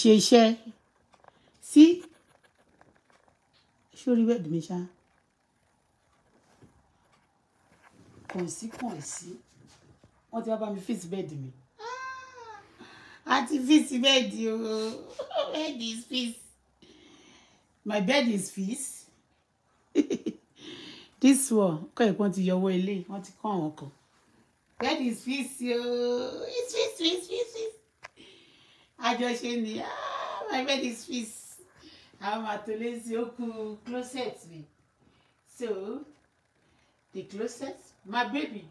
ṣe iṣẹ́ sí sórí bẹ́ẹ̀dì mi ṣá kàn sí kàn sí wọ́n ti wá bá mi fíìsì bẹ́ẹ̀dì mi a ti fíìsì bẹ́ẹ̀dì o bẹ́ẹ̀dì is fíìsì my bed is fíìsì this one kọ́ ẹ̀ pọ́n ti yọ owó ilé wọ́n ti kọ́ àwọn kan bed is fíìsì o it's fíìsì fíìsì fíìsì àjọṣe "Ah, my bed is fixed àwọn àtòlẹ́sí ó kú closet mi so the closet my baby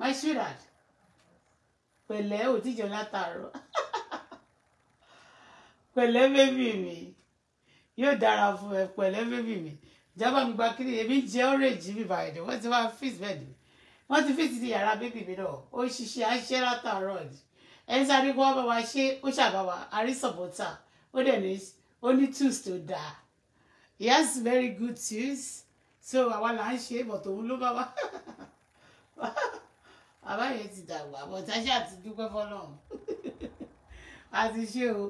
my sweetheart pẹ̀lẹ́ òtíjọ látàárọ̀ pẹ̀lẹ́ bébì mi yóò dára fún ẹ pẹ̀lẹ́ bébì mi ìjábọ̀ mi gba kiri èmi jẹ́ orange mi bàyẹ̀ dé wọ́n ti wá fix bẹ́ẹ̀ ni wọ́n ti fix ti yàrá bébì mi náà ó ṣiṣẹ́ aṣẹ́ látàárọ̀ ni ẹni sáré kó wá bá wa ṣe ó ṣàbá wa àrísọ̀bọ̀tà ó dẹ̀ ní ó ní tools tó dáa he has very good tools so àwa là ń ṣe but òun ló bá wa bàbá yẹn ti dàgbà but a ṣe àti dúpẹ́ fọlọ́run a ti ṣe o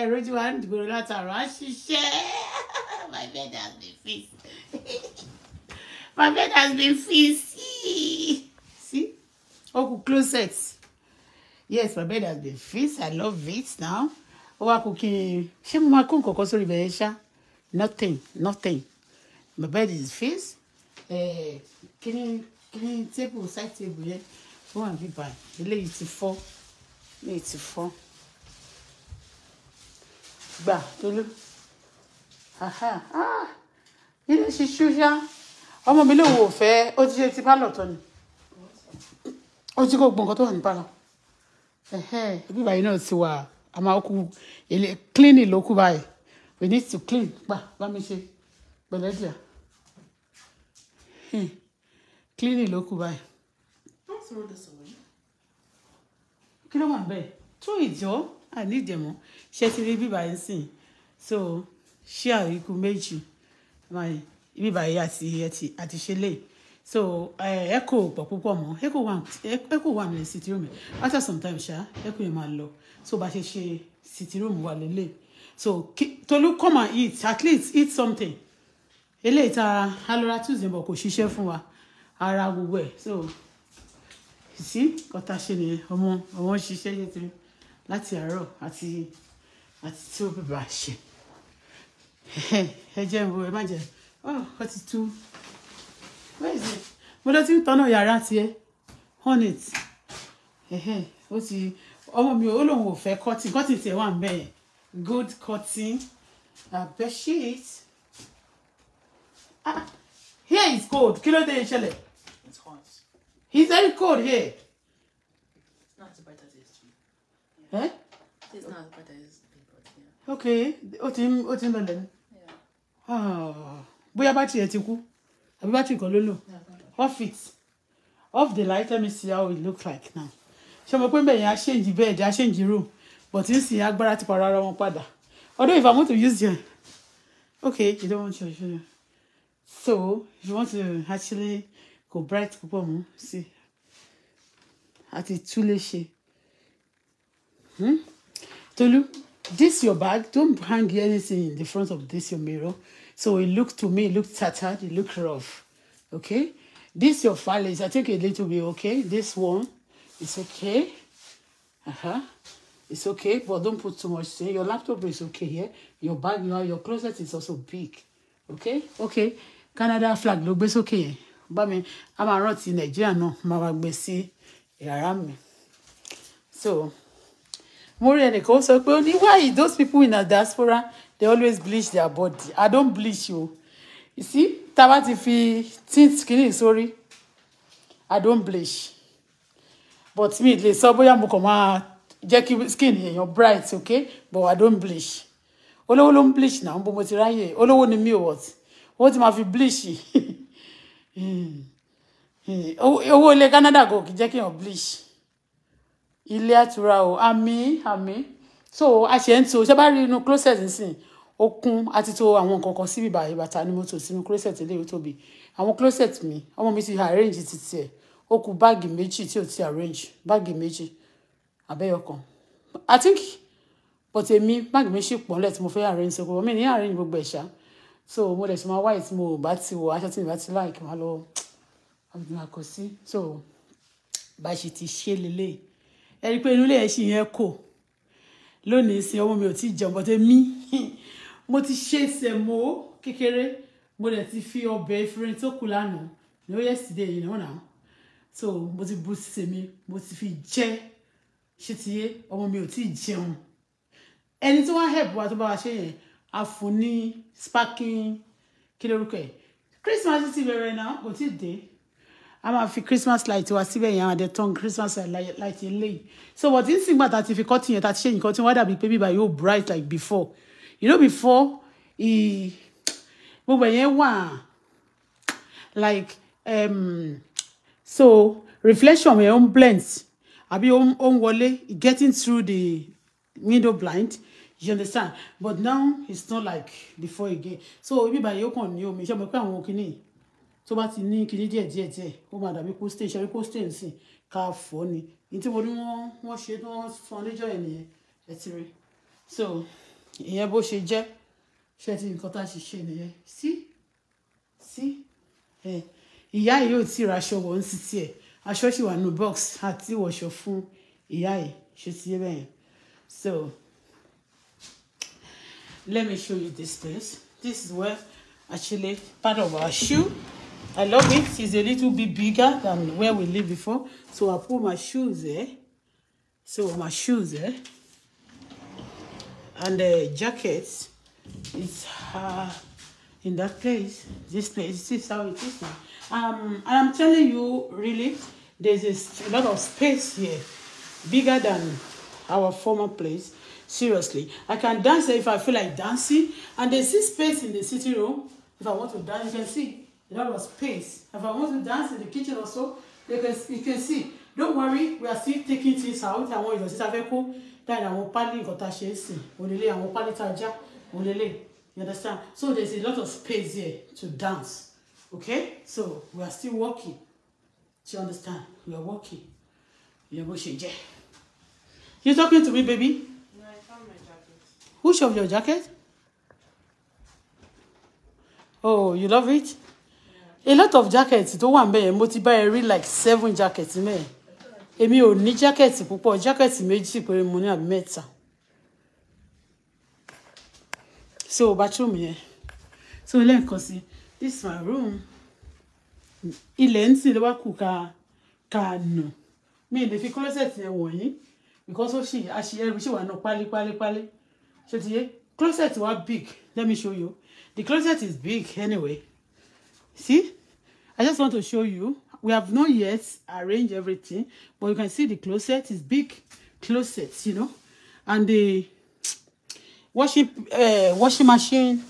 ẹ̀rọ tí wàá ń dìbò látàrọ̀ á ṣiṣẹ́ my bed has been fixed my bed has been fixed see okùn closet yes my bed has been fixed i love it now ó wá kú kí n ṣé mo máa kó nothing nothing my bed is fixed Eh, can you tébù side tébù yẹn ó wà bíbá eléyìí ti fọ́ eléyìí ti fọ́ gbà tolú ilé ah, ṣe ṣúṣá ọmọ mi lóun ò fẹ́ ó ti ṣe ti pálọ̀ tọ́ ni ó ti kó gbọ̀ngàn tó wà ní pálọ̀ ibi báyìí náà ti wà a máa kú cleaning ló kú báyìí we need to clean pa bá mi ṣe pẹ̀lẹ́dìá hmm. cleaning ló kú báyìí. don't throw this away. kí ló wà bẹ́ẹ̀ tó ìjọ àníjẹ̀mọ́ ṣe ti rí bíbá yìí sìn so ṣé àríkú méjì ibi báyìí àti àti ṣe léyìí so eh, echo pọ̀ púpọ̀ mọ́ echo one echo one ní sitting room after some time ṣá echo yẹn máa lọ so bá ṣe ṣe sitting room wà lélẹ̀ so tolu come and eat at least eat something eléyìí ta alora tuesday bọ̀ kò ṣiṣẹ́ fún wa ara gbogbo ẹ̀ so sí ọ̀tá ṣe nìyẹn ọmọ ọmọ ṣiṣẹ́ yẹn ti láti àárọ̀ àti àti tí ó bẹ̀rẹ̀ àṣẹ ẹ jẹ́ ìwọ ẹ má jẹ́ ọ ọ ti tú where is it mo lọ ti ń tọ́nà yàrá tiẹ̀ on it ó ti ọmọ mi ó lóun ò fẹ́ cotton cotton tiẹ̀ wà ń bẹ̀ yẹn good cotton abẹ́ṣíìt ah here is cold kí ló dé ìṣẹ̀lẹ̀ it's very cold here. It's not as bad as it eh? is. Yeah. Eh? It's not as bad as it is. Okay, ó ti ń ó ti ń lọ lẹ́nu. Ah, bóyá bá tiẹ̀ ti kú àbí bátìrì kan ló lò off it off the light let me see how it looks like now ṣe mo pé ń bẹ̀ yẹn aṣèǹjì bẹ́ẹ̀ change the room but n sì agbára ti para ara wọn padà although if i want to use it, okay you don't want to use them so if you want to actually go bright go púpọ̀ mú sí àti túlé ṣe. Hmm? Tolu, this your bag. Don't hang anything in the front of this your mirror. So it looked to me, it looked tattered, it looked rough. Okay? This your fillets. I think it little be okay. This one it's okay. Uh-huh. It's okay, but don't put too much thing. Eh? Your laptop is okay here. Your bag, your your closet is also big. Okay? Okay. Canada flag ló gbé sókè yẹn. Bá mi, a máa rántí Nàìjíríà náà, máa wá gbé sí yàrá So, mo rí ẹnìkan ó why those people in the diaspora they always bleach their body i don't bleach you. you see tá a bá ti fi tint kìíní sórí i don't bleach but mi lè sọ bóyá mo kàn máa jẹ́ kí skin èèyàn bright okay but i don't bleach olówó ló ń bleach náà bó mo ti ráyè olówó ni mi ò oh, owó ti máa fi bleach owó ilé Canada kò kì í jẹ́ kí èèyàn bleach ilé àtúrà o àmì àmì so a ṣe ń to ṣe bá rí inú closet nísìnyí ó kún àti tó àwọn nǹkan kan síbi bàyè bàtà ni mo tò sínú closet eléyìí tóbi àwọn closet mi ọmọ mi ti arrange ti tiẹ̀ ó kù báàgì méjì tí ò ti arrange báàgì méjì abẹ́yọkan i think but èmi báàgì méjì pọ̀nlẹ̀ tí mo fẹ́ arrange So kò wọ́n mi ní arrange gbogbo ẹ̀ṣá so mo dẹ̀ ṣe máa wáyé tí mo bá ti wọ aṣọ tí mi bá ti like máa lọ àbùdùnà kò sí so bá ṣe ti ṣe lélẹ̀ ẹ i pé inú ilé ẹ̀ ṣì yẹn kò lónìí sin ọmọ mi ò tí ì jẹun bọ́tẹ́ mí mo ti ṣe sẹ̀mó kékeré mo dẹ̀ ti fi ọbẹ̀ efirin tó kù lánàá ní ó yesterday yìí náà náà so mo ti bu sèmi mo ti fi jẹ ṣe ti yé ọmọ mi ò tí ì jẹun ẹni tí wọ́n help wa tó bá wa ṣe yẹn a fún ní sparking kí lórúkọ ẹ̀ Christmas ti bẹ̀rẹ̀ náà kò tí ì dé a máa fi christmas light wa síbẹ̀ yẹn àwọn àdẹ̀tàn christmas light eléyìí so wọ́n ti ń sìn gbà tá a ti fi kọ́tì yẹn tá a ti ṣe nǹkan tí wọ́n dàbí pé bíbá yóò bright like before you know before he gbogbo ẹ̀yẹn wà like um, so reflection my own ń I be on on wọlé getting through the window blind you understand but now it's not like before again so ibi ìbàyẹ̀ ó kàn ní omi ṣé mo pé àwọn kìíní tó bá ti ní kinní díẹ̀ díẹ̀ díẹ̀ ó máa dàbí postage ṣe rí postage sí ká fọ́ ni ní tí mo ní wọ́n wọ́n ṣe tí wọ́n sọ níjọ́ ẹ̀ nìyẹn so ìyẹn bó ṣe jẹ́ ṣe ti nǹkan tá a ṣe ṣe nìyẹn sí sí ìyá yìí ò tí ì raṣọ wọ̀ ń sisi ẹ̀ aṣọ sì wà nù box àti ìwọ̀ṣọ fún ìyá yìí ṣe ti yé bẹ́yẹn so let me show you this place this is where actually part of our shoe I love it it's a little bit bigger than where we live before so I put my shoes there so my shoes there and the jacket is uh, in that place this place this is how it is now um and i'm telling you really there's a, lot of space here bigger than our former place seriously i can dance if i feel like dancing and there's this space in the sitting room if i want to dance you can see a lot of space if i want to dance in the kitchen also you can, you can see don't worry we are still taking things out want you to sit fẹ́ cool dáadáa àwọn pálí nǹkan tá a ṣe é sìn òlélẹ̀ àwọn pálí tá a já òlélẹ̀ you understand so there is a lot of space here to dance okay so we are still working do you understand we are working ìyẹn bó ṣe jẹ you talking to me baby. which of your jacket. oh you love it. Yeah. a lot of jackets Don't want ń bẹ̀ yẹn mo ti bá ẹ like seven jackets mẹ́ẹ̀ èmi ò ní jákẹ́ẹ̀tì púpọ̀ jákẹ́ẹ̀tì méjì péré mo ní àbí mẹ́ta so bathroom yẹn so lẹ́ẹ̀kan sí this my room ilẹ̀ ń sìn ló wá kù ká ká nù mi ì lè fi closet yẹn wọ̀nyí because ó ṣì àṣì ẹrù ṣì wà náà pálí pálí pálí ṣe ti yé closet wa big let me show you the closet is big anyway see i just want to show you we have not yet arranged everything but you can see the closet is big closet you know and the washing uh, washing machine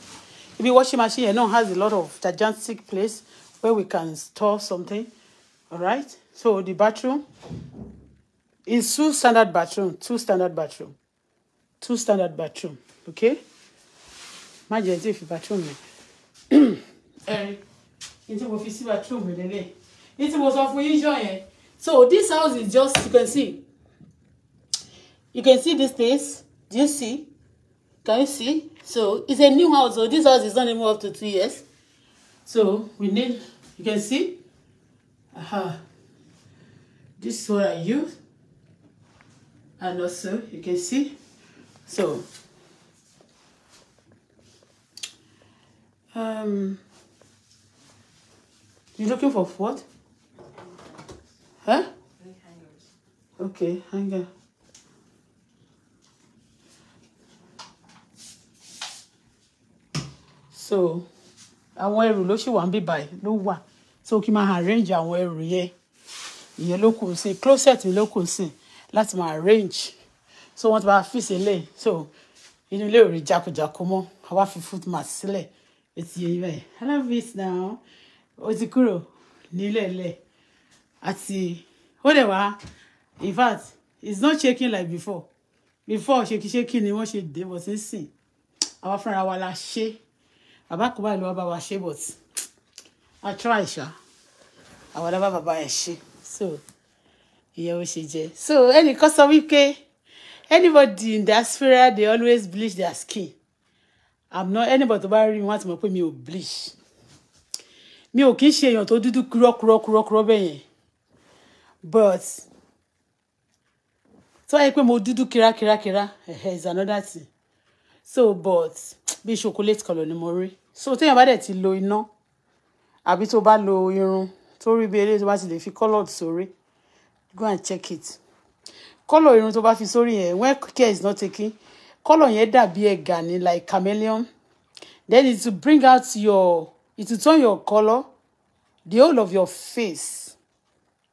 the washing machine you know has a lot of gigantic place where we can store something all right so the bathroom is two standard bathroom two standard bathroom two standard bathroom okay má jẹ́ tí bathroom mi ẹ̀rín ní tí mo fi sí bathroom It was mo sọ fún so this house is just you can see you can see this place do you see can you see so it's a new house so this house is not even up to two years so we need you can see aha this is what I use and also you can see so um you're looking for what Huh? Three hangers. Okay, hanger. So, àwọn ẹrù ló ṣì wà ń bí báyìí ló wà so kí n máa arrange àwọn ẹrù yẹn ìyẹn ló kù sí closet mi ló kù sí láti máa arrange so wọ́n ti bá fi sílẹ̀ so inú ilé ò rí jákujàku mọ́ a wá fi foot mask sílẹ̀ etí yẹn bẹ́ẹ̀ i love it now ó ti kúrò nílẹ̀ lẹ́ẹ̀ àti ó in fact it's not shaking like before before ṣekíṣekí ni wọ́n ṣe dé bọ̀ sí sìn àwa fúnra wa la ṣe bàbá kò báyìí ló wá bá wa ṣe but I try ṣá àwọn ọ̀dọ́ bá bàbá ẹ̀ ṣe so ìyẹn ó ṣe jẹ so ẹnìkan sọ wípé anybody in diaspora they always bleach their skin i'm not anybody tó bá rí mi wọ́n ti mọ̀ pé mi ò bleach mi ò kì í ṣe èèyàn tó dúdú kúrọ́kúrọ́kúrọ́kúrọ́ bẹ́ẹ̀ yẹn but tó yẹ pé mo dúdú kírákírákírá is another thing so but bí chocolate colour ni mo rí so téèyàn bá dẹ̀ ti lo iná àbí tó bá lo irun tó rí bí eléyìí tó bá ti lè fi colour sórí go and check it colour irun tó bá fi sórí yẹn when care is not taken colour yẹn dàbí ẹ̀gà ni like chameleon then it to bring out your it to turn your colour the whole of your face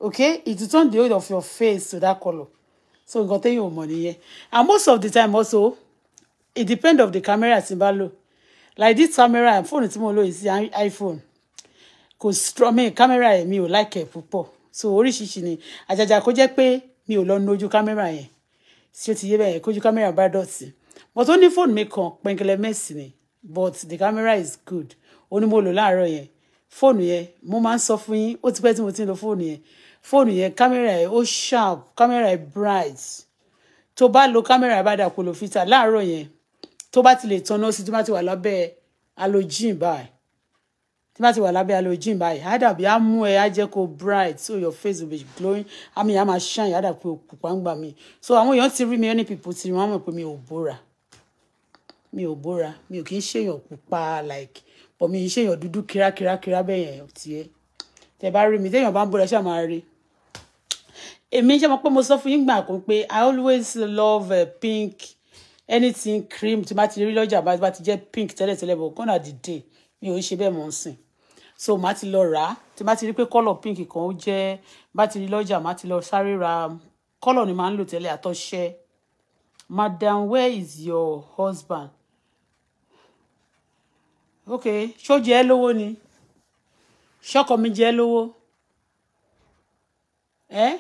okay it will turn the whole of your face to that color so nǹkan tẹ́yìn ò mọ̀ nìyẹn and most of the time also it depend of the camera tí like this camera phone tí mo lò iphone kò strong mi camera me will ò like ẹ̀ púpọ̀ so oríṣiríṣi ni àjàjà kó jẹ́ pé mi ò lọ nojú camera yẹn tí ó ti yé bẹ́ẹ̀ kójú camera bá dọ̀tí but only ní phone mi kan pẹ̀ngẹ̀lẹ̀ mẹ́sì ni but the camera is good ó ní mo lò láàárọ̀ yẹn fóònù yẹn mo máa ń sọ fún yín ti pẹ́ tí mo ti lo fóònù yẹn fóònù yẹn kámẹ́rà ẹ̀ ó sharp kámẹ́rà ẹ̀ bright tó bá lo kámẹ́rà ẹ̀ bá dà kó lo filter láàárọ̀ yẹn tó bá ti lè tanná sí tó bá ti wà lábẹ́ halogen báyìí tí bá ti wà lábẹ́ halogen báyìí á á mú ẹ á jẹ́ kó bright so your face will be glowing àmì á máa shine á dàbí pupa ń so àwọn èèyàn ti rí mi any people ti rí wọn mọ̀ pé mi ò bóra mi ò bóra mi ò kì í ṣèyàn pupa like but mi ì ṣèyàn dúdú kírákírákírá bẹ́ẹ̀ yẹn tiẹ̀ tẹ bá rí mi téèyàn bá ń bóra ṣáà máa rí èmi ṣe mọ pé mo sọ fún yín gbà kan pé i always love uh, pink anything cream tí bá ti rí lọ́jà bá ti jẹ́ pink tẹ́lẹ̀tẹ́lẹ̀ bọ̀ kọ́nà dìde mi ò ń ṣe bẹ́ẹ̀ mọ́ ń sìn so màá ti lọ rà á tí bá ti rí pé kọ́lọ̀ pink kan ó jẹ́ bá ti rí lọ́jà màá ti lọ sáré ra kọ́lọ̀ ni màá ń lò tẹ́lẹ̀ àtọ̀ṣẹ́ madam where is your husband ok ṣó jẹ́ ẹ́ lówó ni ṣọ́kọ mi jẹ́ lówó ẹ́. Eh?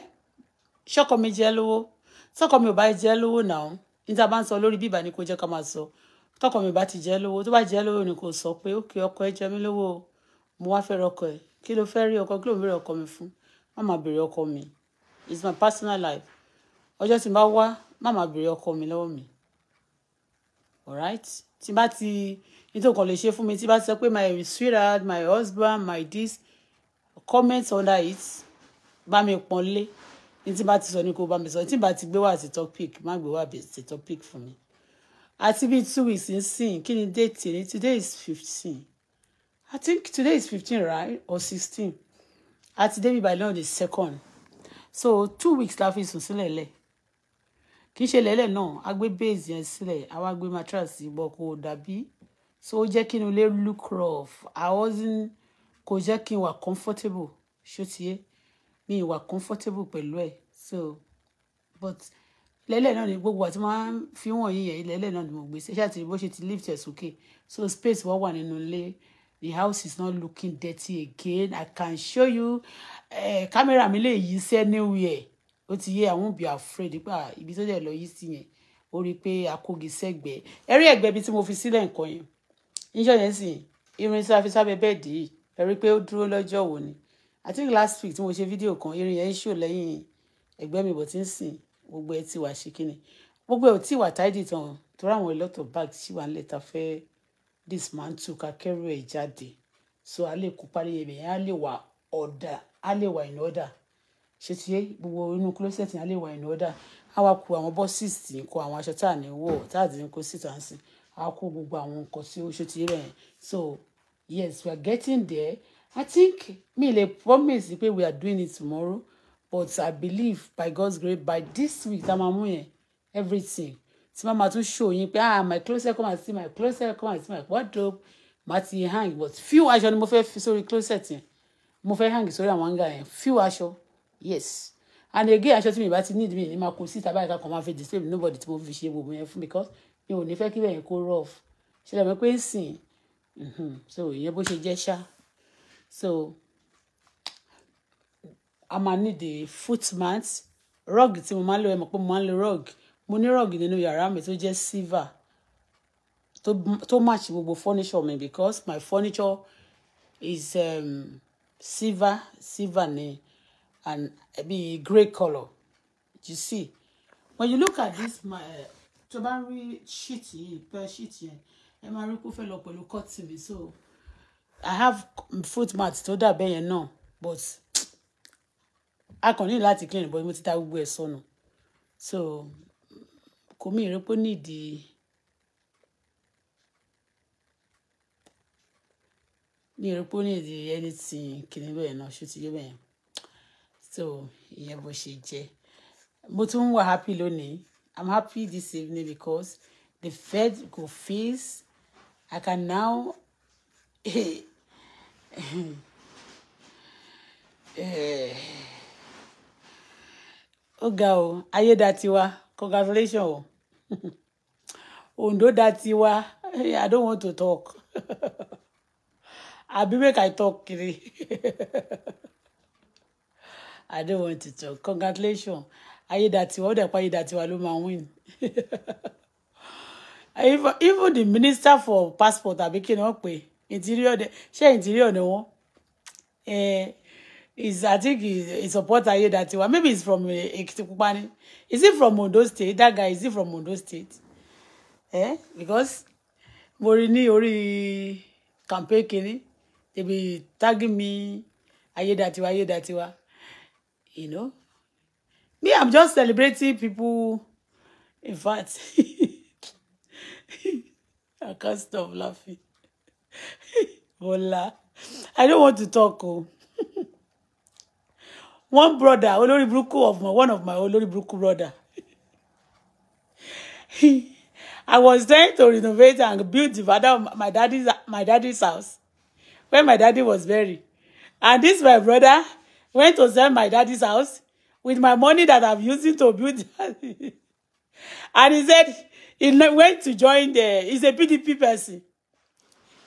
ṣọ́kọ mi jẹ́ lówó tọ́kọ mi ò bá jẹ́ lówó náà ní tá a bá ń sọ lórí bíbà ni kò jẹ́ ká máa sọ tọ́kọ mi bá ti jẹ́ lówó tó bá jẹ́ lówó ni kò sọ pé ókè ọkọ ẹ jẹ mí lówó mo wá fẹ́ rọkọ ẹ kí ló fẹ́ rí ọkọ kí ló ń bèrè ọkọ mi fún má máa bèrè ọkọ mi it's my personal life ọjọ́ tí n bá wá má máa bèrè ọkọ mi lọ́wọ́ mi alright tí n bá ti nítorí kan lè ṣe fún mi tí n bá ti sọ pé my sweetheart my husband my this comment under it bá mi pọ́n lé ní tí bá ti sọ ní kó bá mi sọ ní bá ti gbé wá sí topic má gbé wá sí topic fún mi àti bíi two weeks ń sìn kí ni date ni today is fifteen i think today is fifteen right or sixteen àti débi by now the second so two weeks la fi sùn sílẹ̀ lẹ̀ kì í ṣe lẹ́lẹ̀ náà a gbé base yẹn sílẹ̀ a wá gbé mattress bọ̀ kó o dàbí so ó jẹ́ kí inú ilé look rough i wasn't kò jẹ́ kí n wà comfortable ṣó ti yé mi ì wà comfortable pẹ̀lú ẹ̀ so but ilẹ̀lẹ̀ náà ni gbogbo àti máa ń fi wọ̀n yín yẹn ilẹ̀lẹ̀ náà ni mo gbé ṣe ṣáàtì bó ṣe ti lift ẹ̀ sókè so space wọ́n wà nínú ilé the house is not looking dirty again i can show you eh, Camera, mi lè yí sí anywhere ó ti yé i won't be afraid pé ah, ibi tó dẹ̀ lọ yí sí yẹn ó rí i pé akógi sẹ́gbẹ̀ẹ́ ẹ̀rí ẹ̀gbẹ́ ibi tí mo fi sílẹ̀ nǹkan yẹn níjọ́ yẹn sì irin tí a fi sábẹ́ bẹ́ẹ̀dì yìí ẹ̀rí pé ó dúró lọ́jọ́ wo ni i think last week tí mo ṣe fídíò kan irin yẹn ṣò lẹ́yìn ẹgbẹ́ mi bọ̀ tí ń sìn gbogbo ẹ ti wà ṣe kíni gbogbo ẹ ò tí wà tidy tán torí àwọn a lot of bags ṣì wà nílẹ̀ ta fẹ́ dismantle ká kẹ́rù ẹ̀ jáde so a lè kó parí ẹ̀mí yẹn a lè wà ọ̀dà a lè wà in order ṣe ti yé gbogbo inú closet yẹn a lè wà in order a wá kó àwọn bọ́sìs tí ń kó àwọn aṣọ tá à ní wọ̀ tá à ti ń kó síta ń a kó gbogbo àwọn nǹkan tí ó ṣe ti rẹ̀ so yes we are getting there I think me le promise pé we are doing it tomorrow but I believe by God's grace by this week tá everything tí máa máa show you ah my closet come and see my closet come and see my wardrobe máa ti hang but few aṣọ ni mo fẹ́ sorry sórí closet mo fẹ́ hang sorry I'm hanger yẹn few aṣọ yes and again aṣọ to me, but ti need me. ní máa kó síta báyìí kankan máa fi display nobody tí mo fi ṣe gbogbo because mi ò ní fẹ́ kí bẹ́ẹ̀ yẹn kó rough ṣẹlẹ̀ mi pé ń sìn mm-hmm. so ìyẹn bó ṣe so a máa ní the foot mat rug tí mo máa ń lo ẹ mọ̀ pé mo máa ń lo rug mo ní rug nínú yàrá mi tó jẹ́ silver tó tó match gbogbo furniture mi because my furniture is um, silver silver ni and eh, be grey colour you see when you look at this my eh, tó bá ń rí sheet yìí pẹ́ sheet yẹn ẹ máa rí kó fẹ́ lọ pẹ̀lú cotton mi so. I have foot mat tó dàbẹ́ yẹn náà but a kàn ní láti clean but mo ti ta gbogbo ẹ̀ sọnù so kò mí ìrẹ́pọ̀ nídìí. ní erékó ní èdè ẹni tí kìnìún bẹ́ẹ̀ náà ṣó ti yé bẹ́ẹ̀ so ìyẹn bó ṣe jẹ́ mo tún wà happy lónìí i'm happy this evening because the fed go fees i can now ó ga o ayé da tiwa congratulation o Ondo da tiwa I don't want to talk abi make I talk kiri I don't want to talk congratulation ayé da tiwa ó dẹ̀ pa ayé da tiwa ló máa win. even even the minister for passport àbí kí ni interior de ṣé interior no. wọn eh, is I think he that you are. maybe he's from eh, Ekitipupa ni is it from Ondo state that guy is he from Ondo state eh? because Morini rí ní orí campaign kìíní they be tagging me Are you that that you are? you know me I'm just celebrating people in fact I can't stop laughing. Hola, I don't want to talk. Oh. one brother, Olori Bruku of my one of my Olori Bruku brother. I was trying to renovate and build the father of my daddy's my daddy's house where my daddy was buried. And this my brother went to sell my daddy's house with my money that I've used to build. and he said he went to join the he's a PDP person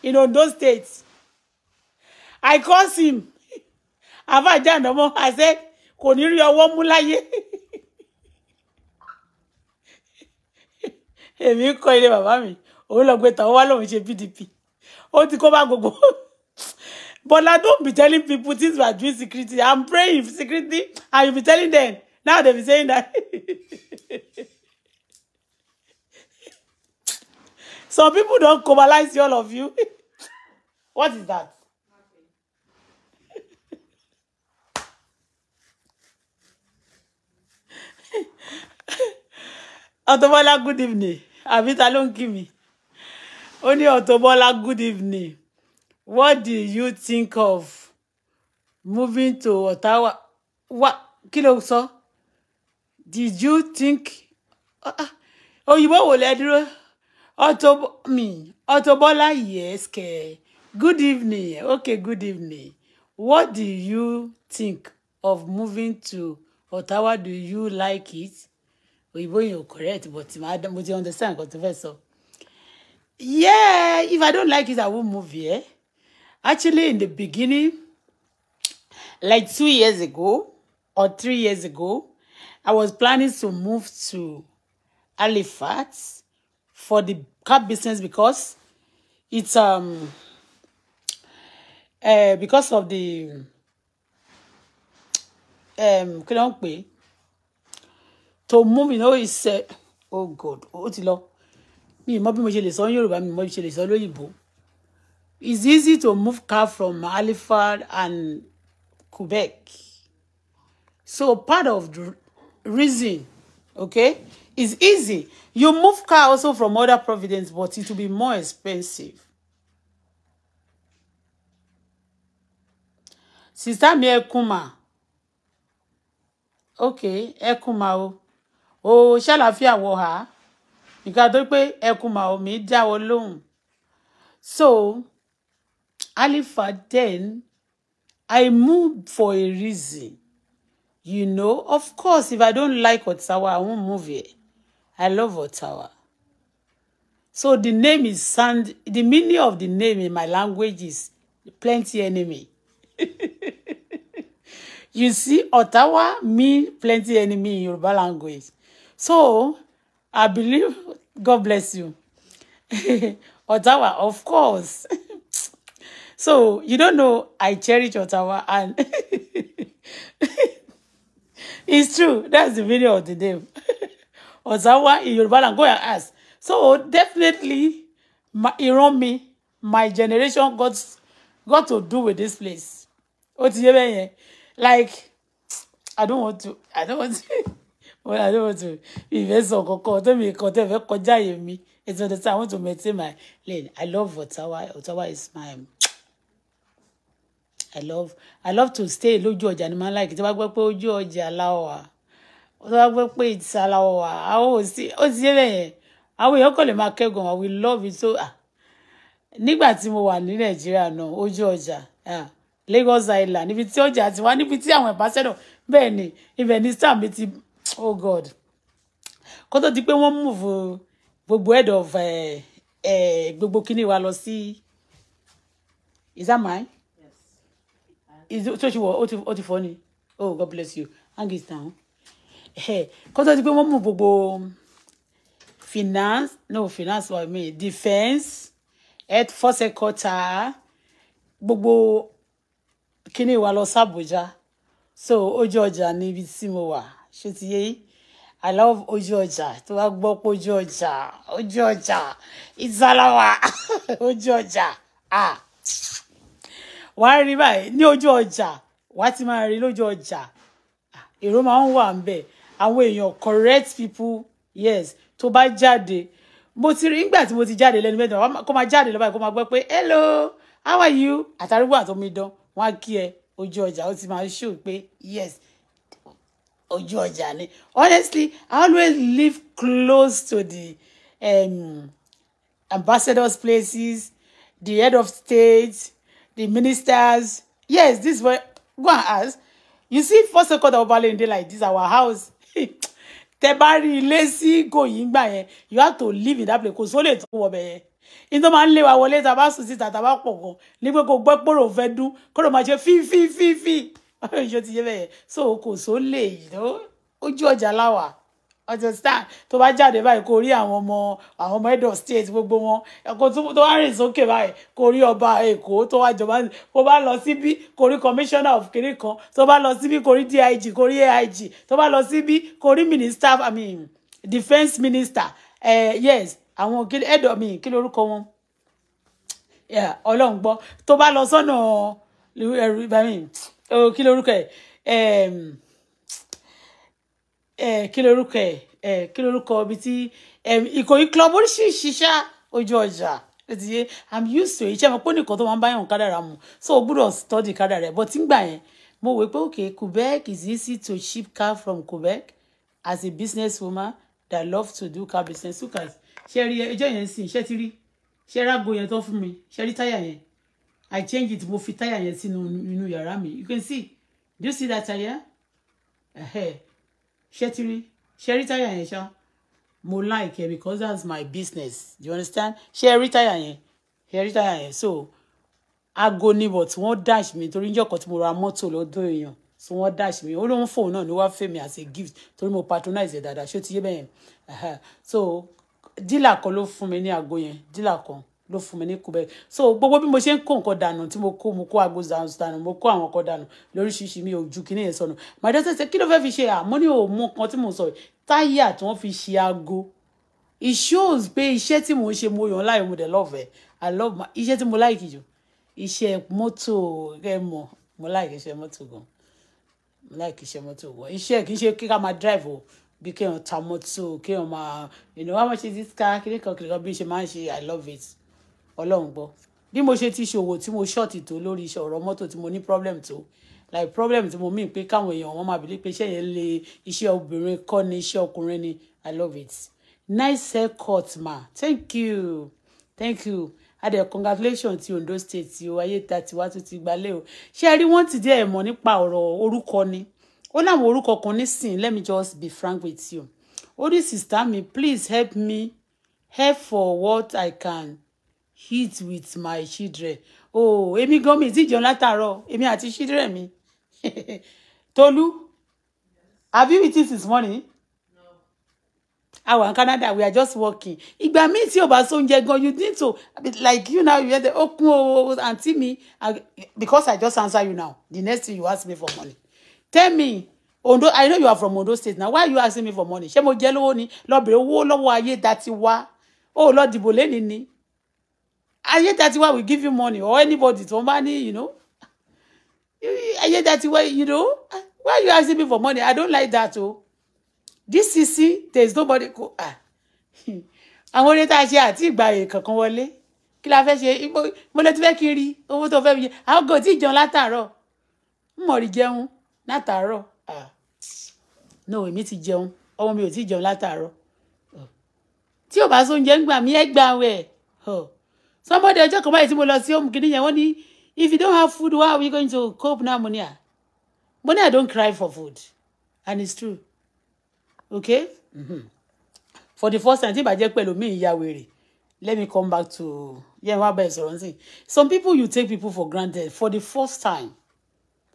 in Ondo State. I called him. Àbá Jàǹdọ́mọ́, I said, kò I rí ọwọ́ mú láyé. Èmi ń kọ́ ilé bàbá mi, òun lọ gbé tàwọn wá lòun ṣe PDP. Ó ti kó gogo. But I don't be telling people things about doing security. I'm praying security and you be telling them. Now they be saying that. Some people don't cobalize all of you. What is that? Otobola, good evening. Abi ta ló ń Only Otobola, good evening. What do you think of moving to Ottawa? What? kilo sir? Did you think? Ah, ah, òyìnbó wo lẹ dúró? Auto me Auto yes ke. Good evening. Okay, good evening. What do you think of moving to Ottawa? Do you like it? We Oyinbo you're correct, but mo you understand nǹkan tó fẹ́ Yeah, if I don't like it, I won't move here. Actually, in the beginning, like two years ago or three years ago, I was planning to move to Halifax for the car business because it's um uh, because of the um kí to move you know is uh, eh, oh god oh ti lọ mi mọ̀ bí mo ṣe lè sọ Yorùbá mi mo ṣe lè sọ lóyìnbó it's easy to move car from Halifax and Quebec so part of the reason okay Is easy. You move car also from other providence, but it will be more expensive. Sister mi Ekuma. Okay, Ekuma Oh, o. O ṣàlàáfíà wọ ha. Nǹkan tó pé Ekuma o mi dáwọ́ lóhùn. So, Alifa then, I moved for a reason. You know, of course, if I don't like what's our, I won't move it. I love Ottawa. So the name is sand. The meaning of the name in my language is plenty enemy. You see, Ottawa mean plenty enemy in Yoruba language. So I believe God bless you. Ottawa, of course. So you don't know I cherish Ottawa and it's true. That's the video of the name. Ozawa in Yoruba and go and ask. So definitely, my, around me, my generation got got to do with this place. What you mean? Like, I don't want to, I don't want to, well, I don't want to invest on Koko. Tell me, Kote, if Koja, me, it's not the time I want to maintain my lane. I love Otawa. Otawa is my I love I love to stay Look, George ni màá láìkí tí What George allow. pé ó tó wá gbé pé ìsàlà ọ̀wà àwọn òsì ó ti yé bẹ́ẹ̀ yẹn àwọn èèyàn kò lè máa kẹ́gàn àwọn we love it so nígbà tí mo wà ní nàìjíríà náà ojú ọjà Lagos Island níbi tí ọjà ti wá níbi tí àwọn ìbáṣẹ́dọ̀ bẹ́ẹ̀ ni ibẹ̀ ní star mi ti oh God kó tó di pé wọ́n move gbogbo head of eh, eh, gbogbo kíní wa lọ sí is that mine? Yes. Is, so she was, oh, oh, God bless you. Hang it down kó tó di pé wọ́n mú gbogbo finance no finance wa mi defence health force quarter gbogbo kíní wa lọ sàbújá so ojú ọjà níbi tí mo wà ṣé ti yé i love ojú ọjà tó bá gbọ́ pé ojú ọjà ojú ọjà ìsàlàwà ojú ọjà ah wà á rí báyìí ní ojú ọjà wà á ti máa rí lójú ọjà ah, èrò máa ń wà ń bẹ̀ àwọn èèyàn correct people yes tó bá jáde mo ti rí nígbà tí mo ti jáde lẹ́nu mẹ́ta kó máa jáde lọ́ba kó máa gbọ́ pé hello how are you àtàrígbò àtọmídán wọn á kí ẹ ojú ọjà ó ti máa ń ṣó pé yes ojú ọjà ni honestly i always live close to the um, ambassadors places the head of state the ministers yes this is what go and ask you see first second of obalende like this our house tẹ bá rí ilé sí gòyìn gbà yẹn you have to live in that place kò só lè tó wọbẹ yẹn ní tó máa ń lé wa wọlé tá a bá sùn síta tá a bá pọ̀ gan ní pé kò gbọ́ pòrò fẹ́ dún kó máa ṣe fífífífí báwo ni ṣe ti yé bẹ́ẹ̀ so kò só lè yìí ojú ọjà láwàá understand tó bá jáde báyìí kò rí àwọn ọmọ àwọn ọmọ head of state gbogbo wọn kò tún tó wá rìn sókè báyìí kò rí ọba èkó tó wá jọba kó bá lọ síbí kò rí commissioner of kiri kan tó bá lọ síbí kò rí dig kò rí aig tó bá lọ síbí kò rí minister i mean defence minister uh, yes àwọn kí head of mi kí lórúkọ wọn ọlọ́run gbọ́ tó bá lọ sọ́nà eh, eh, kí lórúkọ ẹ̀ Eh, kí lorúkọ ẹ̀ eh, kí lorúkọ ibi tí eh, ìkòyí club oríṣiríṣi ṣá ojú ọjà ti yé i'm used to iṣẹ́ mi pé nìkan tó máa ń bá yàn kádàrà mu so o gbúdọ̀ study kádàrà ẹ̀ but ngbà yẹn mo wò pé okay Quebec is easy to ship car from Quebec as a business woman that love to do car business look at ṣe rí ẹjọ́ yẹn sìn ṣe ti rí ṣe rágo yẹn tó fún mi ṣe rí táyà yẹn i change it mo fi táyà yẹn sínú inú yàrá mi you can see do you see that tire? Uh-huh ṣé ti rí ṣé rí táyà yẹn mo like ẹ because that's my business Do you understand She retire, táyà yẹn ṣé rí so agony, but wọ́n dash me to níjọ́ kan tí mo ra mọ́tò lọ́dọ̀ èèyàn so wọ́n dash mi ó lóun phone náà ni wọ́n fẹ́ mi as a gift To mo patronize ẹ̀ dáadáa ṣé ó ti yé bẹ́ẹ̀ so dílà kan ló fún mi ní aago yẹn dílà kan ló fún mi ní kúbẹ so gbogbo bí mo ṣe ń kó nǹkan dànù tí mo kó mo kó aago dànù mo kó àwọn nǹkan dànù lóríṣiríṣi mi ò ju kíní yẹn sọnù my daughter say kí ló fẹ́ fi ṣe àmúni òmu kan tí mo sọ yìí táyà tí wọ́n fi ṣe aago it shows pé iṣẹ́ tí mo ń ṣe mo yàn láì mo dẹ̀ lọ́fẹ̀ẹ́ i love my iṣẹ́ tí mo láìkì jù iṣẹ́ mọ́tò rẹ mọ̀ mo láìkì iṣẹ́ mọ́tò gan mo láìkì iṣẹ́ mọ́tò gan iṣẹ́ kì í ṣe kí ká máa drive o bí kéèyàn ta mọ́tò kéèyàn máa you know how much is this car bí ṣe máa ń ṣe i love it ọlọ́run gbọ́ bí mo ṣe ti ṣòwò tí mo ṣọ́ọ̀tì tó lórí iṣẹ́ ọ̀rọ̀ mọ́tò tí mo ní problem tó like problem tí mo mí pé káwọn èèyàn wọn máa bìlí pé iṣẹ́ yẹn lè iṣẹ́ obìnrin kọ́ ni iṣẹ́ ọkùnrin ni i love it nice hair cut, ma thank you thank you adé congratulations ti Ondo state ti o ayé ta tiwa tó ti gbalẹ̀ o ṣé ẹ rí wọ́n ti díẹ̀ mọ̀ nípa ọ̀rọ̀ orúkọ ni ó láwọn orúkọ kan nísìn let me just be frank with you ó ní sista mi please help me help for what i can eat with my children oh Emi gan mi ti jẹun látàárọ̀ èmi àti children mi Tolu have you eaten since morning àwa in Canada we are just working If I tí you bá so oúnjẹ you need to like you now you hear the okun oh, o àǹtí mi because I just answer you now the next thing you ask me for money tell me Ondo I know you are from Ondo state now why you asking me for money ṣé mo jẹ Lord ni lọ bèrè owó lọ́wọ́ ayé dati wá o oh, lọ dìbò Ayédatiwa will give you money or anybody for money, you know. Ayédatiwa, you know. Why are you asking me for money? I don't like that, oh. This CC, there's nobody. Go, ah. Àwọn orin tá a ṣe àti ìgbà yẹn kankan wọlé. Kí la fẹ́ ṣe? Mo lọ ti fẹ́ kiri owó tó fẹ́ mi. Àwọn kò tí ì jẹun látàárọ̀. N mọ̀ rí jẹun látàárọ̀. No, èmi ti jẹun. Ọmọ mi ò tí ì jẹun látàárọ̀. Tí ò bá sóúnjẹ ń gbà mí ẹ gbà wẹ̀ somebody ọjọ́ kan báyìí tí mo lọ sí home kìíní wọ́n ní if you don't have food how are you going to cope now monia monia don't cry for food and it's true okay mm-hmm. for the first time tí ìbàjẹ́ pẹ̀lú mi ìyá wèrè let me come back to yẹn wá bẹ́ẹ̀ sọ̀rọ̀ nsìn some people you take people for granted for the first time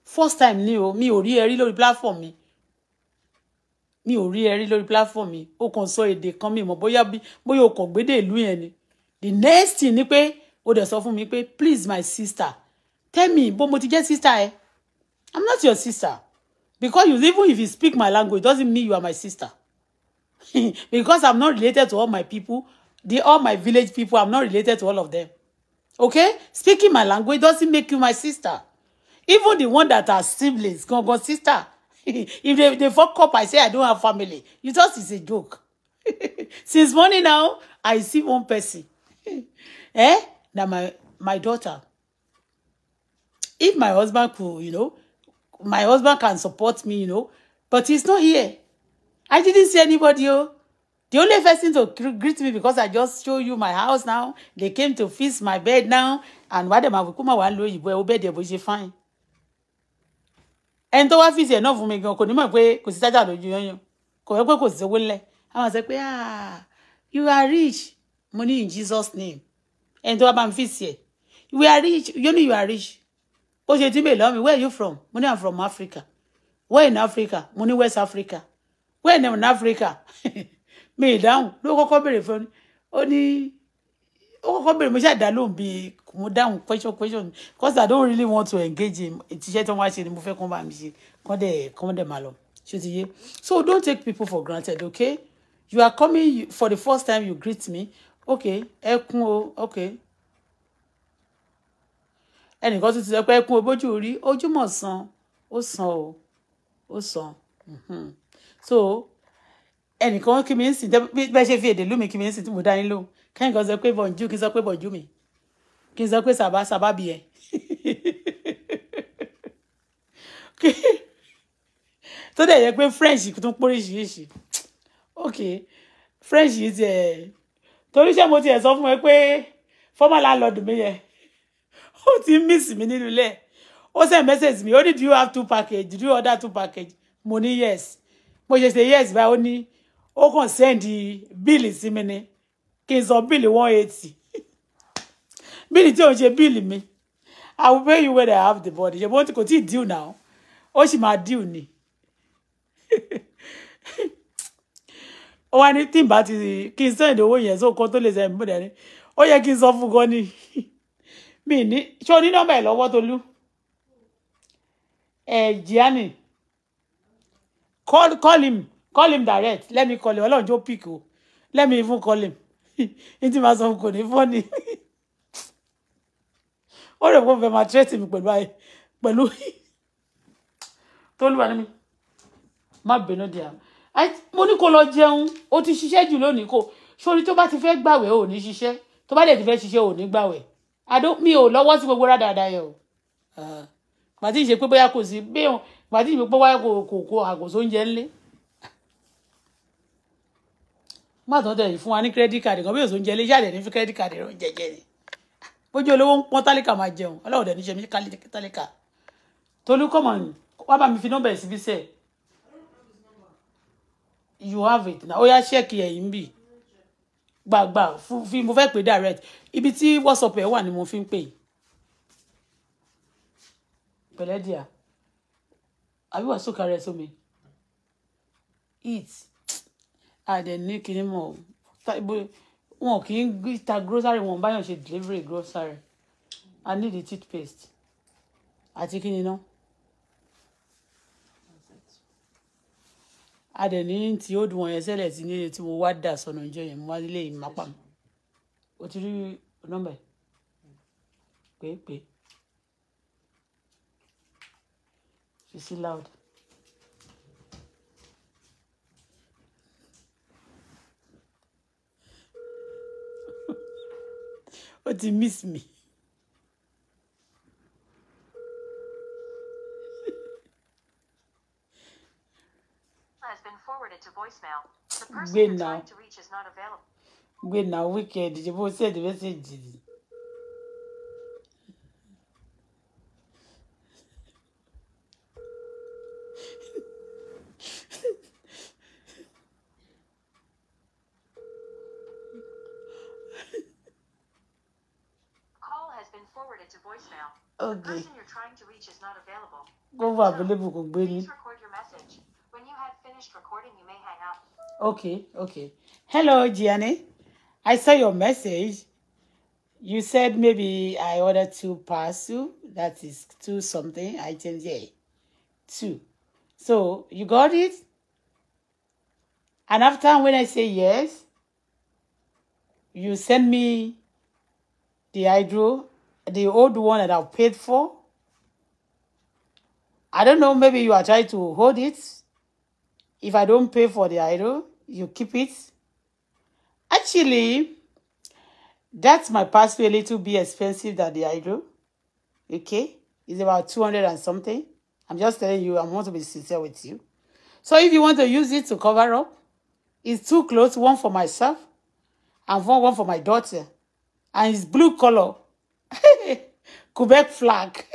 first time ni o mi ò rí ẹ rí lórí platform mi mi ò rí ẹ rí lórí platform mi O kàn sọ èdè kan mi mọ̀ bóyá bí bóyá o kàn gbédè ìlú yẹn ni the next thing ni pé ó dẹ̀ sọ fún mi pé please my sister tell me bó mo ti jẹ́ sister ẹ i'm not your sister because you even if you speak my language doesn't mean you are my sister because i'm not related to all my people the all my village people i'm not related to all of them okay speaking my language doesn't make you my sister even the one that are siblings go, go, sister if they they fuck up i say i don't have family you just is a joke since morning now i see one person eh na my my daughter if my husband could you know my husband can support me you know but he's not here i didn't see anybody oh the only first thing to greet me because i just show you my house now they came to fix my bed now and wàá they máa wí kó máa wà ló òyìnbó ẹ̀ ó bẹ́ẹ̀ fine And tó wá fìsì ẹ̀ náà fún mi gan kò ní mọ̀ pé kò sí tájà lójú yanyan kò yẹ pé kò sí owó lẹ̀ àwọn ah you are rich money in jesus name ẹni tó wá bá mi fix ẹ̀ we are rich you know you are rich ó ṣe tí mi lọ́ mi where are you from mo ní i'm from Africa where in Africa mo ní West Africa where in Africa mi ìdáhùn ló kọ́kọ́ béèrè fún mi ó ní ó kọ́kọ́ béèrè mo ṣàdá lóhùn bí mo dáhùn question question because i don't really want to engage in tíṣẹ́ tí wọ́n wá ṣe ni mo fẹ́ kán bá mi ṣe kán dẹ̀ kán dẹ̀ máa lọ ṣé ti yé so don't take people for granted okay you are coming for the first time you greet me okay ẹkún o okay ẹnìkan tún ti sọ pé ẹkún o bójú rí ojúmọ́ san ó san o ó san mhm. so ẹnìkan kí mi ń sìn bẹ́ẹ̀ ṣe fi èdè lù mí kí mi ń sìn tí mo dání lóhùn kẹ́hìn kan sọ pé bọ̀njú kí n sọ pé bọ̀njú mi kí n sọ pé sàbá sàbá bì ẹ́ tó dẹ̀ yẹ pé French tún póríṣiríṣi ok French yìí ti ẹ̀ torí ṣé mo tiẹ̀ sọ fún ẹ pé former landlord mi yẹn ó ti ń miss mi nínú ilé ó send message mi ó ní do you have two package do you order two package mo ní yes mo ṣe ṣe yes báyìí ó ní ó kàn send bíìlì sí mi ni kí n sọ bíìlì one eighty bíìlì tí ò ń ṣe bíìlì mi i will pay you when i have the body ṣe bó kò tí ì deal now ó sì máa deal ni ó wá ní tí n bá ti kí n sẹ́yìn owó yẹn sóko tó lè sẹ́yìn múlẹ̀ ni ó yẹ kí n sọ fún gan ni mi ní ṣé o ní nọ́mbà ẹ̀ lọ́wọ́ Tolú ẹ̀ jíánì call call him call him direct let me call him ọlọ́run jó pick o let me even call him ní tí màá sọ fún kò ní fọ́ọ̀nì ó rẹ̀ kó fẹ́ máa tírẹ́tì mi pẹ̀lú ayé pẹ̀lú Tolú wa ni mi má bínú di àmì mo ní kó lọ jẹun o ti ṣiṣẹ́ jù lónìí kò sórí tó bá ti fẹ́ gbàwẹ̀ ò ní ṣiṣẹ́ tó bá dẹ̀ ti fẹ́ ṣiṣẹ́ ò ní gbàwẹ̀ adó mi ò lọ́wọ́ sí gbogbo rádàdà yẹn o ah, màtí ìṣe pé bóyá kò sí bí o màtí ìṣe pé bóyá kò kò kò àgòsó oúnjẹ ńlé má tọ́ tẹ̀yìn fún wa ní credit card kan bí òsó oúnjẹ ńlé ṣáàdẹ̀ ní fi credit card rẹ̀ oúnjẹ jẹ ni bójú olówó ń pọ́n tálíkà máa jẹun ọlọ́run dẹ̀ ní ṣe mí tálíkà tolú kọ́mọ̀ wá bá mi fi nọ́mbà ẹ̀ síbí sẹ́ẹ̀ you have it now ó yá ṣẹ́ẹ̀kì ẹ̀yìn Bag, bag. fi mo fẹ́ direct ibi tí whatsapp ẹ̀ wà ni mo fi ń pè pẹ̀lẹ́ díà àbí wàá sókàrà ẹ̀ sómi eat àdẹ̀ ní kinní mọ̀ wọn kì í ta grocery wọn báyọ̀ ṣe delivery grocery i need the toothpaste àti kí ni náà. adẹ̀ní tí ó dùn wọ̀nyẹn sẹ́lẹ̀ tí nílé tí mo wá dà sọnù ìjọ yẹn mo wá nílé ìmápá mi o ti rí nọ́mbà pé pé you see loud. ó ti miss me. routed to voicemail. The person you're now. trying to reach is not available. Wait now, wicked. The boy send the message. Call has been forwarded to voicemail. The person you're trying to reach is not available. Go for available, Please record your message have finished recording, you may hang up. Okay, okay. Hello, Gianni. I saw your message. You said maybe I ordered two parcel. That is two something items. Yeah, two. So you got it? And after when I say yes, you send me the hydro, the old one that I've paid for. I don't know, maybe you are trying to hold it If I don't pay for the idol, you keep it. Actually, that's my past a little bit expensive than the idol. Okay? It's about 200 and something. I'm just telling you, I want to be sincere with you. So if you want to use it to cover up, it's two clothes, one for myself and one, one for my daughter. And it's blue color. Quebec flag.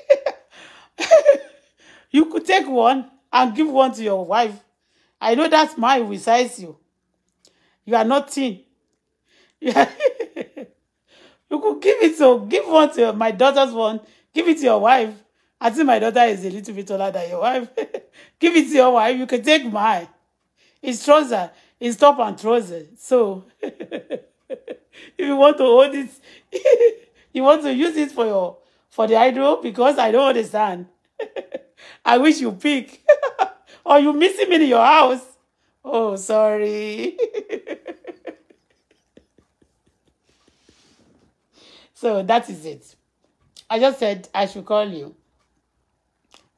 you could take one and give one to your wife. I know that smile will size you. You are not thin. You, could give it to give one to my daughter's one. Give it to your wife. I think my daughter is a little bit taller than your wife. give it to your wife. You can take mine. It's trouser. It's top and trouser. So if you want to hold it, you want to use it for your for the hydro because I don't understand. I wish you pick or you missing me in your house. Oh, sorry. so that is it. I just said I should call you.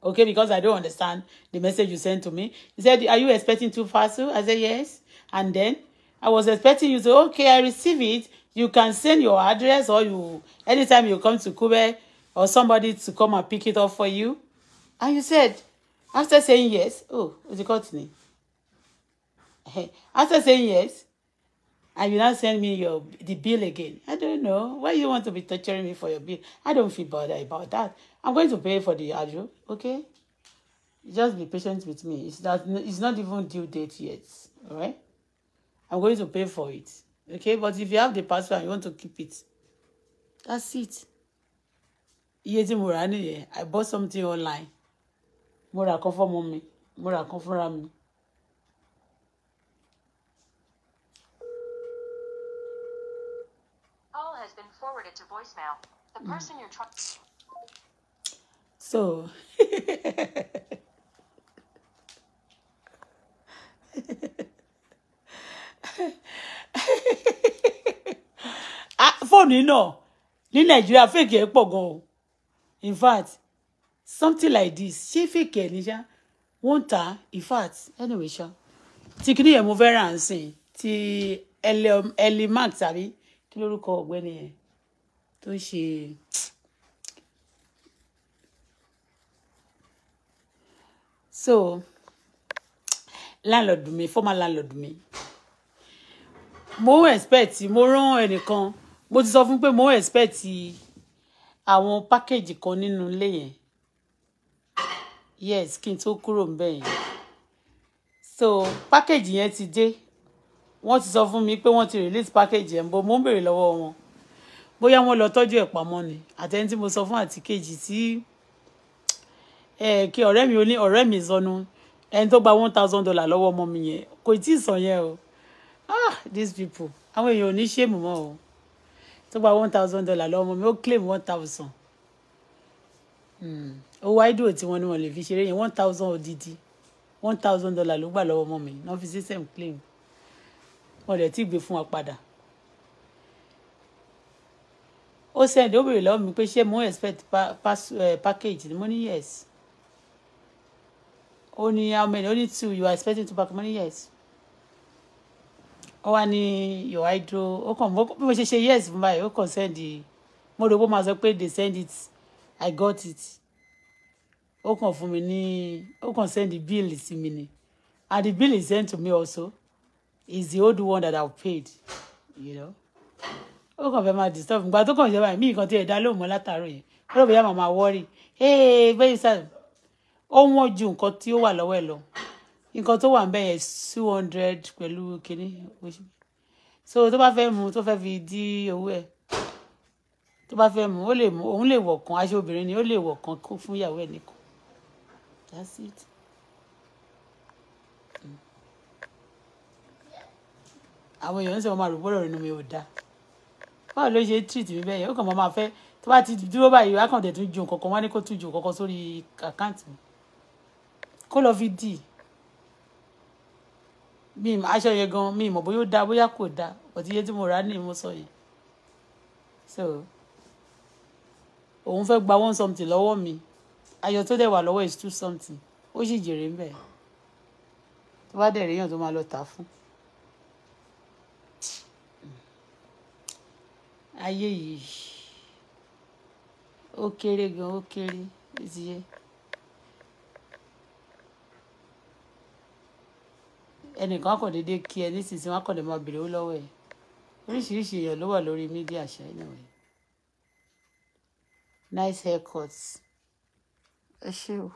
Okay, because I don't understand the message you sent to me. He said, Are you expecting too fast?" I said, Yes. And then I was expecting you to, okay, I receive it. You can send your address or you, anytime you come to Kube or somebody to come and pick it up for you. And you said, after saying yes oh o ti cut ni after saying yes and you now send me your the bill again i don't know why you want to be torturing me for your bill i don't feel bothered about that i'm going to pay for the ajo okay just be patient with me it's not it's not even due date yet all right i'm going to pay for it okay but if you have the password and you want to keep it that's it iye tí i bought something online mo rà kan fọ́mọ mi mo rà kan fúnra mi. has been forwarded to voicemail. The mm. person you're trying. So. Ah, fóònù náà ní nàìjíríà fèkì ẹ pọ̀ gan o in fact something like this ṣé fèkì ẹ̀ níṣá wọ́n ta in fact anyway ṣá tí kí ni yẹn mo fẹ́ rà ń sìn ti elimac tàbí kí lórúkọ ọ̀gbẹ́ni yẹn tó ń ṣe so landlord mi former landlord mi mo ń expect mo rán ẹnìkan mo ti sọ fún pé mo ń expect àwọn package kan nínú ilé yẹn yes kí n tó kúrò ńbẹ̀ yẹn so package yẹn ti dé wọ́n ti sọ fún mi pé wọ́n ti release package yẹn bó mo ń béèrè lọ́wọ́ wọn bóyá wọ́n lọ tọ́jú ẹ̀ pamọ́ ni àtẹni tí mo sọ fún àti kejì tí kí ọ̀rẹ́ mi oní ọ̀rẹ́ mi sọnù ẹni tó gba one thousand dollar lọ́wọ́ ọmọ mi yẹn kò tí ì sàn yẹn o ah these people àwọn èèyàn ò ní ṣèmù mọ́ o tó gba one thousand dollar lọ́wọ́ ọmọ mi ó claim one thousand. Hmm owó hydro tí wọ́n ní wọ́n lè fi ṣeré yẹn one thousand odidi one thousand dollar ló gbà lọ́wọ́ ọmọ mi náà fi system claim wọ́n lè ti gbé fún wa padà ó sẹ́ndì ó béèrè lọ́wọ́ mi pé ṣé mo expect eh, package ni mo ní yes ó ní how many ó ní two you are expecting to pack mo ní yes ó wá ní your hydro ó kàn bí mo ṣe ṣe yes fún báyìí ó kàn sẹ́ndì mo rò pé ó máa sọ pé they send it i got it ó kàn fún mi ní ó kàn send the bill sí mi ni and the bill is sent to me also is the old one that I paid you know ó kàn fẹ́ máa disturb nígbà tó kàn ṣe báyìí mí nǹkan tí ẹ̀ dá lóhùn mọ́ látàárọ̀ yẹn ó rò bóyá màmá wọ́ọ̀rì ee bẹ́ẹ̀ sá ó wọ́n ju nǹkan tí ó wà lọ́wọ́ ẹ̀ lọ nǹkan tó wà ń bẹ̀ yẹn two hundred pẹ̀lú kínní so tó bá fẹ́ mu tó fẹ́ fi dí owó ẹ̀ tó bá fẹ́ mu ó lè mu òun lè wọ̀ kan aṣọ obìnrin ni ó lè wọ̀ kan fún ìyàwó ẹ̀ nìkan. That's it. àwọn èèyàn ń sọ ọmọ àrùbọ́rọ̀ inú mi ò da báwo ló ṣe treat mi bẹ́ẹ̀ ó kàn máa fẹ́ tó bá ti dúró báyìí wákàn tẹ̀ tún ju nǹkan kan wá ní kó tún ju nǹkan kan sórí àkáǹtì mi kó lọ fi dì mí aṣọ yẹn gan mi mọ̀ bóyá ó da bóyá kò da òtí iye tí mo rà ní mo sọ yẹn so òun fẹ́ gba one something lọ́wọ́ mi ayọ̀ tó dẹ̀ wà lọ́wọ́ is two something ó sì jèrè ńbẹ̀ tó bá dẹ̀ ríyàn tó máa lọ tà fún. ayé yìí ó kéré gan ó kéré ìdíyẹ. ẹnìkan kò déédéé kí ẹ nísinsìnyí wọn kò lè máa béèrè ó lọ́wọ́ ẹ oríṣiríṣi èèyàn ló wà lórí mídíà ṣáínà ẹ nice haircuts ẹ ṣé o.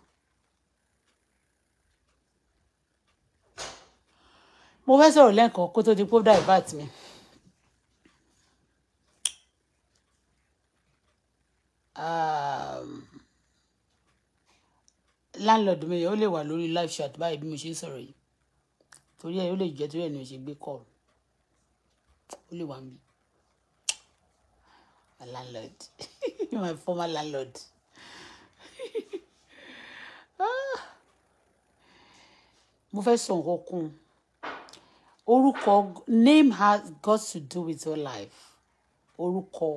mo fẹ́ sọ̀rọ̀ lẹ́ǹkan kó tó di pé ó divert mi. landlord mi yẹn ó lè wà lórí live chat báyìí bí mo ṣe ń sọ̀rọ̀ yìí torí ẹ̀ ó lè jẹ́ torí ẹ̀ ni mo ṣe gbé call ó lè wà mí my landlord my former landlord. Ah. mo fẹ́ sọ nǹkan kún orúkọ name has got to do with your life orúkọ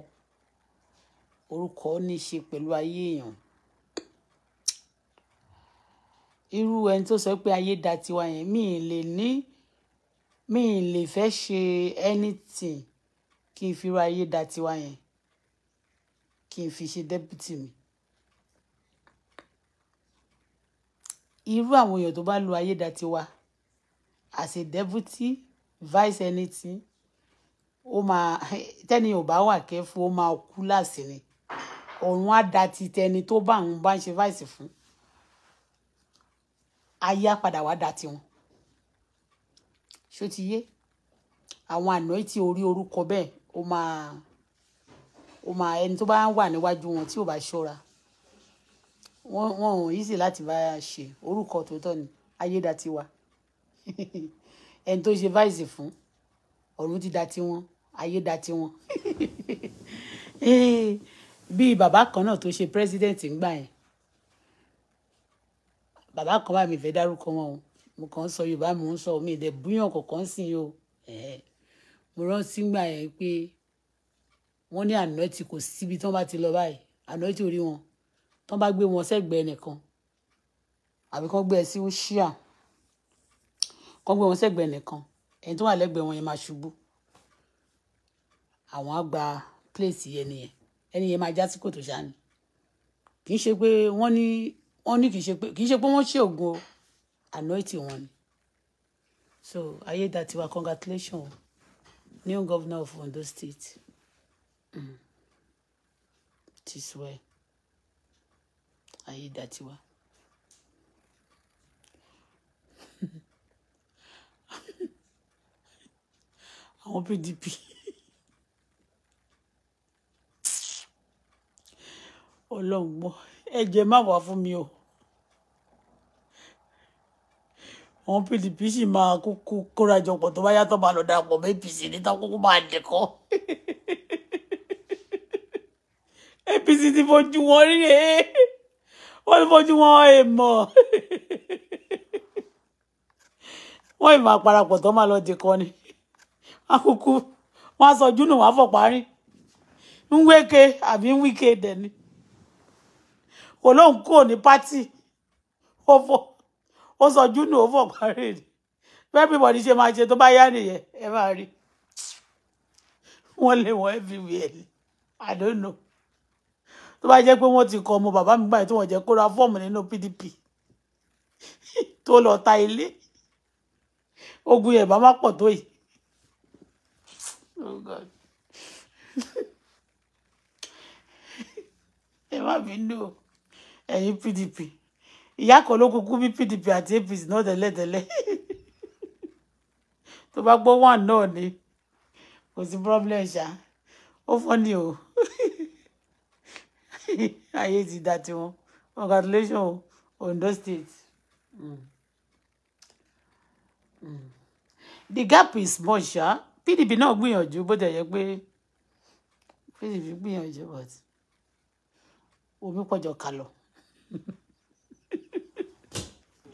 orúkọ ní í ṣe pẹ̀lú ayé èèyàn irú ẹni tó sọ pé ayé da tiwa yẹn mi ì lè ní mi ì lè fẹ́ ṣe anything kí n fi irú ayé da tiwa yẹn kí n fi ṣe deputy mi irú àwọn èèyàn tó bá lu ayédatiwa as a deputy vice anything ó máa tẹ́ni ò bá wà kẹ́fù ó máa kú láàsì ni ọ̀run á da ti tẹni tó bá àwọn bá ń ṣe vice fún ayé á padà wá da tiwọn ṣó ti yé àwọn àná tí orí orúkọ bẹ́ẹ̀ ó máa ó máa ẹni tó bá wà níwájú wọn tí ò bá ṣọ́ra wọn wọn ò yí sí láti bá a ṣe orúkọ tòótọ́ ni ayédatiwa ẹni tó ṣe báyìí fún ọ̀run ti da tiwọn ayé da tiwọn bí bàbá kan náà tó ṣe president ńgbà yẹn bàbá kan bá mi fẹ́ dárúkọ wọn o mo kàn ń sọ yorùbá mo ń sọ omi ìdẹ búyàn kọ̀ọ̀kan sí i o mo rántí ńgbà yẹn pé wọ́n ní àná tí kò síbi tí wọ́n bá ti lọ báyìí àná tí ò rí wọn tán bá gbé wọn sẹ́gbẹ̀ẹ́ nìkan àbí kán gbé ẹ sí ṣíà kán gbé wọn sẹ́gbẹ̀ẹ́ nìkan ẹni tó wà lẹ́gbẹ̀ẹ́ wọn yẹn máa ṣubú àwọn á gba pléèsì ẹni yẹn ẹni yẹn máa já sí kòtò ṣáni kì í ṣe pé wọ́n ní wọ́n ní kì í ṣe pé kì í ṣe pé wọ́n ṣe ògùn anointing wọn ni so ayédàtiwa congratulation new governor of Ondo state mm. this way ayé dá tiwa. àwọn PDP ọlọ́run gbọ́ ẹ̀jẹ̀ má wà fún mi o àwọn PDP sì máa kúkú kórajọpọ̀ tó bá yàtọ̀ máa lọ darapọ̀ mọ́ APC níta kúkú máa dẹ̀kọ́ APC ti fojú wọn rí rèé. E wọ́n ní fojú wọn èèmọ̀ wọ́n ìmọ̀ àparapọ̀ tó máa lọ di kọ́ ni akúkú wọ́n á sọ júnù wọ́n á fọ̀ parí ń wéke àbí ń wíke dẹ̀ ni kò lóun kúrò ní pátì ó fọ ó sọ júnù ó fọ̀ parí ni everybody ṣe máa ṣe tó bá yá nìyẹn ẹ máa rí wọ́n lé wọn everywhere I don't know tó bá jẹ́ pé wọ́n ti kọ ọmọ bàbá mi báyìí tí wọ́n jẹ́ kó ra fọ́ọ̀mù nínú PDP tó lọ ta ilé ogun yẹn má pọ̀ tó yìí oh God ẹ má bínú o ẹ̀yin PDP ìyá kan ló kúkú bí PDP àti APC náà tẹ́lẹ̀tẹ́lẹ̀ tó bá gbọ́ one náà ni kò sí problem ṣá ó fọ́ ni o ayé ti dá tiwọn congratulations Ondo State. Mm. Mm. the gap is much ṣá PDP náà gbìyànjú bó tẹ̀ yẹ pé PDP gbìyànjú but omi pọ̀jọ kà lọ.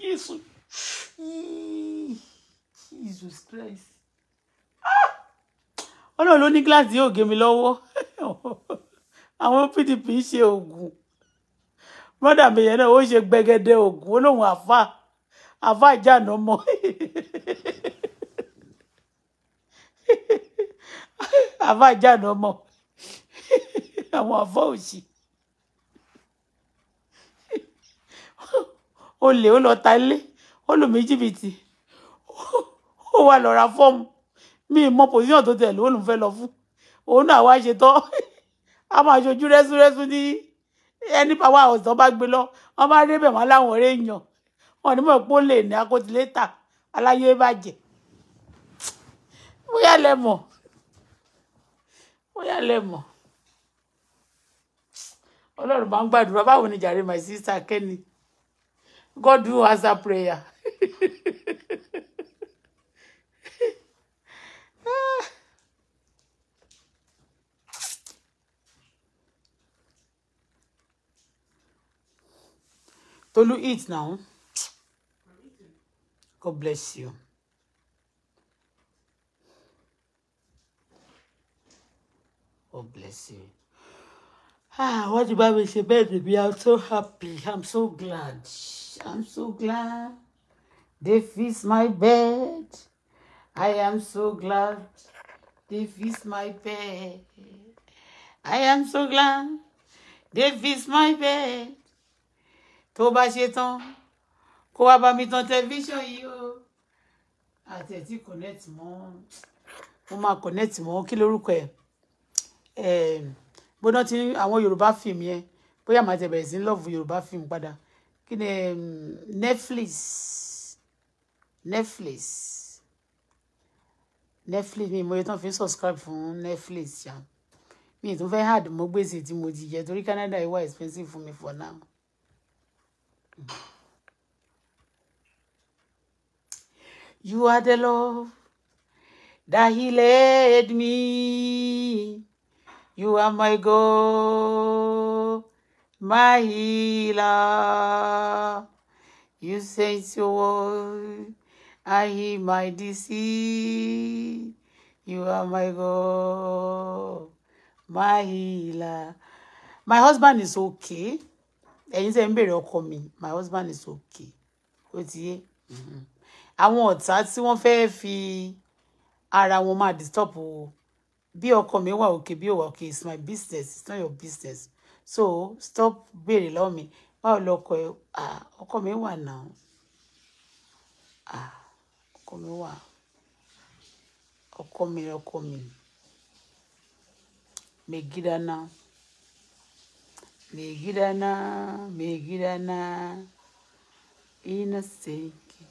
Jésù Jesus Christ. Ah! Ọlọ́run ló ní gíláàsì yóò gé mi lọ́wọ́. àwọn pdp ń ṣe oògùn mọ́dà mi yẹn náà ó ṣe gbẹgẹdẹ oògùn ó lóun àfa àfa ìjànà mọ́ àfa ìjànà mọ́ àwọn àfa òsì olè ó lọ ta ilé ó lù mí jìbìtì ó wà lọ ra fọ́ọ̀mù mi mọ pòsíṣàn tó tẹ̀ lóun fẹ́ lọ fún òun náà wá ṣe tán a máa ṣojú rẹ́súrẹ́sú ní ẹni pàwọ́ àwòsàn bá gbé lọ wọ́n bá débẹ̀ wọ́n láwọn ọ̀rẹ́ èèyàn wọn ní mọ̀ pé ó lè ní akótilétà aláyé bàjẹ́ bóyá lẹ mọ̀ bóyá lẹ mọ̀ ọlọ́run máa ń gbàdúrà báwo ni jàre my sister Kenny God do a prayer. Tolu, eat now. God bless you. God bless you. Ah, what the Bible say, baby? I'm so happy. I'm so glad. I'm so glad. They fix my bed. I am so glad. They fix my bed. I am so glad. They fix my bed tó bá ṣe tán kó wá bá mi tan tẹlifíṣàn yìí o àti connect mọ́ mo máa connect mọ́ kí lórúkọ ẹ̀ ehm, bóná tí àwọn yorùbá fíìmù yẹn bóyá màá ti bẹ̀rẹ̀ sí ń lọ́ọ̀fù yorùbá fíìmù padà kí ni ehm, netflix netflix netflix mi mo yẹ tán fi subscribe fún netflix ṣá mi ì tún fẹ́ hard mo gbèsè tí mo ti jẹ torí canada yìí wà expensive fún mi for now. You are the love that he led me. You are my God, my healer. You sent your word, I hear my disease. You are my God, my healer. My husband is okay ẹ̀yin tẹ́ ń béèrè ọkọ mi my husband is okay ó ti yé mhm. àwọn ọ̀tá tí wọ́n fẹ́ fi ara wọn máa disturb o bí ọkọ mi wà òkè bí òwà òkè it's my business it's not your business so stop béèrè lọ́wọ́ mi báwo lọkọ ẹ ọkọ mi wà náà ọkọ mi wà ọkọ mi ọkọ mi megidana mai gidana mai gidana ina seki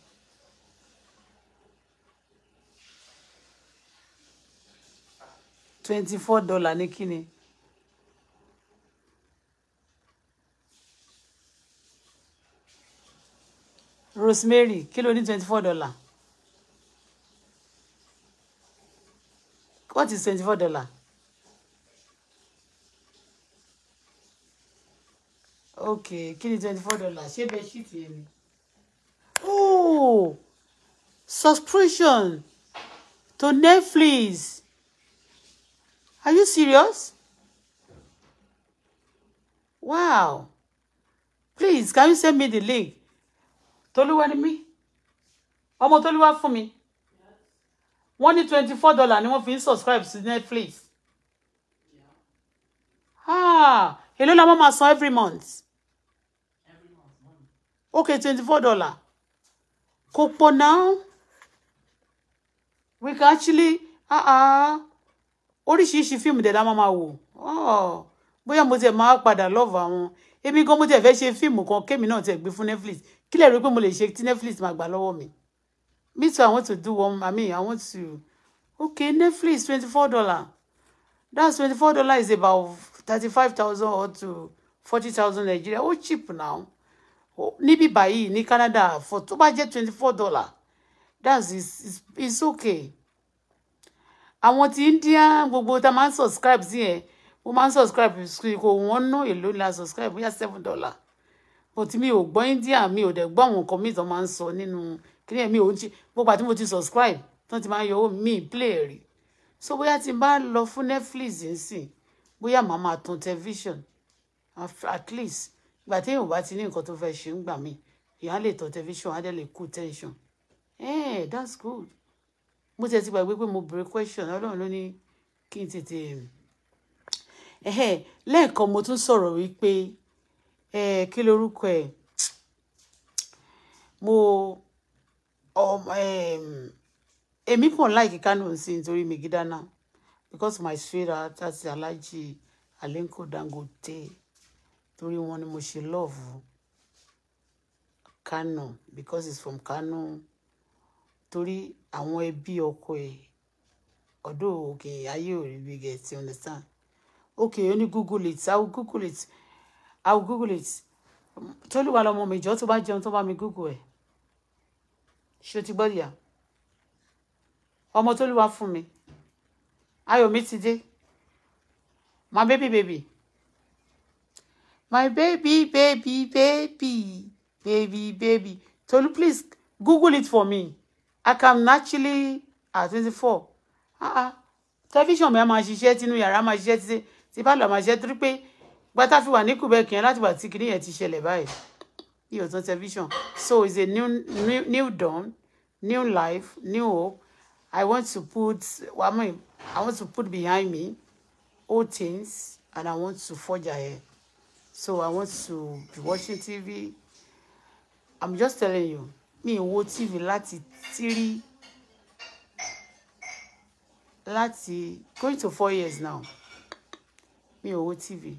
twenty four dollar ní kíni rosemary kí ló twenty four dollar what is twenty four dollar. ok kí ni twenty four dollars ṣé bẹ́ẹ̀ ṣì tiẹ̀ ni. oh subscription to Netflix are you serious wow please can you send me the link Tolúwa ni mí ọmọ Tolúwa fún mi wọ́n ní twenty four dollar ni wọ́n fi ń subscribe sí Netflix ah èló la wọ́n máa san every month okay twenty four dollar Coupon now. we can actually ah ah oríṣiríṣi fíìmù dẹ̀ la máa máa wò oh, bóyá mo tiẹ̀ máa padà lọ́ọ̀fù àwọn èmi gan mo tiẹ̀ fẹ́ ṣe fíìmù kan kémi náà tiẹ̀ gbé fún netflix kí lè rí pé mo lè ṣe tí netflix máa gbà lọ́wọ́ mi me too i want to do one i mean i want to okay netflix twenty four dollar that's twenty four dollar is about thirty five thousand or to forty thousand nigeria Oh, cheap now níbí báyìí ní Canada for tó bá jẹ́ twenty four dollar that's is is is okay àwọn ti India gbogbo tá a máa ń subscribe sí yẹn mo máa ń subscribe sí kò wọ́n ná èlò la subscribe bóyá seven dollar but mi ò gbọ́ India mi ò dẹ̀ gbọ́ àwọn nǹkan mi tó máa ń sọ nínú kíni ẹ̀ mi ò ń ṣe gbogbo àti mo ti subscribe tán ti máa ń yọ owó mi play rí so bóyá ti bá lọ fún Netflix yẹn sìn bóyá màá máa tún television at least ìgbà tí èèyàn bá ti ní nǹkan tó fẹ́ ṣe ń gbà mí èèyàn lè tọ́ tẹlifíṣàn á lè kú eh that's good mo tẹ̀ ti gbàgbé pé mo bèrè question ọlọ́run ló ní kí n tètè ẹ̀hẹ́ lẹ́ẹ̀kan mo tún sọ̀rọ̀ wípé ẹ̀ eh, kí lorúkọ ẹ̀ mo um, èmi kàn láìkí kánò sí nítorí mi gídánà because my sweetheart àti alájí Aliko Dangote. torí wọn ni mo ṣe love Kano because it's from Kano torí àwọn ẹbí ọkọ ẹ̀ ọ̀dọ̀ òkè ayé ò rí big get you understand okay ó google it i google it i google it tólúwa lọmọ mi jọ tó bá jẹun tó bá mi google ẹ̀ ṣé o ti gbọ́ dìyà ọmọ tólúwa fún mi ayọ̀ mi ti dé my baby baby my baby baby baby baby baby Tolu please google it for me I come naturally at ah, twenty four ah, ah. tẹlifíṣàn mi a máa ṣiṣẹ́ tinú yàrá máa ṣiṣẹ́ títí tí bá lọ́ọ́ máa ṣiṣẹ́ torí pé gbátá fi wà ní kùbẹ́ẹ̀kì yẹn láti wà tí kìnìún yẹn ti ṣẹlẹ̀ báyìí ní òtún television. so it's a new, new, new dawn new life new hope I want to put I want to put behind me old things and I want to forge ahead. So I want to be watching TV. I'm just telling you, mi ò wo TV láti three, láti going to four years now. Me ò wo TV.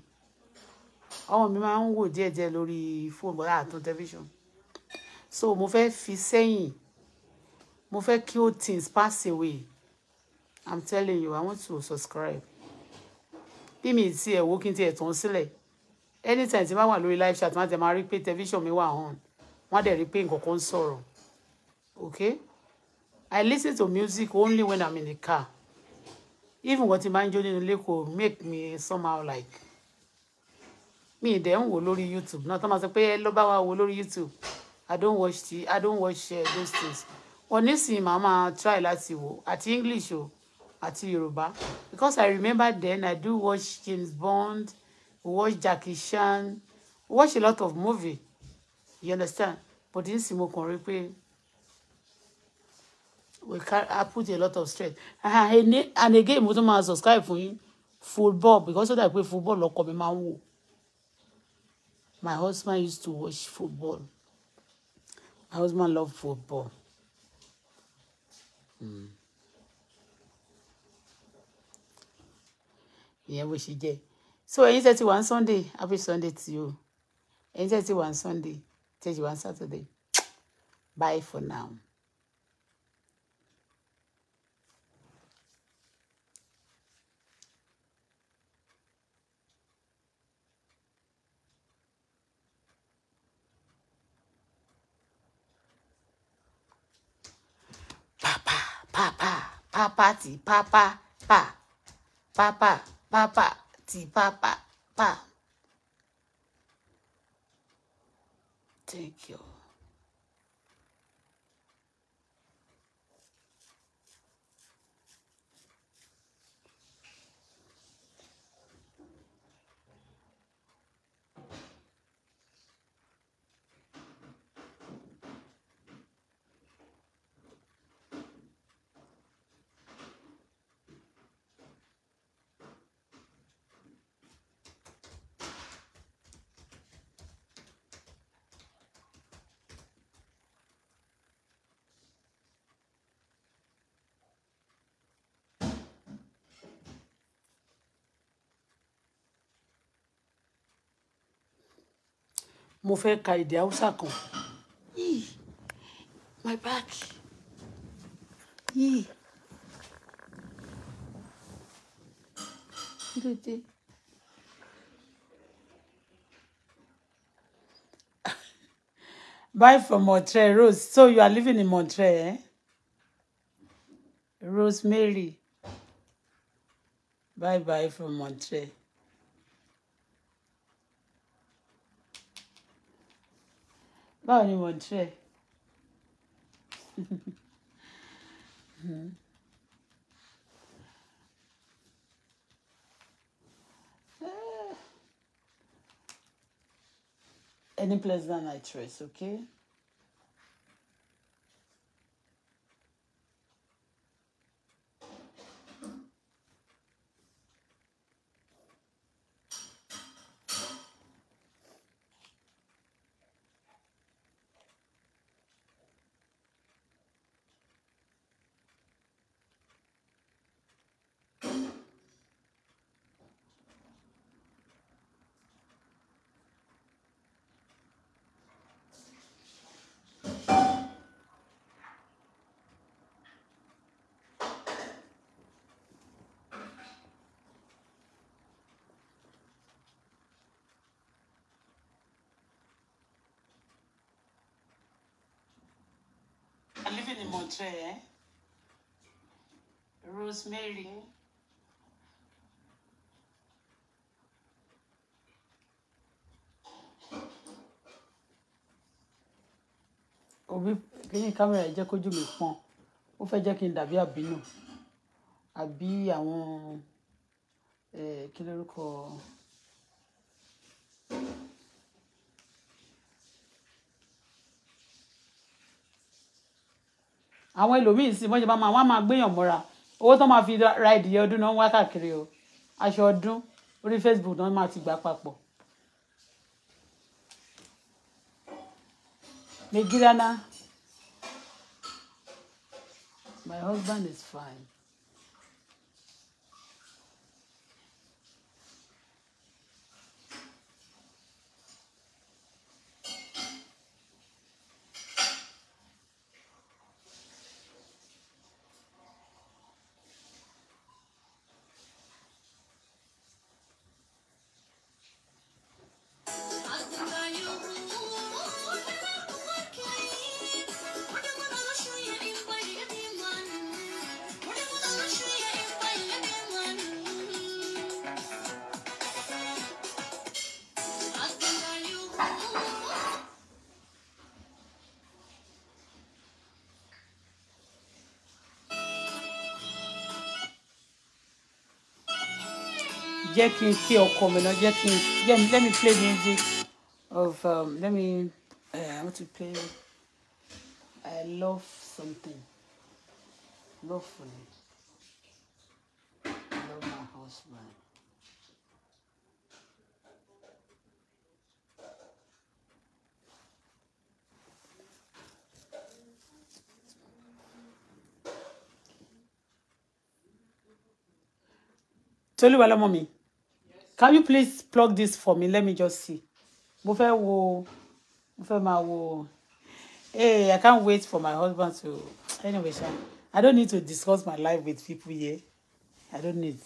Àwọn mi máa ń wò díẹ̀díẹ̀ lórí fóònù bọ́lá àtún tẹlifíṣàn. So mo fẹ́ fi sẹ́yìn. Mo fẹ́ kí old things pass away. I'm telling you, I want to subscribe. Bí mi ti ẹ̀ wo kí n ti ẹ̀ tán sílẹ̀ anytime tí n bá wà lórí live chat máa tẹ̀ máa rí pé television mi wà on wọ́n dẹ̀ rí pé nǹkan kan ń sọ̀rọ̀ okay I listen to music only when I'm in the car even wọ́n ti máa ń jó nínú ilé kò make me somehow like mi ì dẹ̀ ń wò lórí YouTube náà tó máa sọ pé ẹ ló bá wa wò lórí YouTube I don't watch the I don't watch uh, those things onísìn màá máa try láti wò àti English o àti Yorùbá because I remember then I do watch James Bond watch Jackie Chan. watch a lot of movie. You understand? But this Simokan Ripe, we can, I put a lot of stress. And again, mo tún subscribe for him football because that dà pé football lọkọ mi máa ń wò. My husband used to watch football. My husband loved football. Mm. ìyẹn bó ṣe jẹ́ so ẹ̀yin tẹ́ ti wà sunday happy sunday to you ẹ̀yin tẹ́ ti wà sunday tẹ́ ti wà saturday bye for now. papa papa ti papa pa papa papa ti papa Thank you. mo fẹ́ ka èdè haúsá kan my back yìí kí Bye from Montreal, Rose. So you are living in Montreal, eh? Rosemary. Bye bye from Montreal. báwo ni mo dúró any place that I trace okay. Children, Rosemary, òbí kíní kámẹ́rà ẹ̀ jẹ́ kójú mi pọ́n ó fẹ́ jẹ́ kí n dàbí àbínú àbí àwọn eh, kí lórúkọ. àwọn ẹlòmíín sì bọ́n ṣe bá máa wá máa gbéyàn mọ́ra owó tó máa fi ra ìdíyẹ ọdún náà wá káàkiri o aṣọ ọdún orí Facebook náà máa ti gbà papọ̀. megirana my husband is fine. jẹ́ kí n kí ọkọ mi náà jẹ́ kí n let me play music of um, let me uh, eh, I want to play I love something lovefully I love my husband. Tolúwa lọ́mọ mommy can you please plug this for me let me just see mo fẹ́ wo mo fẹ́ máa wo hey i can't wait for my husband to anyway sha i don't need to discuss my life with people here i don't need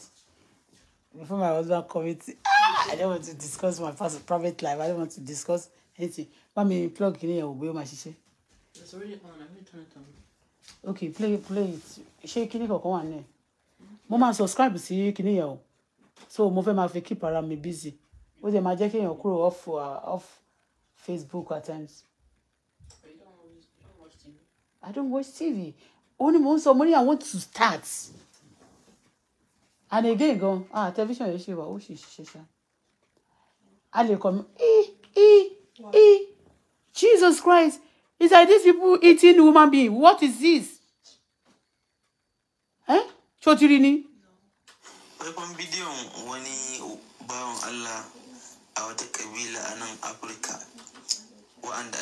before my husband commit ah i don't want to discuss my past private life i don't want to discuss anything bá mi plug in yẹn wò bóyá ó it's already on i need to turn it on. okay play play it ṣé kìnìún kankan wà ní ẹ mo máa subscribe sí kìnìún yẹn o so mo fẹ́ máa fi keep ara mi busy ó dẹ̀ máa jẹ́ kí èèyàn kúrò off uh, off Facebook at times. I don't watch TV. Only ní mò ń sọ mo ní I want to start and again gan ah television yẹn ṣe wà ó sì ṣiṣẹ́ ṣá a lè kọ́ mi e e e Jesus Christ Is like these people eating woman being what is this? Eh? ṣó ti rí ni faifan bidiyon wani bawan Allah a wata kabila a nan Afirka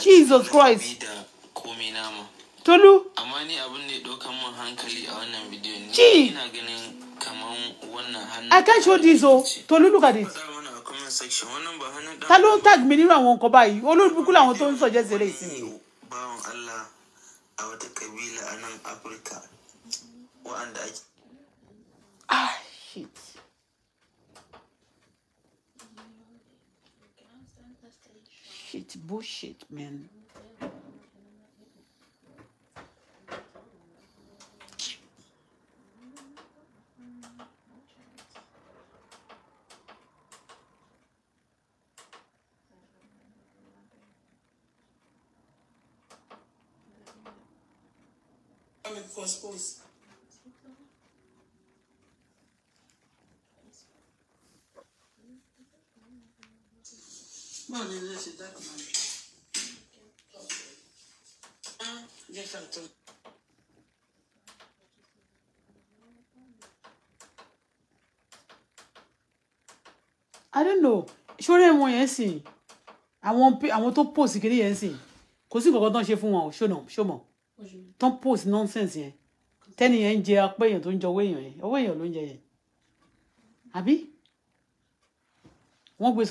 Jesus Christ da nama. Tolu. Amma ni abin da ya ɗaukan min hankali a wannan bidiyon ne. Ina ganin kaman wannan hannun. I can't show this o. Oh. Tolu look at it. Ta ló ń tag mi nínú àwọn nǹkan báyìí? Olúbukú làwọn tó ń sọ̀jẹ́ sèré ìsinmi. Bawan Allah a wata kabila a nan Afirka wa'anda ake. sheets. Shit, bullshit, man. Because báwo ni ilé ṣe dáàbò máa rí. jẹ́ ká I don't know ṣọ́rẹ́ wọn yẹn sìn àwọn àwọn tó post kiri yẹn sìn kò sí you tán ṣe fún wọn show them. mọ̀ ṣó mọ̀ post nonsense yẹn tẹ́ni yẹn ń jẹ apẹ́ you tó ń jẹ owó èèyàn yẹn owó èèyàn ló ń jẹ yẹn àbí wọ́n gbé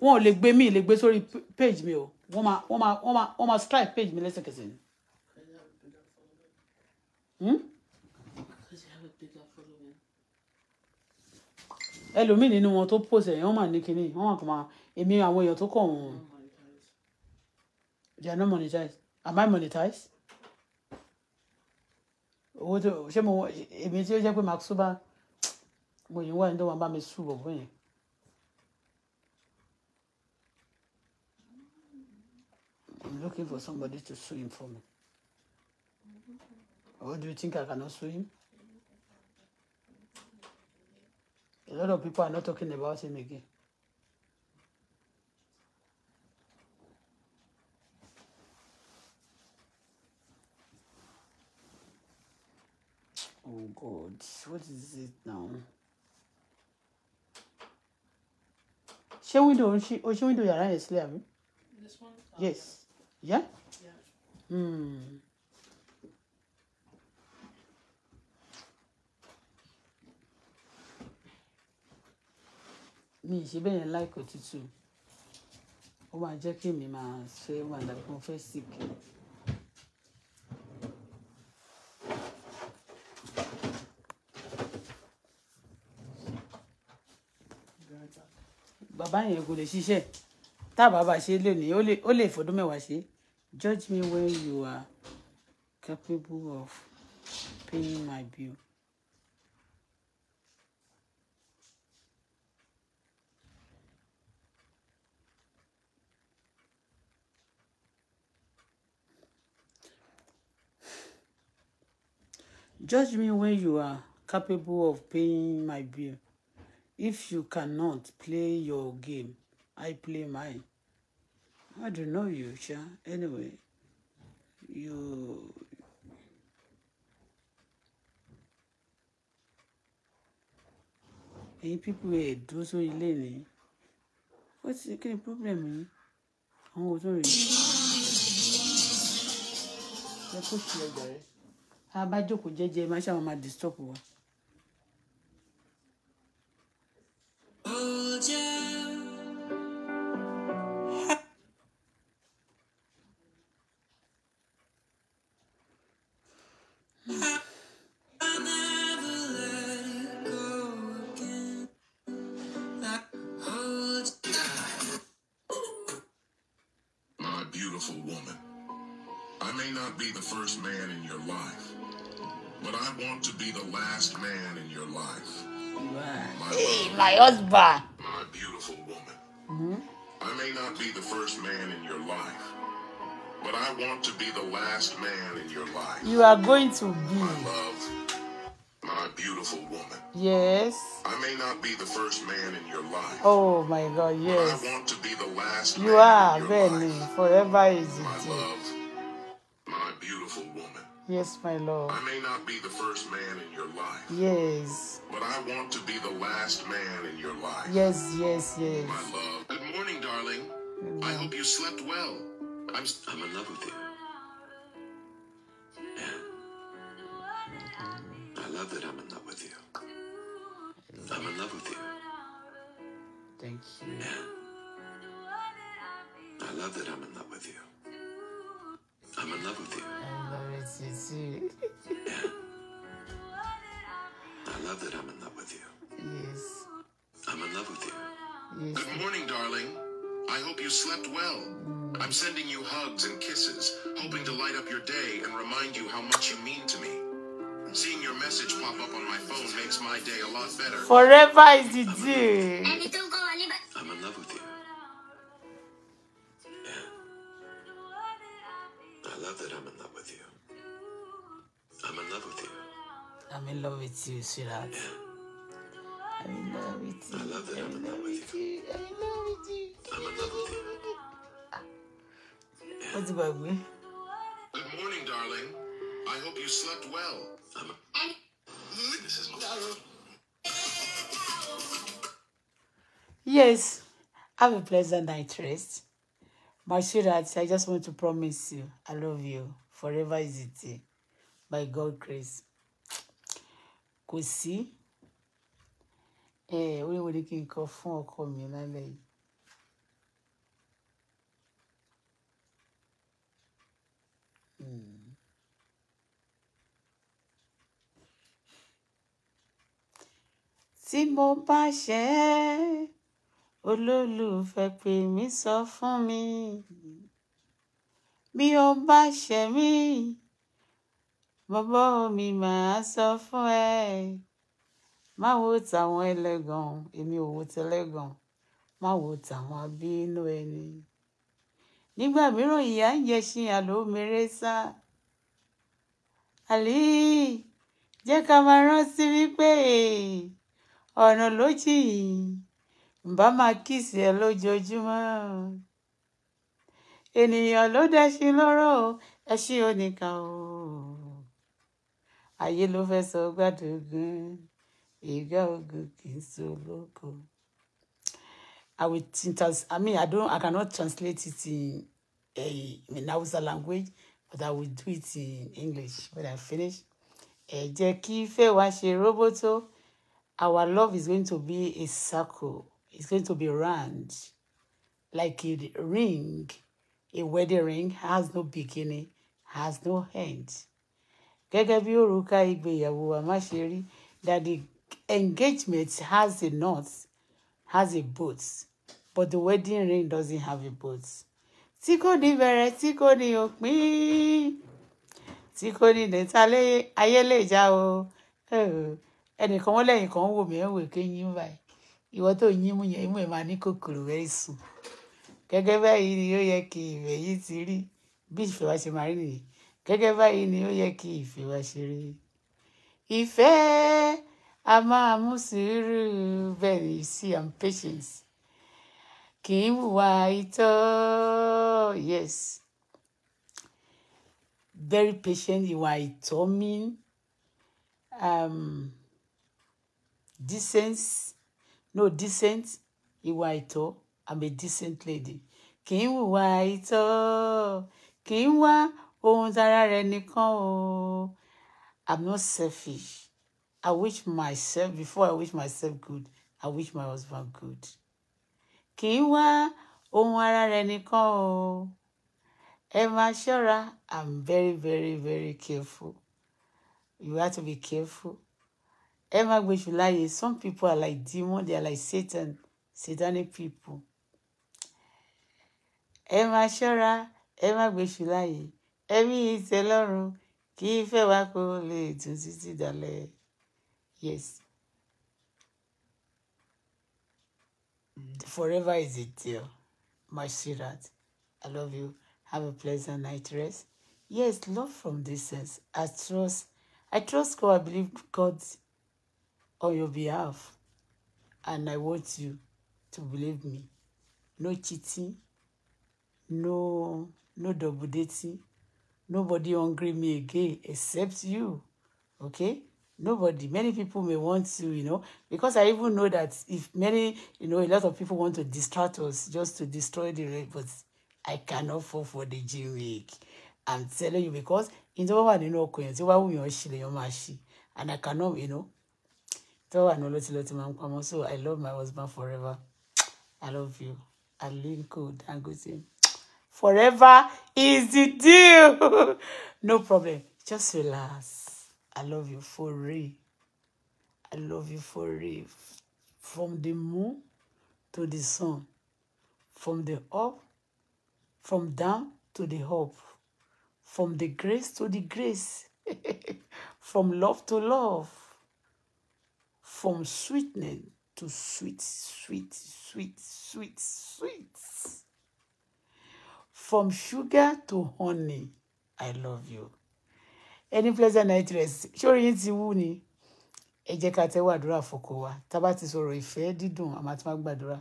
wọn ò lè gbé mi lè gbé sórí page mi o wọ́n máa wọ́n máa wọ́n máa wọ́n máa strike page mi lẹ́sẹ̀kẹsẹ̀ ni. Hmm? ẹlòmíì nínú wọn tó pòsè yẹn wọ́n máa ní kinní wọ́n máa kàn máa èmi àwọn èèyàn tó kọ̀ wọ́n they are not monetized am I monetized owó tó ṣé mo èmi tí ó jẹ́ pé màá tún bá mo yìí wà ní tó wọn bá mi sùn bọ̀ bóyá. looking for somebody to swim for me. Or do you think I cannot swim? A lot of people are not talking about him again. Oh God, what is it now? ṣé wíńdò ń ṣí o oh, ṣí wíńdò yàrá yẹn This one. yes. Yeah? Yeah. Mm. mi ṣe bẹ́ẹ̀ yẹn láìkò tútù ó máa jẹ́ kí mi máa ṣe wà láìpẹ́ fẹ́ sick. bàbá yẹn kò lè ṣiṣẹ́ tá a bá bá ṣe lónìí ó lè fọdún mẹ́wàá ṣe judge me when you are capable of paying my bill. Judge me when you are capable of paying my bill. If you cannot play your game, I play mine. I don't know you, Sha. Anyway, you. ẹ̀yin pípọ̀ ẹ̀ dúró sórí ilé ni ó ti kí ni problem yìí àwọn ò tó rèé ẹ kó tiẹ̀ gbà rẹ̀ abájókòó jẹ́jẹ́ máa ṣáà I'm disturb wa. are going to be. My love, my beautiful woman. Yes. I may not be the first man in your life. Oh my God, yes. I want to be the last. You are, Benny. Forever is it. My love, my beautiful woman. Yes, my love. I may not be the first man in your life. Yes. But I want to be the last man in your life. Yes, yes, yes. My love. Good morning, darling. Mm -hmm. I hope you slept well. I'm, I'm in love with you. love that I'm in love with you. I'm in love with you. Thank you. Yeah. I love that I'm in love with you. I'm in love with you. I love it, Yeah. I love that I'm in love with you. Yes. I'm in love with you. Yes. Good morning, darling. I hope you slept well. I'm sending you hugs and kisses, hoping to light up your day and remind you how much you mean to me. Seeing your message pop up on my phone makes my day a lot better. Forever is the day. I'm in love with you. Yeah. I love that I'm in love with you. I'm in love with you. I'm in love with you, sweetheart. Yeah. I'm in love with you. I love that I'm, in love with you. I'm in love with you. I'm in love with you. What's about me? Good morning, darling. I hope you slept well. Yes, have a pleasant night rest. My sweetheart, I just want to promise you, I love you forever is it by God grace. Kò sí ẹ̀ eh, oríwọ̀n ni kí n kọ fún ọkọ mi lálẹ́ tí mo bá ṣẹ̀ ẹ́ olólùfẹ́ pè mí sọ fún mi bí o bá ṣẹ̀ mí bàbá mi màá sọ fún ẹ má wo tàwọn ẹlẹ́gàn èmi ò wo tẹlẹ́gàn má wo tàwọn abínú ẹni nígbà mìíràn ìyá ń jẹ ṣin sá àlè jẹ́ ká máa rántí wípé. ọ̀nà ló jì yìí ń bá máa kíìsì ẹ lójoojúmọ́ ènìyàn ló dẹ́ṣin lọ́rọ̀ o ẹṣin oníkà o ayé ló fẹ́ sọ gbàdógún ìgbà ogun kì í so lóko. I will I mean I don't I cannot translate it in a eh, in language but I will do it in English when I finish. ẹ jẹ́ kí ìfẹ́ wá ṣe roboto. our love is going to be a circle. It's going to be round, like a ring. A wedding ring has no beginning, has no end. Gẹ́gẹ́ bí òrùka ìgbéyàwó àmáṣeré that the engagement has a knot, has a boat, but the wedding ring doesn't have a boat. Tí kò ní bẹ̀rẹ̀, tí kò ní òpin, tí kò ní nìta ayé lè o. Oh ẹnìkan wọn lẹ́yìn kan wò mí ẹ wò ké yín báyìí ìwọ tó yín mú yẹn imú ẹ máa ní kòkòrò very soon gẹ́gẹ́ báyìí ni ó yẹ kí ìfẹ́ yìí ti rí bí ìfẹ́ wa ṣe máa rí nìyí gẹ́gẹ́ báyìí ni ó yẹ kí ìfẹ́ wa ṣe rí ìfẹ́ a máa mú sùúrù bẹ́ẹ̀ ni see am patience kì í wà ìtọ́ yes very patient ìwà ìtọ́ mean um, decent no decent ìwà àìtọ́ i'm a decent lady kì í hùwà àìtọ́ kì í wá ohun tara rẹ̀ nìkan o i'm not selfish i wish myself before i wish myself good i wish my husband good kì í wá ohun ara rẹ̀ nìkan o ẹ máa ṣọ́ra i'm very very very careful you have to be careful Emma some people are like demon, they are like Satan, satanic people. ẹ máa ṣọ́ra ẹ má gbèsù láàyè ẹ̀mí ìtẹ́lọ́rùn kì í fẹ́ wá kó lè tún yes forever is it, deal my sweetheart i love you have a pleasant night rest yes love from distance i trust i trust god i believe God's on your behalf and I want you to believe me. No cheating, no no double dating, nobody hungry me again except you. Okay? Nobody. Many people may want to, you know, because I even know that if many, you know, a lot of people want to distract us just to destroy the rate, but I cannot fall for the G week. I'm telling you because in the world, you know, and I cannot, you know, tó wà ní olótìlọ́tì máa ń pamọ́ so i love my husband forever i love you alinko dangote forever is the deal no problem just relax i love you for real i love you for real from the moon to the sun from the up from down to the up from the grace to the grace from love to love from sweetening to sweet, sweet, sweet, sweet, sweet. From sugar to honey, I love you. Any pleasure, night rest. Ṣórí you, ti wú ni. Ẹ jẹ́ ká tẹ́wọ́ wa. Tá a bá ti didun ìfẹ́ dídùn, a máa ti máa gbàdúrà.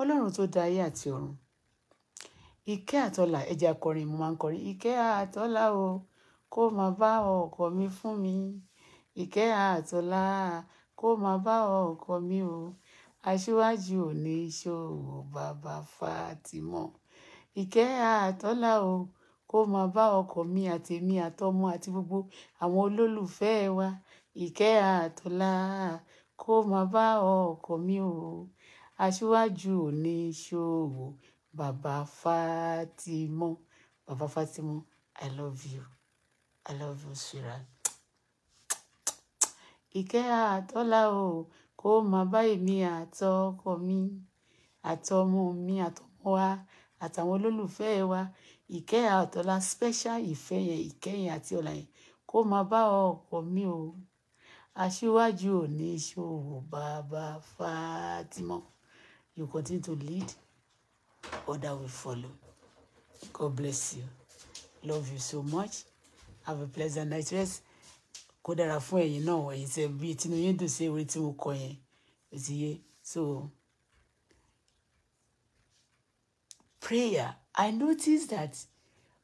Ọlọ́run tó dá ayé àti ọ̀run. Ìkẹ́ àtọ́là ẹ jẹ́ akọrin mo máa ń kọrin. Ìkẹ́ o, kó máa bá mi fún mi. Ìkẹ́ àtọ́là kó máa bá ọkọ mi o aṣíwájú òní ṣòwò bàbá fatima ìkẹ́ àtọ́lá o kó máa bá ọkọ mi àtèmi àtọmọ àti gbogbo àwọn olólùfẹ́ wa ìkẹ́ àtọ́lá kó máa bá ọkọ mi o aṣíwájú òní ṣòwò bàbá fatima bàbá fatima i love you i love you sweetheart ìkẹ́ àtọ́lá o kó máa bá èmi àtọkọ mi àtọmọ mi àtọmọ wa àtàwọn olólùfẹ́ wa ìkẹ́ àtọ́lá special ìfẹ́ yẹn ìkẹ́ yẹn àti ọ̀la yẹn kó máa bá ọkọ mi o aṣíwájú oníṣòwò bàbá Fatima you continue to lead other will follow God bless you love you so much have a pleasant night rest kó dára fún ẹ̀yin náà ẹ̀yin tẹ bí tinú yín dùn sí ewé tí mo kọ yẹn ó yé so prayer I noticed that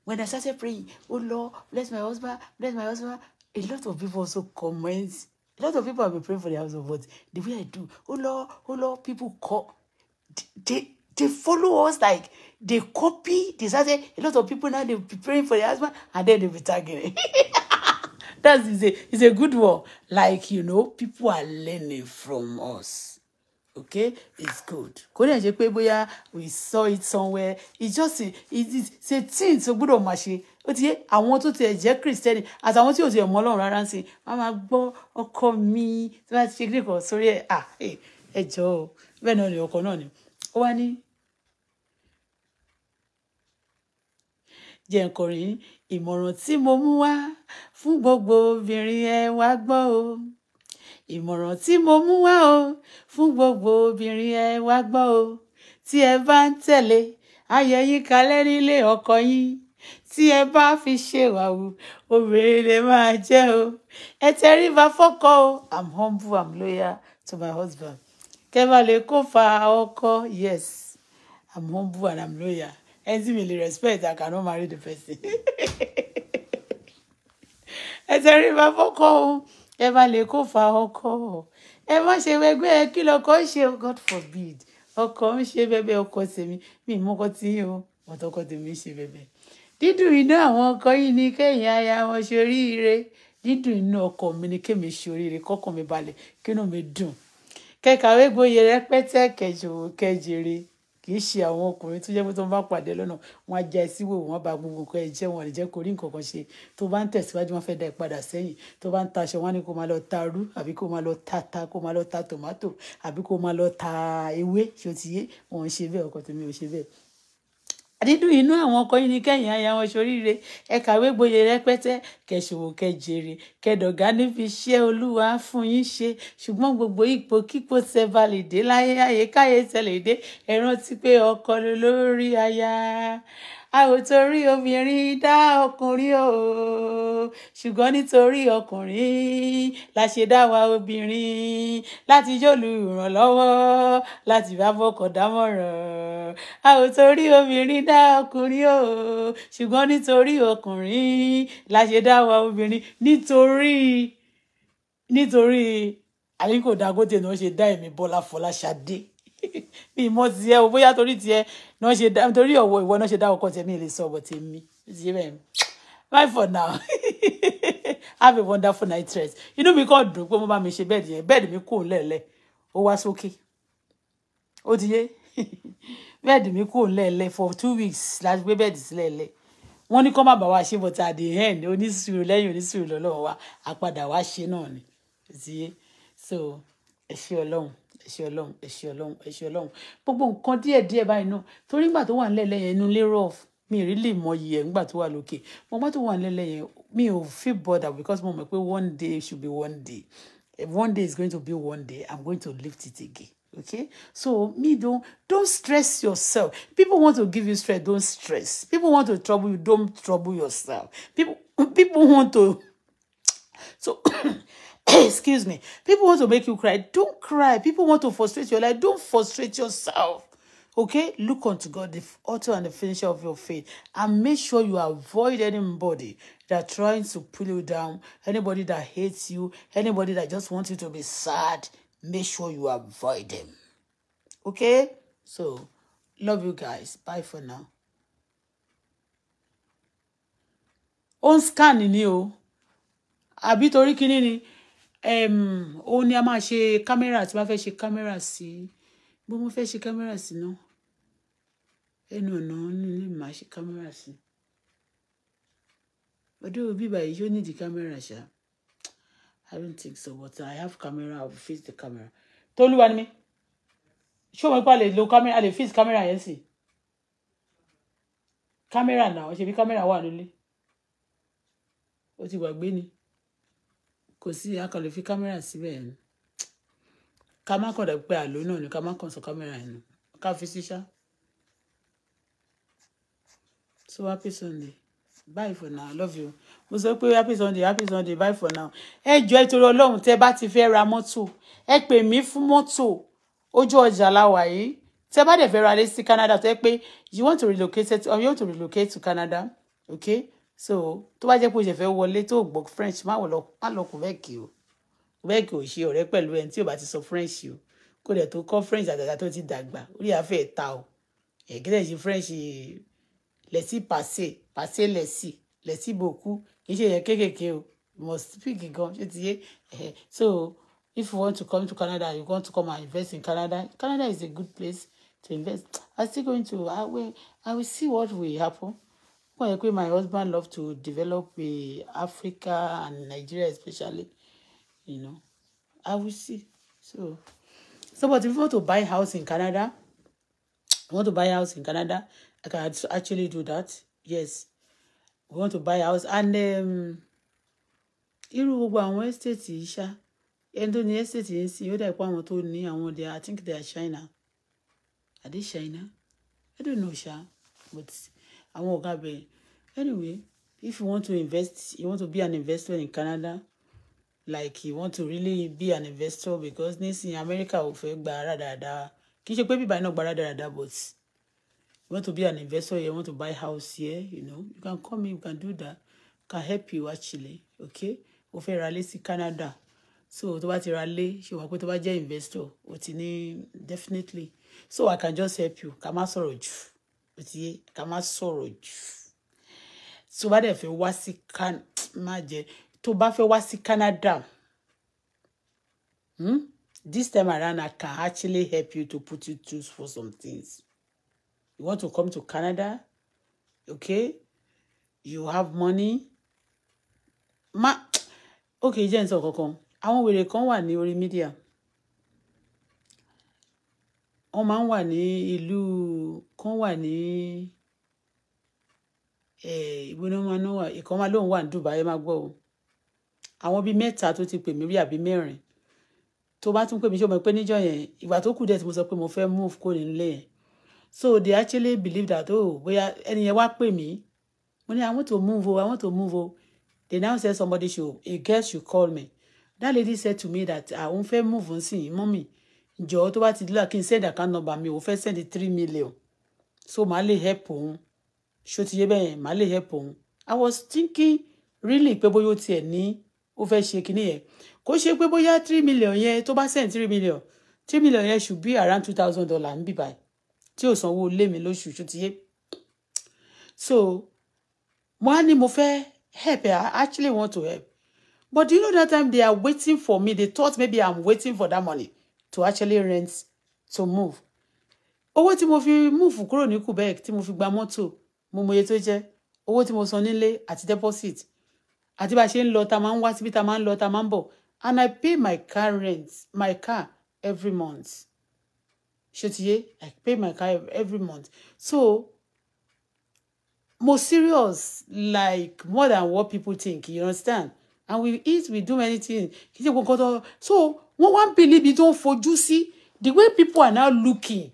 when I started praying oh Lord bless my husband bless my husband a lot of people also comment a lot of people have been praying for their husband but the way I do oh Lord oh Lord people call they they follow us like they copy they started a lot of people now they be praying for their husband and then they be tagging That's is a is a good one. Like you know, people are learning from us. Okay, it's good. Kò ní ẹ̀jẹ̀ pé we saw it somewhere. It's just it is a thing So good on machine. Ó ti yé to tó tiẹ̀ jẹ́ Kristẹni àti àwọn tí ò tiẹ̀ mọ́ Ọlọ́run rárá ń sìn. Wọ́n máa gbọ́ ọkọ mi tí wọ́n ti ṣe kíkọ̀ sórí ẹ̀ à ẹ̀jọ̀ bẹ́ẹ̀ ni ọkọ náà ni. Ó wá ní jẹ́ nkọrin yín ìmọ̀ràn tí mo mú wá fún gbogbo obìnrin ẹ wá gbọ́ o ìmọ̀ràn tí mo mú wá o fún gbogbo obìnrin ẹ wá gbọ́ o tí ẹ bá ń tẹ̀lé ayọ̀ yín kalẹ̀ nílé ọkọ yín tí ẹ bá fi ṣèwàwù obìnrin lè máa jẹ́ o ẹ tẹríba fọ́kọ o i'm humble i'm loyal to my husband kẹ́ bá lè kó fa ọkọ yes i'm humble and i'm loyal ẹtí mi lè respect I cannot marry the person ẹ tẹrí bá fọkọ o ẹ má lè kó fa ọkọ o ẹ má ṣe wẹgbẹ ẹ kí lọkọ ṣe God forbid ọkọ ń ṣe bẹbẹ ọkọ tèmi mi mọkọ tí o mọtọkọ tèmi ṣe bẹbẹ dídùn iná àwọn ọkọ yìí ni kẹyìn aya wọn ṣe oríire dídùn inú ọkọ mi ni kémi ṣe oríire kọkàn mi balẹ̀ kínú mi dùn kẹkàwé gboyè rẹpẹtẹ kẹjọ kẹjẹrẹ kì í ṣe àwọn ọkùnrin tó jẹ́ pé tó ń bá pàdé lọ́nà wọn á já ẹ síwò wọn bá gbogbo nǹkan ẹ jẹ́ wọn lè jẹ́ kó rí nǹkan kan ṣe tó bá ń tẹ̀síwájú wọn fẹ́ da ìpadà sẹ́yìn tó bá ń taṣọ wọn ni kó máa lọ ta arú àbí kó máa lọ ta ta kó máa lọ ta tòmátò àbí kó máa lọ ta ewé ṣòtìyé wọn ò ṣe bẹ́ẹ̀ ọkọ tèmi ò ṣe bẹ́ẹ̀ àdídùn inú àwọn ọkọ yín ni kẹ́yìn aya wọn ṣoríire ẹ kàwé gboyè rẹpẹtẹ kẹṣòwò kẹjèrè kẹdọ̀gá níbi iṣẹ́ olúwa fún yín ṣe ṣùgbọ́n gbogbo ipò kíkó tẹ láyé ayé káyé tẹlẹ̀ dé ẹ pé ọkọ lórí aya a ò torí obìnrin dá ọkùnrin o ṣùgbọ́n nítorí ọkùnrin la ṣe dá wa obìnrin láti jòlù ìrànlọ́wọ́ láti bá bọ́kọ̀ dámọ̀ràn a ò torí obìnrin dá ọkùnrin o ṣùgbọ́n nítorí ọkùnrin la ṣe dá wa obìnrin nítorí nítorí Aliko Dangote náà ṣe dá èmi Bọ́lá Fọláṣadé mi mọ tiẹ o bóyá torí tiẹ náà ṣe dá torí ọwọ ìwọ náà ṣe dá ọkọ tèmi lè sọ ọbọ tèmi ti rẹ bye for now have a wonderful night rest inú mi kàn dùn pé mo bá mi ṣe bẹ́ẹ̀dì yẹn bẹ́ẹ̀dì mi kò lẹ́lẹ̀ ó wá sókè ó ti yé bẹ́ẹ̀dì mi kò lẹ́lẹ̀ for two weeks láti gbé bẹ́ẹ̀dì sílẹ̀ lẹ̀ wọ́n ní kó má bàa wá ṣe but at the end onísùúrù lẹ́yìn onísùúrù lọ́lọ́wọ́ wa àpadà wá ṣe náà ni ó ti yé so ẹ ṣé ọlọ́run ẹ ṣé ọlọ́run ẹ ṣé ọlọ́run ẹ ṣé ọlọ́run gbogbo nǹkan díẹ̀díẹ̀ báyìí náà torí nígbà tó wà nílẹ̀ yẹn inú lérò ọ̀fun mi rí lè mọ iye ẹ̀ nígbà tó wà lókè mo gbọ́ tó wà nílẹ̀ yẹn mi ò feel bother because mo mọ̀ pé one day should be one day if one day is going to be one day i'm going to lift it again okay so me don don stress yourself people want to give you stress don stress people want to trouble you don trouble yourself people people want to so excuse me, people want to make you cry. Don't cry. People want to frustrate your life. Don't frustrate yourself. Okay, look unto God, the author and the finisher of your faith, and make sure you avoid anybody that trying to pull you down, anybody that hates you, anybody that just wants you to be sad. Make sure you avoid them. Okay, so love you guys. Bye for now. On scan ni o, àbí torí ni. um, òun ni a máa ṣe kámẹ́rà tí wọ́n fẹ́ ṣe kámẹ́rà sí bó mo fẹ́ ṣe kámẹ́rà sí náà ẹnu ọ̀nà nílé màá ṣe kámẹ́rà sí ọdún bíbá yìí yóò nídìí kámẹ́rà ṣá I don't think so but I have camera I will fix the camera tolúwa ni mi ṣé òun pa lè lo kámẹ́rà lè fix kámẹ́rà yẹn sí Camera náà ṣe bí camera wà lólé ó ti wà gbé ni kò sí akọlẹ̀ fi kámẹ́rà síbẹ̀ ni ká má kọ̀dọ̀ pé àlọ́ náà ni ká má kàn sọ kámẹ́rà ni ká fi síṣá. so happy sunday bye for now love you mo sọ pé happy sunday happy sunday bye for now ẹ jọ̀ọ́ ìtorí ọlọ́run tẹ́ bá ti fẹ́ ra mọ́tò ẹ pè mí fún mọ́tò ojú ọjà la wà yìí tẹ́ bá dẹ̀ fẹ́ ra lé sí Canada tó yẹ pé you want to relocate to, or you want to relocate to Canada okay so tó bá jẹ́ pé o ṣẹ̀fẹ́ wọlé tó gbọ́ french má lọ Quebec o Quebec ò ṣe ọ̀rẹ́ pẹ̀lú ẹni tí ò bá ti sọ french o kó dẹ̀ tó kọ́ french àtàtà tó ti dàgbà orí àfẹ́ ta o ẹ̀gẹ́dẹ̀ ṣe french lẹ́sí pàṣẹ pàṣẹ lẹ́sí lẹ́sí bòkú kì í ṣe yẹn kéékèèké o must speak gan ṣé ti yé so if you want to come to Canada you want to come and invest in Canada Canada is a good place to invest I'm still going to I will I will see what will happen wọ́n yẹ pé my husband love to develop a Africa and Nigeria especially you know I will see so so but if you want to buy house in Canada you want to buy house in Canada I can actually do that yes we want to buy house and um, irú gbogbo àwọn estate yìí ṣá ẹni tó ní estate yìí sí ó dà pé àwọn tó ní àwọn they I think they are China are they China I don't know ṣá but àwọn ọ̀gá bẹ̀yẹn anyway if you want to invest you want to be an investor in Canada like you want to really be an investor because nísìnyí America ò fẹ́ gba rádaràda kì í ṣe pé bíbá iná gba rádaràda but you want to be an investor here you want to buy house here you know you can call me you can do that can help you actually okay o fẹ́ ra lé sí Canada so tó bá ti ra lé ṣe wà pé tó bá jẹ́ investor o ti ní definitely so I can just help you ká má sọ̀rọ̀ jù ti yé ká má sọ̀rọ̀ jù tó bá dẹ̀ fẹ́ wá sí má jẹ to bá fẹ́ wá sí Canada hmm? this time around I can actually help you to put you through for some things you want to come to Canada okay you have money ma okay jẹ́ n sọ kankan àwọn wèrè kan wà ní orí mídíà wọ́n máa ń wà ní ìlú kan wà ní ìgbóná máa ń wà ìkan máa lóun wà ní Dubai ẹ máa gbọ́ o àwọn bíi mẹ́ta tó ti pè mí rí àbí mẹ́rin tó bá tún pè mí ṣé o mọ̀ pé níjọ́ yẹn ìgbà tó kù dẹ̀ tí mo sọ pé mo fẹ́ move kó nílé yẹn so they actually believe that oh bóyá ẹni yẹn wá pè mí mo ní I want to move o I want to move o they now say somebody should a girl should call me that lady said to me that àwọn ah, fẹ́ move nsìn mọ́mì jọ̀ọ́ tó bá ti dúlà kí n send account number mi ò fẹ́ send three million so màá lè help òun ṣó ti yé bẹ́ẹ̀ màá lè help òun i was thinking really pé bóyá ó tiẹ̀ ní ó fẹ́ ṣe kinní yẹn kó ṣe pé bóyá three million yẹn tó bá send three million three million yẹn should be around two thousand dollars níbí báyìí tí ò sanwó lé mi lóṣù ṣó ti yé so mo á ní mo fẹ́ help i actually want to help but do you know that time they are waiting for me they thought maybe i'm waiting for that money to actually rent to move owó tí mo fi move kúrò ní Quebec tí mo fi gba mọ́tò mo mọye tó jẹ́ owó tí mo san nílé àti deposit àti bá a ṣe ń lọ ta máa ń wá síbi ta máa ń lọ ta máa ń bọ̀ and I pay my car rent my car every month ṣètìyé I pay my car every month so mo serious like more than what people think you understand and we eat we do many things kì í ṣe gbogbo tó so wọ́n wá ń bèlè ibi tó ń fojú sí the way people are now looking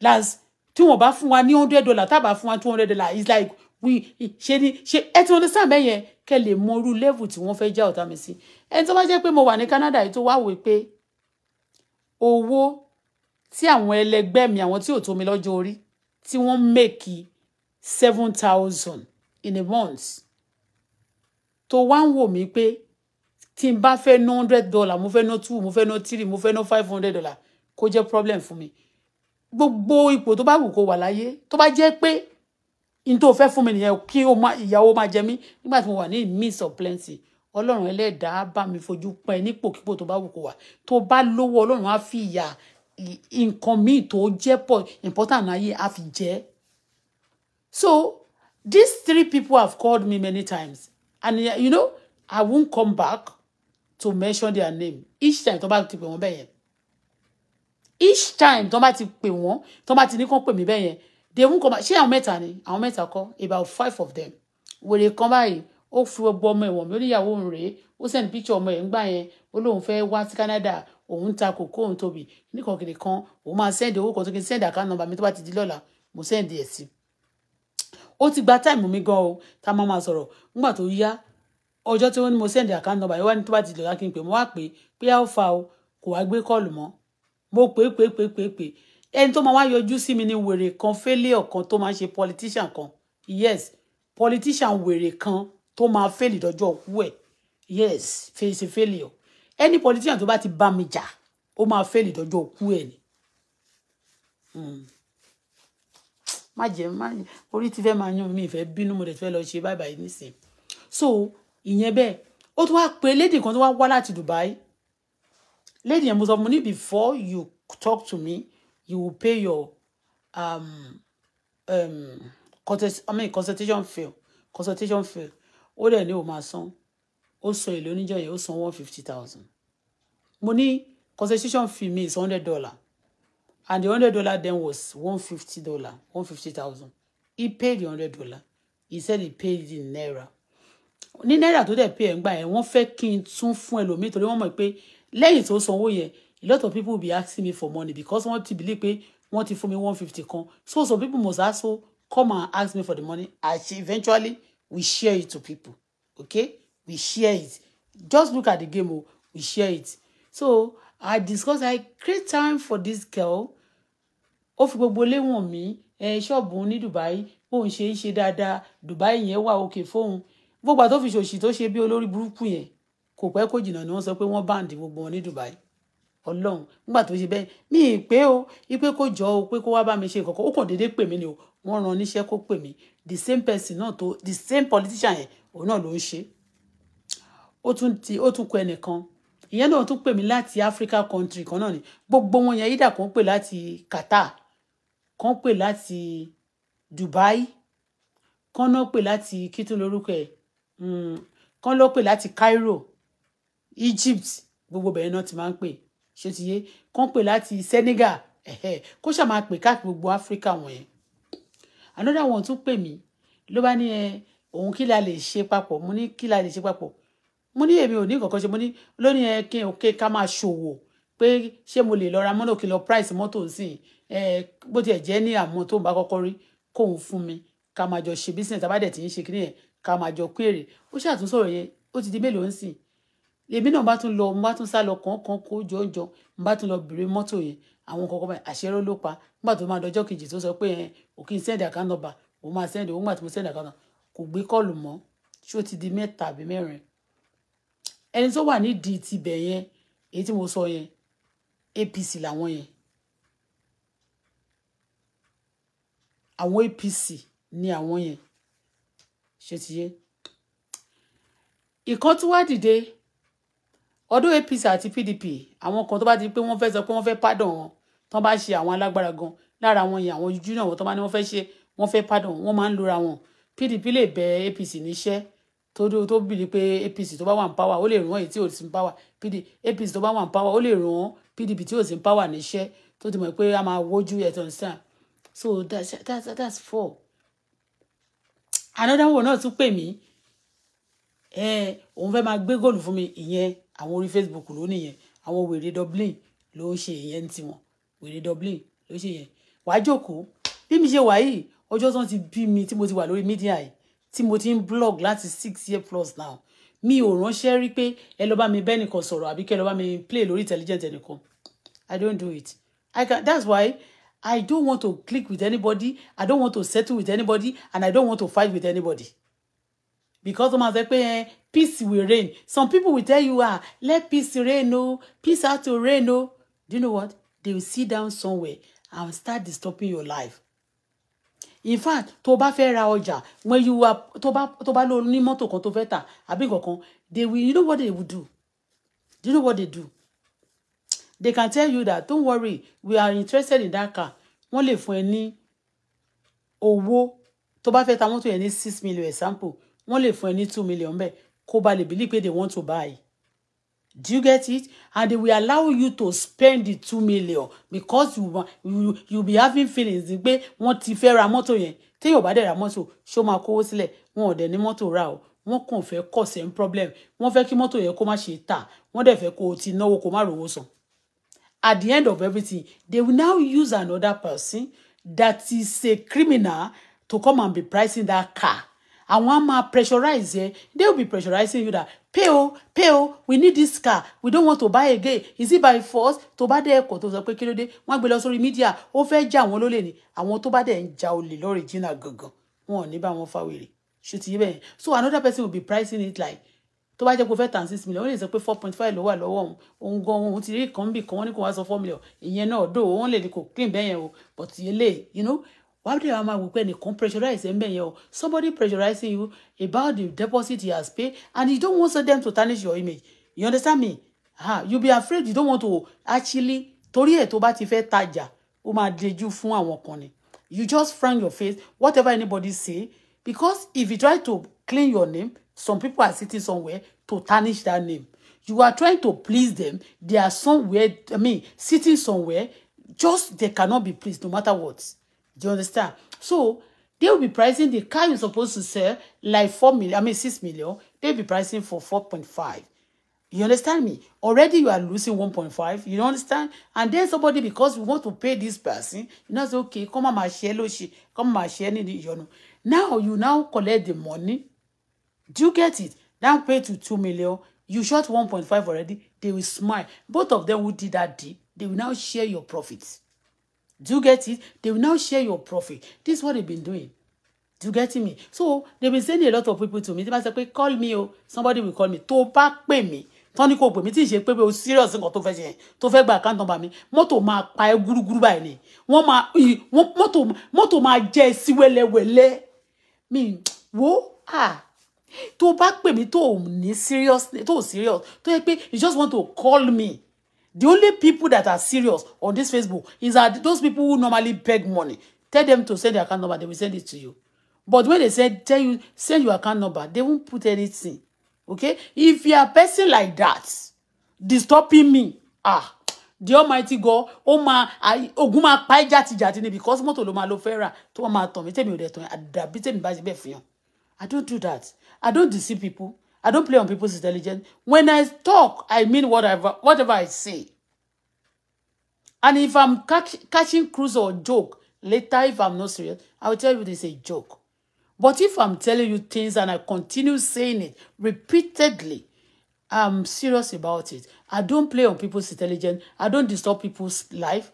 las tí wọ́n bá fún wa ní hundred dollar tá a fún wa two hundred dollar it's like we ṣe ni ṣe ẹ ti understand bẹ́ẹ̀ yẹn kẹ́ lè mọ irú level tí wọ́n fẹ́ já ọ̀tá mi sí ẹni tó bá jẹ́ pé mo wà ní Canada yìí tó wá wò pé owó tí àwọn ẹlẹgbẹ́ mi àwọn tí ò tó mi lọ́jọ́ orí tí wọ́n mèkì seven thousand in a month tó wá ń wò mí pé tí n bá fẹ́ ná hundred dollar mo fẹ́ ná two mo fẹ́ ná three mo fẹ́ ná five hundred dollar kó jẹ́ problem fún mi gbogbo ipò tó bá wù kó wà láyé tó bá jẹ́ pé n tó fẹ́ fún mi nìyẹn kí ìyàwó máa jẹ mí nígbà tí mo wà ní midst of plenty ọlọ́run ẹlẹ́dàá bá mi fojú pẹ́ nípòkípò tó bá wù kó wà tó bá lówó ọlọ́run á fi ìyà nǹkan míì tó jẹ́ pọ̀ important ayé á fi jẹ́ so these three people have called me many times and you know I won't come back to mention their name each time tó bá ti pè wọ́n bẹ́ẹ̀ yẹn each time tó bá ti pè wọ́n tó bá ti ní kàn pè mí bẹ́ẹ̀ yẹn they won come ṣé àwọn mẹ́ta ni àwọn mẹ́ta kọ́ about five of them wèrè kan báyìí ó fi gbogbo ọmọ ẹ̀wọ̀n mi ó níyàwó òun rèé ó send picture ọmọ ẹ̀ ń gbà yẹn ó lóun fẹ́ wá sí Canada òun ta kòkó òun tóbi nìkan kìnì kan òun máa send owó kan tó kí n send account number mi tó bá ti di lọ́la mo send ẹ̀ sí. ó ti gba time mi gan o tá a máa máa sọ̀rọ̀ nígbà tó yá ọjọ́ tí wọ́n ní mo send account number ìwádìí tó bá ti dọ̀la kí n pè mo wá pè pé how far o kò wá gbé kọ́ọ̀lù mọ́ mo pè pè pè pè pè ẹni tó máa wá yọjú sí mi ni wèrè kan failure kan tó máa ń ṣe politician kan yes politician wèrè kan tó máa fail ìdọ́jọ́ òkú ẹ̀ yes face failure any politician tó bá ti bá mi jà ó máa fail ìdọ́jọ́ òkú ẹ̀ ni hmm. má jẹ́ má orí ti fẹ́ máa yún mi ìfẹ́ bínú mo dẹ̀ fẹ́ lọ ṣe báyìí báyìí nísìnyí so ìyẹn bẹ́ẹ̀ ó tún wá pé lady kan tó wá wá láti Dubai lady yẹn mo sọ mo ní before you talk to me you will pay your um, um, consult I mean, consultation fee consultation fee ó dẹ̀ ní o máa san ó san èlò oníjọ yẹn ó san one fifty thousand mo ní consultation fee mi is hundred dollar and the hundred dollar then was one fifty dollar one fifty thousand he paid the hundred dollar he said he paid it in naira ní náírà tó dẹ̀ pé ẹ̀ ń gbà ẹ̀ wọ́n fẹ́ kí n tún fún ẹlòmíì torí wọ́n mọ̀ pé lẹ́yìn tó sanwó yẹn a lot of people be asking me for money because wọ́n ti believe pé wọ́n ti fún mi one fifty kan so some people must also come and ask me for the money as eventually we share it to people okay we share it just look at the game o we share it so I discuss I create time for this girl ó fi gbogbo léwọ̀n mi ṣọ́ọ̀bù ní Dubai bóun ṣe ń ṣe dáadáa Dubai yẹn wà òkè fóun gbogbo àti òfin ṣòṣì tó ṣe bí olórí burúkú yẹn kò pẹ́ kó jìnnà ni wọ́n sọ pé wọ́n báǹdì gbogbo wọn ní Dubai ọlọ́run nígbà tó ṣe bẹ́ẹ̀ mi ì pé o ipe kó jọ o pé kó wá bá mi ṣe kọ̀kọ́ ó kàn déédéé pè mí ni o wọ́n ran níṣẹ́ kó pè mí the same person náà tó the same politician yẹn òun náà ló ń ṣe ó tún ti ó tún kọ ẹnìkan ìyẹn náà tún pè mí láti Africa country kan náà ni gbogbo wọn yẹn yídà kan pè láti Qatar kan pè láti Dubai kan náà pè láti kí tún lórúkọ ẹ̀ Mm. kán ló pè láti Cairo Egypt gbogbo bẹ̀rẹ̀ náà ti máa ń pè ṣé ti yé kán pè láti Senegal kó ṣáà máa pè káàkiri gbogbo Africa wọ̀nyẹn another one tún pè mí ló bá ní ẹ òun kí la lè ṣe papọ̀ mo ní kí la lè ṣe papọ̀ mo ní èmi ò ní kankan ṣe mo ní lónìí ẹ kí n ké ká máa ṣòwò pé ṣé mo lè lọ ra mọ́tò kí lọ price mọ́tò sí ẹ bó tiẹ̀ jẹ́ ní àmọ́ tó ń bá kọ́kọ́ rí kóun fún mi ká máa jọ ṣe business abádẹ̀ ń ṣe kí nìyẹn ká máa jọ kú èrè ó ṣàtúnṣọ̀rọ̀ yẹn ó ti di mélòó ń sìn lèmi náà bá tún lọ mo bá tún sá lọ kọ̀ọ̀kan kó jọjọ mo bá tún lọ bèrè mọ́tò yẹn àwọn kọ̀ọ̀kan báyìí àṣẹrọ́ ló pa nígbà tó máa dọjọ́ kejì tó sọ pé òkè ń sẹ́ndì àkáńtà bá òun máa sẹ́ndì òun gbà tí mo sẹ́ndì àkáńtà kò gbé kọ́ọ̀lù mọ́ ṣé ó ti di mẹ́ta àbí mẹ́rin ẹni tó wà nídìí tibẹ̀ yẹn èyí tí mo sọ yẹn APC làwọn yẹn àwọn APC ni àwọn yẹn ṣe ìkan tí wàá dìde ọdún APC àti PDP àwọn kan tó bá ti pé wọ́n fẹ́ sọ pé wọ́n fẹ́ pádàn wọn tán bá ṣe àwọn alágbára gan lára wọn yẹn àwọn jújúnà wọn tán bá ní wọ́n fẹ́ ṣe wọ́n fẹ́ pádàn wọn máa ń lora wọn PDP lè bẹ APC níṣẹ́ tó dúró tó bìlí pé apc tó bá wà ní power ó lè ràn èyí tí ò sí ní power apc tó bá wà ní power ó lè ràn pdp tí ò sí ní power níṣẹ́ tó ti mọ̀ pé a máa wojú ẹ̀ tó sàn so that's that's that's four another one náà tún pè mí ẹ òun fẹ́ máa gbé góòlù fún mi ìyẹn àwọn orí Facebook ló nìyẹn àwọn wèrè Dublin ló ń ṣe ìyẹn ti wọn wèrè Dublin ló ṣe yẹn wàá jókòó bí mi ṣe wà yìí ọjọ́ tán ti bí mi tí mo ti wà lórí mídíà yìí tí mo ti ń blog láti six year plus now mi ò ránṣẹ́ rí pé ẹ lọ bá mi bẹ́ẹ̀ nìkan sọ̀rọ̀ àbí kẹ́ ẹ lọ bá mi play lórí intelligent ẹnìkan I don't do it I can that's why I don't want to click with anybody. I don't want to settle with anybody. And I don't want to fight with anybody. Because wọ́n máa peace will reign. Some people will tell you, ah, let peace reign o, oh. peace out to reign o. Oh. Do you know what? They will sit down somewhere and start disturbing your life. In fact, tó bá fẹ́ ra ọjà, when you are, tó bá tó bá lọ ní mọ́tò kan tó fẹ́ tà, àbí nǹkan they will, you know what they would do? Do you know what they do? they can tell you that don't worry we are interested in that car wọ́n lè fún ẹ ní owó tó bá fẹ́ ta mọ́tò yẹn ní six million example wọ́n lè fún ẹ ní two million bẹ́ẹ̀ kó ba lè believe pé they want to buy do you get it and they will allow you to spend the two million because you you you be having feelings pé wọ́n ti fẹ́ ra mọ́tò yẹn téèyàn bá dẹ̀ ra mọ́tò ṣó máa kówó sílẹ̀ wọn ò dẹ̀ ní mọ́tò rà o wọ́n kàn fẹ́ cause problem wọ́n fẹ́ kí mọ́tò yẹn kó má ṣe tà wọ́n dẹ̀ fẹ́ kó o ti náwó kó má rówó san at the end of everything they will now use another person that is a criminal to come and be pricing that car And á máa pressurize ẹ they will be pressurizing you that pay o pay o we need this car we don't want to buy again is it by force tó bá dé ẹ̀kọ́ tó sọ pé kí ló dé wọ́n gbé lọ sórí mídíà ó fẹ́ já àwọn olólè ní àwọn tó bá dé ń ja olè lórí jìnnà gangan wọn ò ní bá wọn fa wèrè ṣùtì bẹ́ẹ̀ so another person will be pricing it like tó bá jẹ́ pé ó fẹ́ tà six million ó lè sọ pé four point five ló wà lọ́wọ́ òun òun gan òun ti rí kan bì kan wọ́n ní kó wá sọ four million ìyẹn náà dò wọ́n lè ní kò clean bẹ́ẹ̀ yẹn o but eléyìí you know wà á dé àwọn àwọn ìpẹ́ nìkan pressurize ẹ̀ yẹn o somebody pressurizing you about the deposit he has paid and you don't want them to tarnish your image you understand me ah you be afraid you don't want to actually torí ẹ̀ tó bá ti fẹ́ tajà ó máa dejú fún àwọn kan ni you just frown your face whatever anybody say because if you try to clean your name Some people are sitting somewhere to tarnish that name. You are trying to please them. They are somewhere, I mean, sitting somewhere. Just they cannot be pleased no matter what. Do you understand? So they will be pricing the car you're supposed to sell like 4 million, I mean 6 million. They'll be pricing for 4.5. You understand me? Already you are losing 1.5. You understand? And then somebody, because we want to pay this person, you know, say, okay, come on, my share, come on, my share, you know. Now you now collect the money Do you get it? Down pay to 2 million. You shot 1.5 already. They will smile. Both of them who did that deal, they will now share your profits. Do you get it? They will now share your profit. This is what they've been doing. Do you get me? So they've been sending a lot of people to me. They might say, call me, oh. Somebody will call me. Tó bá pè mí. Tọ́ni kò pè mí tí ì ṣe pé pé o serious nǹkan tó fẹ́ ṣe yẹn tó fẹ́ gba account number mi mọ́tò máa pa ẹ́ gúrúgúrú báyìí ni wọ́n máa mọ́tò máa jẹ́ ẹ sí wẹ́lẹ́wẹ́lẹ́ mi wo ah tó bá pè mí tó ní serious tó serious tó yẹ pé you just want to call me the only people that are serious on this Facebook is that those people who normally beg money tell them to send their account number they will send it to you but when they say tell you send your account number they won't put anything okay if you are a person like that disturbing me ah the almighty god ó máa ogun máa pa ẹ́ jàtijàti ni because mọ́tò ló máa lo fẹ́ rà tó máa tàn mí tèmi ò dẹ̀ tàn àdàbí tèmi bá ṣe bẹ́ẹ̀ fi hàn i don't do that I don't deceive people. I don't play on people's intelligence. When I talk, I mean whatever, whatever I say. And if I'm catch, catching cruise or joke later, if I'm not serious, I will tell you this is a joke. But if I'm telling you things and I continue saying it repeatedly, I'm serious about it. I don't play on people's intelligence. I don't disturb people's life.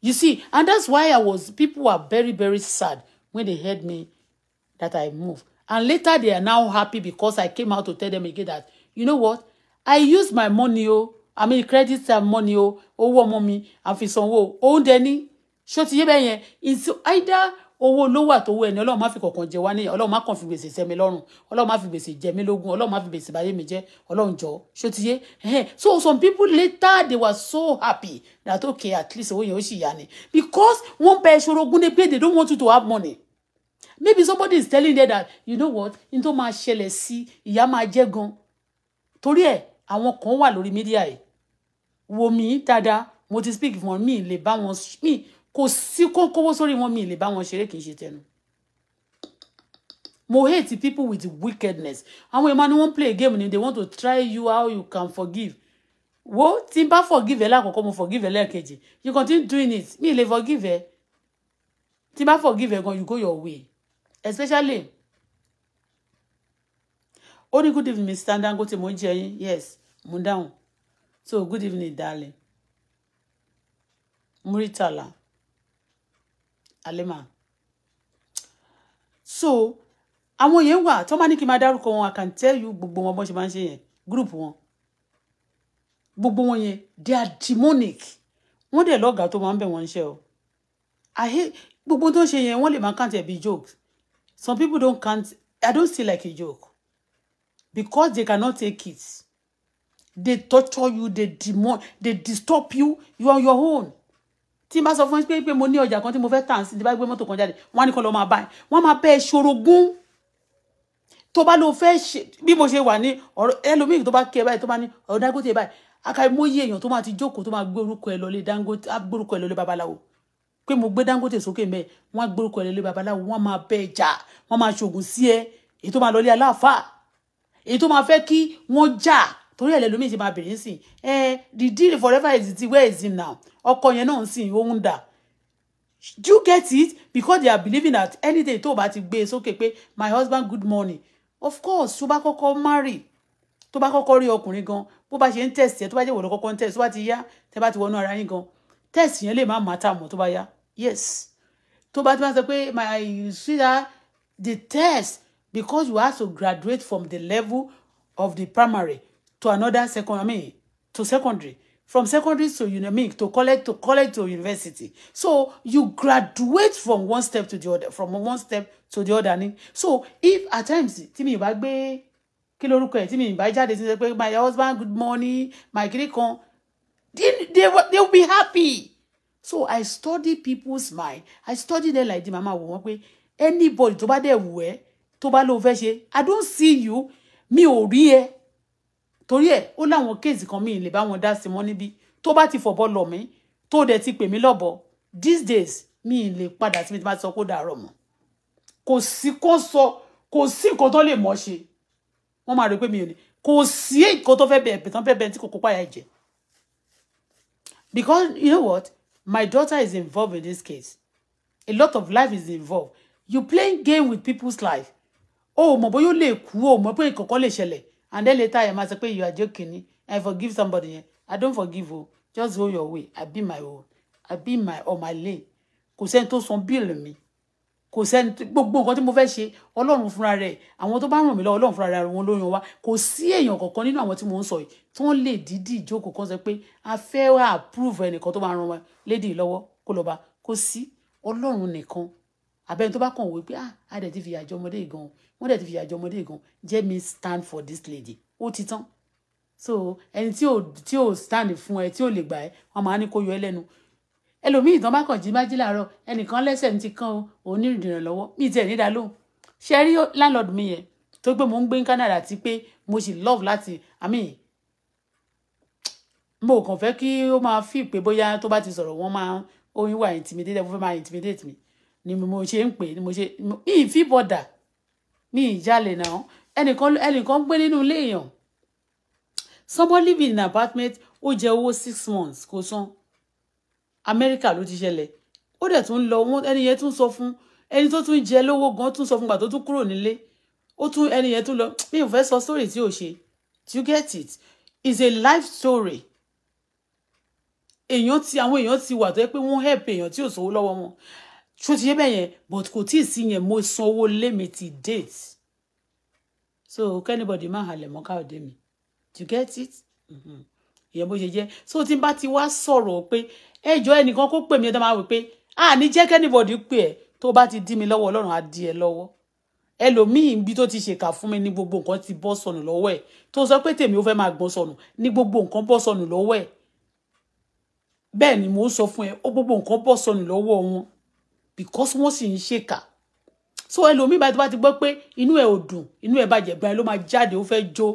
You see, and that's why I was, people were very, very sad when they heard me that I moved. And later they are now happy because I came out to tell them again that, you know what? I use my money, oh, I mean credit and money, oh, owó ọmọ mi, àfi sanwó, oúnjẹ oh ṣó ti yé Benye in so either owó ló wà tó wọ ẹni ọlọ́run má fi kọ̀ọ̀kan jẹ wá níyà ọlọ́run má kàn fi gbèsè sẹ́mi lọ́rùn ọlọ́run má fi gbèsè jẹ mí lógún ọlọ́run má fi gbèsè báyé mi jẹ́ ọlọ́run jọ ṣó ti yé so some people later they were so happy that okay at least owó yẹn ó sì yá ni because wọ́n bẹ ṣorogún ní they don't want you to have money maybe somebody is telling them that you know what n tó máa ṣẹlẹ̀ sí ìyá máa jẹ́ gan torí ẹ̀ àwọn kan wà lórí mídíà yìí wò mí dáadáa mo ti speak fún wọn mi lè bá wọn mi kò sí kókówó sórí wọn mi lè bá wọn ṣeré kì í ṣe tẹnu mo hate people with wickedness àwọn èèyàn ni wọ́n play a game ni they want to try you how you can forgive wo tí n bá forgive ẹ lákọ̀ọ́kọ́ mo forgive ẹ lẹ́ẹ̀kejì you continue doing it mi lè forgive ẹ tí n bá forgive ẹ gan you go your way especially Only good evening mr dangote mo ń jẹ yes mo dáhùn so good evening darling muritala alema so àwọn yẹn wà tó máa ní kí n máa dárúkọ i can tell you gbogbo wọn bó ṣe máa ń ṣe group wọn gbogbo wọn yẹn they are demonic wọn dẹ̀ lọ́gàá tó máa ń bẹ̀ wọ́n ń I hate àhẹ gbogbo tó ń ṣe yẹn wọ́n lè máa kàn tẹ̀ jokes Some people don't count. I don't see like a joke. Because they cannot take it. They torture you, they demon, they disturb you. You are your own. Tí n bá sọ money yín pé mo ní ọjà kan tí mo fẹ́ tà sí, tí bá gbé mọ́tò kan jáde, wọ́n á ní kó lọ máa báyìí. Wọ́n máa bẹ́ ẹ ṣorogún. Tó bá lọ fẹ́ ṣe bí mo ṣe wà ní ọ̀rọ̀ ẹlòmíì tó bá kí ẹ báyìí tó bá ní ọ̀rọ̀ Dangote báyìí. Akáyé mọ́ yé ti jókòó tó máa gbé orúkọ ẹ lọ lé Dangote, á gbé orúkọ ẹ lọ lé babaláwo pé mo gbé Dangote sókè mẹ wọn gbórúkọ ẹlẹlẹ babaláwo wọn máa bẹ ẹjà wọn máa ṣoògùn sí ẹ èyí tó máa lọlé aláàfáà èyí tó máa fẹ́ kí wọn jà torí ẹ lẹlómi ti máa bèrè ń sìn ẹ the deal forever is it where is it now ọkọ yẹn náà ń sìn ó ń dà do you get it because they are believing that anything tó o bá ti gbé e sókè pé my husband good morning of course tó bá kọ́kọ́ marry tó bá kọ́kọ́ rí ọkùnrin gan bó bá ṣe ń test ẹ tó bá jẹ́ ìwọ̀n ń test tó bá ti yá tẹ bá ti wọnú ara yín gan test yẹn lè má màtà mọ́ tó bá yá yes tó bá ti máa sọ pé my you see that the test because you have to graduate from the level of the primary to another second I mean to secondary from secondary to you know, I mean, to college to college to university so you graduate from one step to the other from one step to the other ni so if at times tí mi bá gbé kí lorúkọ ẹ tí mi bá jáde tí mi sọ pé my husband good morning my kiri kan they they they will be happy so i study people's mind i study them like the mama wò wọ́n pé anybody tó bá dẹ̀ wù ẹ́ tó bá lóun fẹ́ ṣe i don't see you mi ò rí ẹ torí ẹ ó láwọn kéèsì kan mi lè bá wọn dá sí mọ́ níbí tó bá ti fọ̀bọ lọ̀ mí tó dẹ̀ ti pè mí lọ́bọ these days mi lè padà sí mi tí bá ti sọ kó dàárọ̀ mọ́ kò sí kó sọ kò sí nǹkan tó lè mọ̀ ṣe wọ́n máa rí pé mi ò ní kò sí nǹkan tó fẹ́ bẹ̀ẹ̀ tán fẹ́ bẹ̀ẹ̀ tí kò kópa ẹ̀ jẹ́ because you know what My daughter is involved in this case. A lot of life is involved. You playing game with people's life. Oh, mọ̀ bóyá ó lè kú o, mọ̀ pé ìkọ̀kọ̀ And then later, ẹ máa sọ you are joking I forgive somebody I don't forgive you. Just go your way. I be my own. I be my own. my lane. Kò sẹ́ni tó san bíìlì mi kò sẹ́ni gbogbo nǹkan tí mo fẹ́ ṣe ọlọ́run fúnra rẹ̀ àwọn tó bá ràn mí lọ ọlọ́run fúnra rẹ̀ wọn ló yan wá kò sí èèyàn kankan nínú àwọn tí mo ń sọ yìí tó ń lè dídì ìjókòó kan sọ pé a fẹ́ àpúrúfù ẹnìkan tó máa ran wa lédè lọ́wọ́ kó lọ́ba kò sí ọlọ́run nìkan abẹ́ni tó bá kàn wí pé ah a ti fìyà jẹ ọmọdé gan wọ́n dẹ̀ ti fìyà jẹ ọmọdé gan jẹ́ mi stand for this lady ó ti tán so ẹni tí ò stand fún ẹ tí ò lè gbà ẹ wọn máa ní kó yọ ẹ lẹ́nu ẹlòmíì tán bá kàn jí májí làárọ̀ ẹnìkan lẹ́sẹ̀ ti kan o òun ní ìdìrẹ̀ lọ́wọ́ mi tiẹ̀ nídàá lóhùn ṣe rí landlord mi yẹn tó gbé mo ń gbé ní Canada àti pé mo sì love láti I mean mo kàn fẹ́ kí ó máa fi pé bóyá tó bá ti sọ̀rọ̀ wọ́n máa oyin wà intimidate ẹ̀fọ́ fẹ́ máa intimidate mi ni mo ṣe ń pè ni mo ṣe mi ì fi bọ̀dà mi ì jalè náà ẹnìkan ẹnìkan gbé nínú ilé èèyàn somebody live in an apartment ó jẹ owó six months kò san amẹ́ríkà ló ti ṣẹlẹ̀ ó dẹ̀ tún lọ wọn ẹni yẹn tún sọ fún ẹni tó tún jẹ lówó gan tún sọ fún gbà tó tún kúrò nílé ó tún ẹni yẹn tún lọ mi ò fẹ́ sọ story tí ò ṣe you get it it's a life story èèyàn ti àwọn èèyàn ti wà tó yẹ pé wọ́n help èèyàn tí ò sówó lọ́wọ́ wọn ṣó ti yé bẹ́ẹ̀ yẹn but kò tí ì sí yẹn mo san owó lé mi ti date so kẹ́nìbọ̀dì máa halẹ̀ mọ́ káòdé mi you get it mm-hmm. ìyẹn bó ṣe jẹ́ so tí n bá ti wá sọ̀rọ̀ pé ẹjọ́ ẹnìkan kó pè mí ẹ̀dá máa wí pé àní jẹ́ kẹ́nìbọ̀dì pè ẹ́ tó bá ti dí mi lọ́wọ́ ọlọ́run á di ẹ lọ́wọ́ ẹlòmíì bí tó ti ṣèkà fún mi ní gbogbo nǹkan ti bọ́ sọnù lọ́wọ́ ẹ̀ tó sọ pé tèmi ó fẹ́ máa gbọ́n sọnù ní gbogbo nǹkan bọ́ sọnù lọ́wọ́ ẹ̀ bẹ́ẹ̀ ni mò ń sọ fún ẹ ó gbogbo nǹkan bọ́ sọnù lọ́wọ́ wọn because wọ́n sì ń ṣèkà so ẹlòmíì báyìí tó bá ti gbọ́ pé inú ẹ̀ ò dùn inú ẹ̀ bàjẹ́ báyìí ló máa jáde ó fẹ́ jó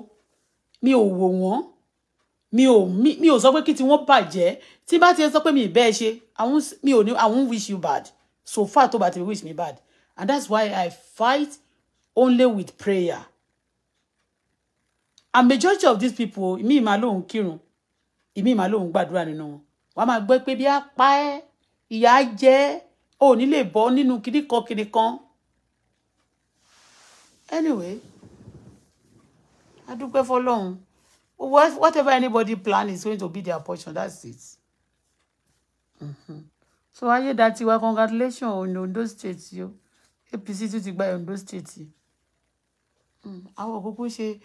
mi ò wò wọ́n mi ò mi ò sọ pé kí tiwọn bàjẹ́ tí bá ti sọ pé mi ìbẹ́ ṣe mi ò ní i won't wish you bad so far tó bá ti wish me bad and that's why i fight only with prayer and majority of these people ìmí ìmá lòun kírun ìmí ìmá lòun gbàdúrà nínú wọn wàá máa gbọ́ pé bí a pa ẹ́ ìyá jẹ ò ní lè bọ́ nínú kìnnìkan kìnnìkan anyway adúpẹ́ fọ́lọ́run whatever anybody plan is going to be their portion that's it mm-hmm. so ayédatiwa congratulations that you are yo on those states you? Ondo state mm-hmm. àwọn òkúkú ṣe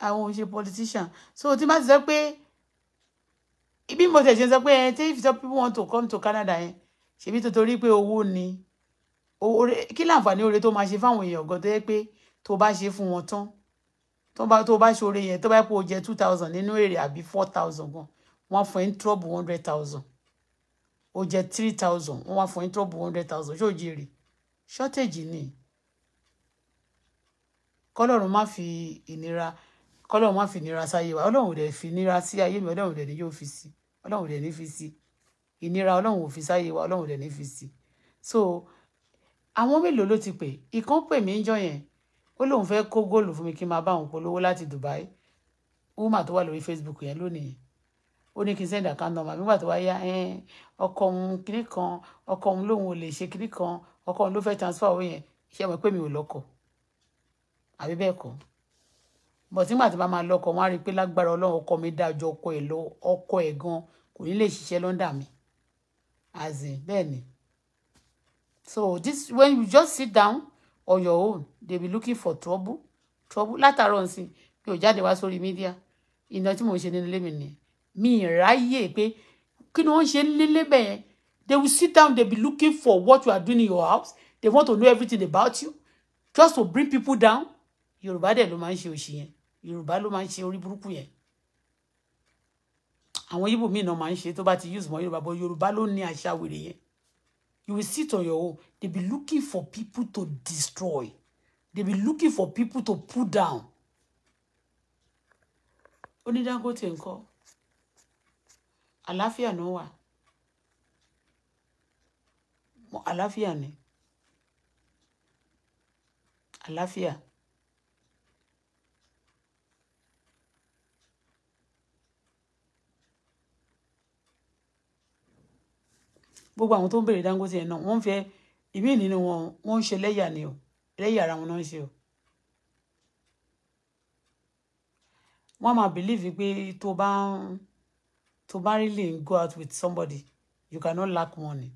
àwọn òun ṣe politician so tí má ti sọ pé ibi mo tẹ̀ ṣe sọ pé ẹni eh, tí if some people want to come to Canada yẹn eh, ṣèbí tó torí pé owó ni kí láǹfààní oore tó máa ṣe fáwọn èèyàn gan tó yẹ pé tó bá ṣe fún wọn tán tó bá tó bá ṣoore yẹn tó bá pò jẹ two thousand nínú èrè àbí four thousand gan wọ́n fún ẹ ní one hundred thousand ó jẹ three thousand wọ́n wá fún ẹ ní one hundred thousand ṣó jèrè shortage ni kọ́lọ́run má fi ìnira kọ́lọ́run má fi ìnira sáyé wa ọlọ́run ò dẹ̀ fi ìnira sí ayé mi ọlọ́run ò dẹ̀ ní yóò fi sí ọlọ́run ò dẹ̀ ní fi sí ìnira ọlọ́run ò fi sáyé wa ọlọ́run ò dẹ̀ ní fi sí so àwọn mélòó ló ti pè ìkan pè ń jọ yẹn ó lóun fẹ́ kó góòlù fún mi kí n máa bá òun polówó láti Dubai woman tó wà lórí Facebook yẹn lónìí ó ní kí n send account number nígbà tó wá yá ọkọ òun kinní kan ọkọ òun lòun ò lè ṣe kinní kan ọkọ òun ló fẹ́ transfer owó yẹn ṣé mọ̀ pé mi ò lọ́kọ àbí bẹ́ẹ̀ kọ́ bọ̀ tí màtí bá máa lọ́kọ wọn á rí i pé lágbára ọlọ́run ọkọ mi dájọ ọkọ ẹ̀ lọ ọkọ ẹ̀ gan kò ní lè ṣiṣẹ́ lọ́ndà mi as in bẹ́ẹ̀ ni so this when you just sit down on your own they be looking for trouble trouble látàárọ̀ nsìn mi ò jáde wá sórí mídíà ìná tí mò ń ṣe nínú ilé mi ni mi ráyè pé kí ni wọ́n ṣe ń lélé bẹ́ẹ̀ they will sit down they be looking for what you are doing in your house they want to know everything about you just to bring people down yorùbá dẹ̀ ló máa ń ṣe òṣì yẹn yorùbá ló máa ń ṣe orí burúkú yẹn àwọn ibo míì náà máa ń ṣe tó bá ti use mọ́ yorùbá bọ́ yorùbá ló ní àṣà wèrè yẹn You will sit on your own. They be looking for people to destroy. They be looking for people to put down. go Onídàgọ́tì ńkọ́ àlàáfíà náà wà àlàáfíà ni Alafia. gbogbo àwọn tó ń béèrè Dangote yẹn náà wọ́n ń fẹ́ ìmí nínú wọn wọ́n ń ṣe lẹ́yà ni o lẹ́yà ara wọn náà ń ṣe o. wọ́n máa believe pé tó bá ń tó bá really go out with somebody you cannot lack money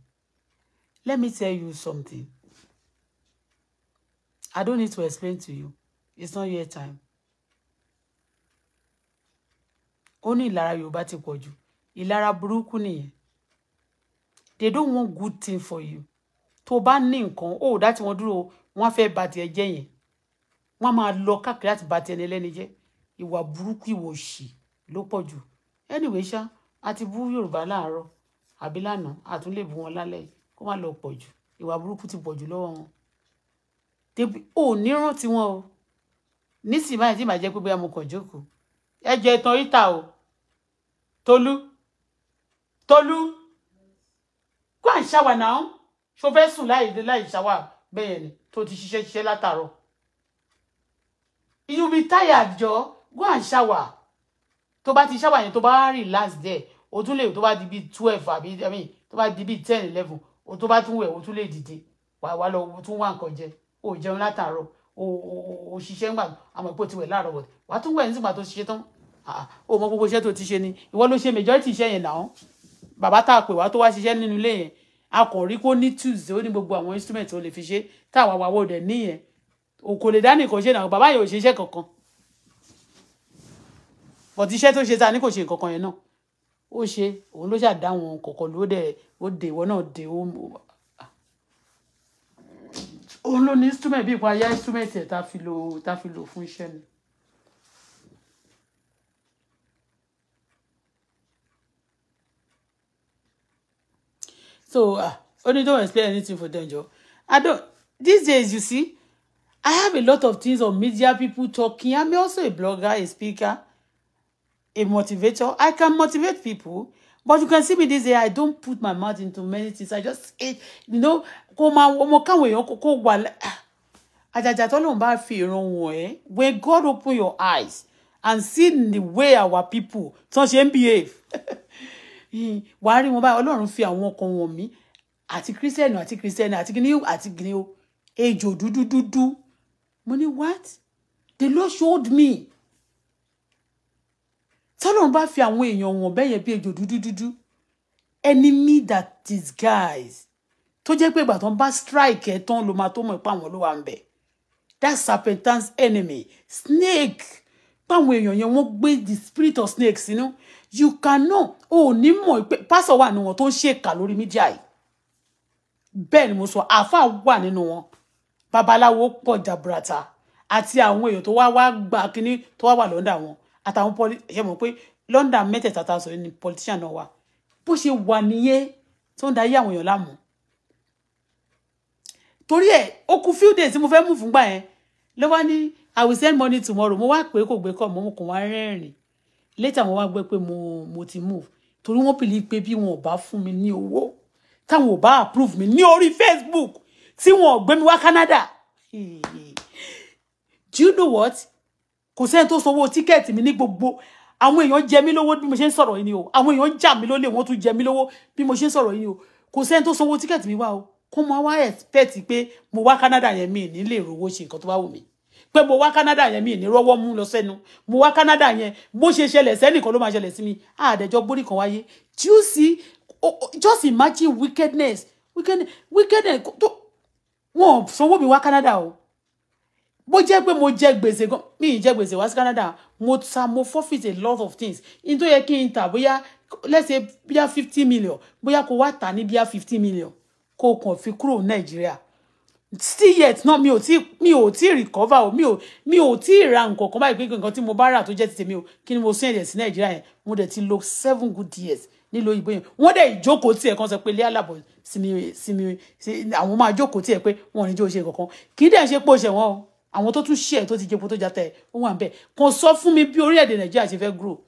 let me tell you something i don't need to explain to you it's not your time ó ní ìlara yorùbá ti pọ̀ jù ìlara burúkú nìyẹn they don't want good thing for you To bá ní nǹkan ó dá tí wọ́n dúró wọ́n fẹ́ bà tiẹ̀ jẹ́ yẹn wọ́n máa lọ káàkiri láti bà tiẹ̀ lẹ́ni jẹ́ ìwà burúkú ìwà òṣì ló pọ̀ anyway ṣá ati ti bú yorùbá láàárọ̀ àbí lánàá àtún lè bú wọn lálẹ́ kó má lọ pọ̀ jù ti pọ̀ jù lọ́wọ́ wọn débi ò ní rántí wọn o nísìnyí báyìí tí màá jẹ́ pé bóyá mo kàn jókòó ẹ jẹ́ ìtàn o Tolu. Tolu go and shower now ṣo fẹ́ sùn láì dé shower bẹ́ẹ̀ ni tó ti ṣiṣẹ́ ṣiṣẹ́ látàárọ̀ you be tired jọ go and shower tó bá ti shower yẹn tó bá relax there o tún lè tó bá di bíi twelve àbí i mean tó bá di bíi ten eleven o tó bá tún wẹ̀ o tún lè dìde wàá wá lọ tún wá nǹkan jẹ o jẹun látàárọ̀ o o o ṣiṣẹ́ ńgbà àmọ́ ìpò tiwẹ̀ láàárọ̀ wọ̀ wàá tún wẹ̀ nígbà tó ṣiṣẹ́ tán ah, o mọ gbogbo iṣẹ́ tó ti ṣe ni ìwọ ló ṣe majority iṣẹ́ yẹn làwọn bàbá tá a pè wá tó wá ṣiṣẹ́ nínú ilé yẹn a kò rí kó ní tuesday ó ní gbogbo àwọn instrument tó lè fi ṣe tá àwa wà wọ́ọ̀dẹ̀ níyẹn òkò lè dání kò ṣe náà bàbá yẹn ò ṣe iṣẹ́ kankan but iṣẹ́ tó ṣe ta ni kò ṣe nǹkan kan yẹn náà ó ṣe òun ló ṣàdá wọn kọ̀ọ̀kan ló dẹ̀ ó dè ìwọ náà dè ó òun ló ní instrument bí ipò ayá instrument ẹ̀ tá fi tá fi lò fún iṣẹ́ ni. So, uh, only don't explain anything for them, Joe. I don't. These days, you see, I have a lot of things on media, people talking. I'm also a blogger, a speaker, a motivator. I can motivate people. But you can see me this day, I don't put my mouth into many things. I just, it, you know, kò máa ọmọ káwọn èèyàn kò wà ah, àjàjà tọ́lọ́run bá when God open your eyes and see the way our people tán ṣe behave Hmm, wàá rí wọn báyìí ọlọ́run fi àwọn ọkàn wọn mí àti kírísítẹ́nì àti kírísítẹ́nì àti gíní àti gíní o ejò dúdú dúdú mo ní what the Lord showed me tọ́lọ́run bá fi àwọn èèyàn wọn bẹ́ẹ̀ yẹn bí ejò dúdú dúdú enemy that disguise tó jẹ́ pé ìgbà tó ń bá strike ẹ̀ tán ló máa tó mọ̀ pé àwọn ló wà ń bẹ̀ that serpentine enemy snake páwọn èèyàn yẹn wọ́n gbé the spirit of snake sínú you cannot ò ní mọ̀ pé pásọ̀ wà nínú wọn tó ń ṣèkà lórí mídíà yìí bẹ́ẹ̀ ni mo sọ àáfàá wà nínú wọn babaláwo pọ̀ jàbùràtà àti àwọn èèyàn tó wá wá gba kínní tó wá wà lọ́ndà wọn àtàwọn pọlí ṣe mọ̀ pé lọ́ndà mẹ́tẹ̀ẹ̀ta ta sọ ni politician náà wà bó ṣe wà nìyẹn tó ń darí àwọn èèyàn láàmú torí ẹ̀ ó kù few days tí mo fẹ́ mú fúngbà yẹn ló ní i will send money tomorrow mo wá pé kò gbé kọ́ mo kò wá rẹ́rìn later wọ́n wá gbé pé mo mo ti move torí wọ́n believe pé bí wọn ò bá fún mi ní owó táwọn ò bá approve mi ní orí Facebook tí wọn ò gbé mi wá Canada do you know what kò sẹ́ni tó sanwó tíkẹ́ẹ̀tì mi ní gbogbo àwọn èèyàn jẹ mí lówó bí mo ṣe ń sọ̀rọ̀ yìí ni o àwọn èèyàn jà mí lólè wọ́n tún jẹ mí lówó bí mo ṣe ń sọ̀rọ̀ yìí ni o kò sẹ́ni tó sanwó tíkẹ́ẹ̀tì mi wá o kó mo wá expect pé mo wá Canada yẹn mi ní lè rówó ṣe nǹkan tó bá wù mí pé mo wá Canada yẹn mi ní rọ́wọ́ mú lọ sẹ́nu mo wá Canada yẹn bó ṣe ṣẹlẹ̀ sẹ́nìkan ló máa ṣẹlẹ̀ sí mi àdẹjọ gbórí kan wáyé do you see just imagine wickedness wickedness wickedness tó wọn ò sanwó mi wá Canada o bó jẹ́ pé mo jẹ gbèsè gan mi ì jẹ gbèsè wá sí Canada mo ta mo forfeit a lot of things in tó yẹ kí n tà bóyá let's say bóyá fifty million bóyá kó wá tà ní bóyá fifty million kó kàn fi kúrò Nàìjíríà still yet náà mi ò tí mi ò tí recover o mi ò mi ò tí ra nǹkan kan báyìí pé nǹkan tí mo bá rà tó jẹ́ ti tèmi o kí ni mo sún ẹ̀jẹ̀ sí nàìjíríà yẹn mo dẹ̀ ti lò seven good years nílò ìbò yẹn wọ́n dẹ̀ ìjókòó tiẹ̀ kan sọ pé ilé àlàbọ̀ sinmi sinmi àwọn máa jókòó tiẹ̀ pé wọn ò ní jó ṣe kankan kì í dẹ̀ ṣe pé o ṣe wọn o àwọn tó tún ṣe ẹ̀ tó ti jẹpo tó já tẹ̀ ó wà bẹ́ẹ̀ kan sọ fún mi bí orílẹ̀-èdè nàìjíríà ṣe fẹ́ grow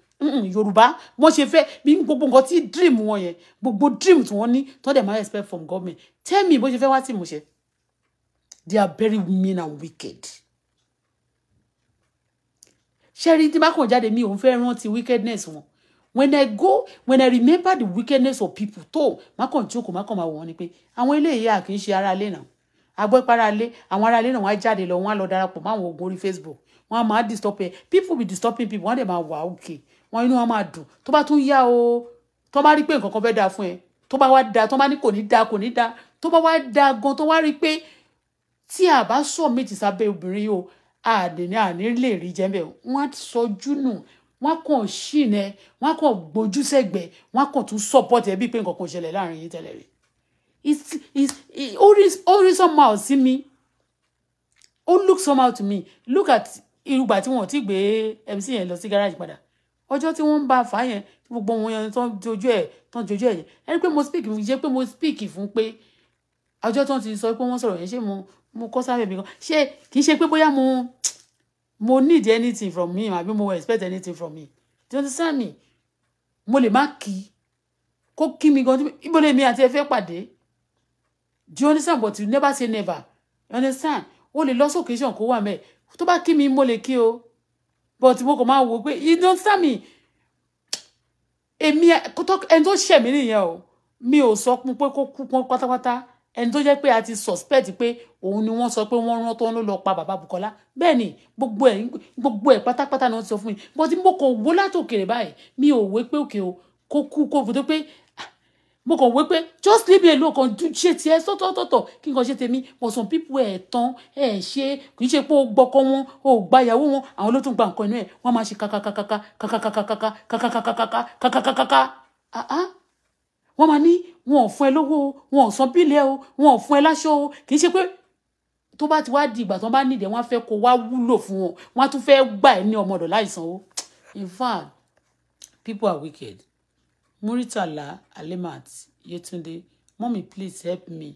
yorùbá wọ́n ṣe fẹ́ bí gbogbo nǹkan tí dream wọn yẹn gbogbo dream tí wọ́n ní tó dẹ̀ máa expect from government tell me bó ṣe fẹ́ wá sí ìmúṣẹ they are very mean and wicked Sherry, tí bá kàn jáde mi ò ń fẹ́ rántí wickedness wọn when i go when i remember the wickedness of people to má kàn jókòó má kàn máa wọ̀ ni pé àwọn eléyìí à kì í ṣe ara ilé náà agbọ́ ìpara ilé àwọn ara ilé náà wọ́n á jáde lọ wọ́n á lọ darapọ̀ ogun facebook wọ́n á máa disturb people be disturbing people wọ́n á dẹ̀ máa wà òkè wọ́n inú wọn do? dùn tó bá tún yá o tó bá rí pé nǹkan kan fẹ́ dáa fún ẹ tó bá wá dáa tó bá ní kò ní dáa kò ní dáa tó bá wá dáa gan tó wá rí pé tí a bá submit sábẹ́ obìnrin o àdènà àní lè rí jẹ́mbẹ̀ wọ́n á sọjú nù wọ́n kàn ṣìnà wọ́n kàn gbójú sẹ́gbẹ̀ wọ́n kàn tún support ẹ bíi pé nǹkan kan ṣẹlẹ̀ láàrin yín tẹ́lẹ̀ rí ó rí somehow sí mi ó look somehow to me look at irúgbà tí wọ́n ti gbé MC yẹn lọ sí garage padà ọjọ́ tí wọ́n ń bá fà yẹn tí gbogbo wọn yẹn tán jojú ẹ̀ tán jojú ẹ̀ yẹn ẹni pé mo speak fún jẹ́ pé mo speak fún pé ọjọ́ tán ti sọ pé wọ́n sọ̀rọ̀ yẹn ṣé mo mo kọ́ sábẹ́ mi kan ṣé kì í ṣe pé bóyá mo mo need anything from me àbí mo expect anything from me do you understand me mo lè má kí kó kí mi gan ibo lèmi àti ẹ fẹ́ pàdé do you understand but you never say never you understand o lè lọ sókè ṣàn kó wà mẹ́ẹ̀ tó bá kí mi mo lè kí o but mo kò máa wò pé you don't understand me èmi ẹni tó ṣẹ̀ mí nìyẹn o mi ò sọ pé kó kú pọ́n pátápátá ẹni tó jẹ́ pé a ti suspect pé òun ni wọ́n sọ pé wọ́n rán tó ń lọ pa bàbá Bukola bẹ́ẹ̀ ni gbogbo ẹ̀ gbogbo ẹ̀ pátápátá ni wọ́n ti sọ fún mi bó ti mo kàn wó láti òkèèrè báyìí mi ò wé pé òkè o kó kú kó fòtó pé ah, mo kàn wé pé just leave me alone kan ṣe tiẹ̀ sọ́tọ̀ọ̀tọ̀ kí n kàn ṣe tèmi but some people ẹ̀ tán ẹ̀ ṣe kì í ṣe pé o gbọ́kọ wọn o gba ìyàwó wọn àwọn ló tún gba nǹkan inú ẹ̀ wọ́n máa ṣe kakakakaka kakakakaka kakakakaka kakakakaka ah, ah wọ́n máa ní wọn ò fún ẹ lówó wọn ò san bílẹ̀ o wọn ò fún ẹ láṣọ o kì í ṣe pé tó bá ti wá di ìgbà tó bá nídìí wọn á fẹ́ kó wá wúlò fún wọn wọn á tún fẹ́ gbà ẹ ní ọmọdọ̀ láìsan o in fact people are wicked muritala alimat yetunde mommy, please help me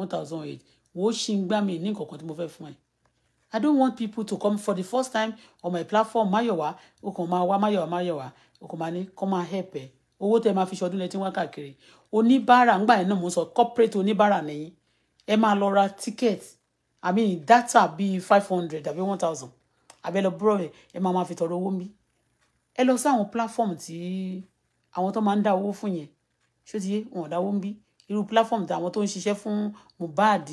one thousand eight wo ṣì ń gbá mi ní nǹkan kan tí mo fẹ́ fún ẹ I don't want people to come for the first time on my platform Mayowa o kàn máa Mayowa Mayowa o kàn máa come and help ẹ owó tẹ máa fi ṣọdún lẹ́tí wá káàkiri oníbàárà ńgbà yẹn náà mo sọ corporate oníbàárà nìyí ẹ máa lọ ra ticket i mean data bíi five hundred àbí one thousand àbẹ lọ búrọ rẹ ẹ máa máa fi tọrọ owó mi ẹ lọ sí àwọn platform tí àwọn tó máa ń dá owó fún yẹn ṣó ti yé wọn ò dáwó ń bí irú platform tí àwọn tó ń ṣiṣẹ́ fún Mohbad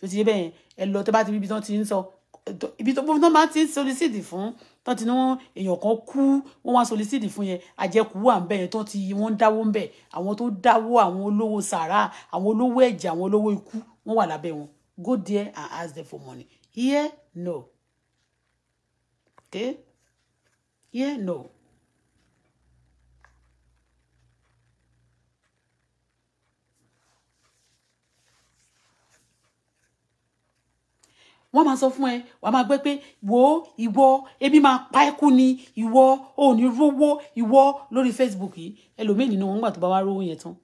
ṣó ti yé bẹ́ẹ̀ ẹ lọ tó bá ti rí ibi tó ti ń sọ ibi tó bá ti ń solicit fún tán ti ní wọn èèyàn kan kú wọn wá solisidi fún yẹn àjẹkù wà ń bẹ yẹn tán ti wọn ń dáwó ń bẹ àwọn tó dáwó àwọn olówó sàrà àwọn olówó ẹ̀jẹ̀ àwọn olówó ikú wọn wà lábẹ́ wọn go there and ask them for money here no okay here no. wọ́n máa sọ fún ẹ wàá máa gbé pé wo ìwọ ebi máa pa ẹ́ kú ni ìwọ ò ní rówó ìwọ lórí Facebook yìí ẹlòmíín nínú wọn gbà tó bá wá rówó yẹn tán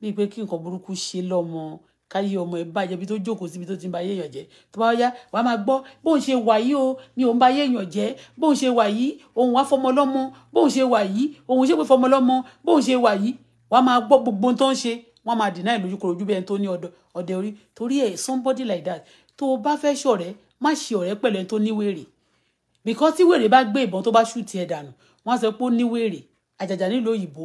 bíi pé kí nǹkan burúkú ṣe lọ́mọ káyé ọmọ ẹ bàjẹ́ bí tó jókòó síbi tó ti ń ba yéèyàn jẹ́ tó bá yá wàá máa gbọ́ bóun ṣe wà yìí o mi ò ń ba yéèyàn jẹ́ bóun ṣe wà yìí òun wá fọmọ lọ́mọ bóun ṣe wà yìí òun ṣe pé fọmọ lọ́mọ bóun ṣe wà yìí wàá máa gbọ́ gbogbo tó ń ṣe wọ́n máa dìnnà ìlójúkorojú bẹ́ẹ̀ tó ní ọdẹ orí torí ẹ̀ somebody like that tó o bá fẹ́ ṣọ̀rẹ́ má ṣe ọ̀rẹ́ pẹ̀lú ẹni tó níwèrè bìkọ́ tí wèrè bá gbé ìbọn tó bá ṣù tiẹ̀ dànù wọ́n á sọ pé ó níwèrè àjàjà nílùú òyìnbó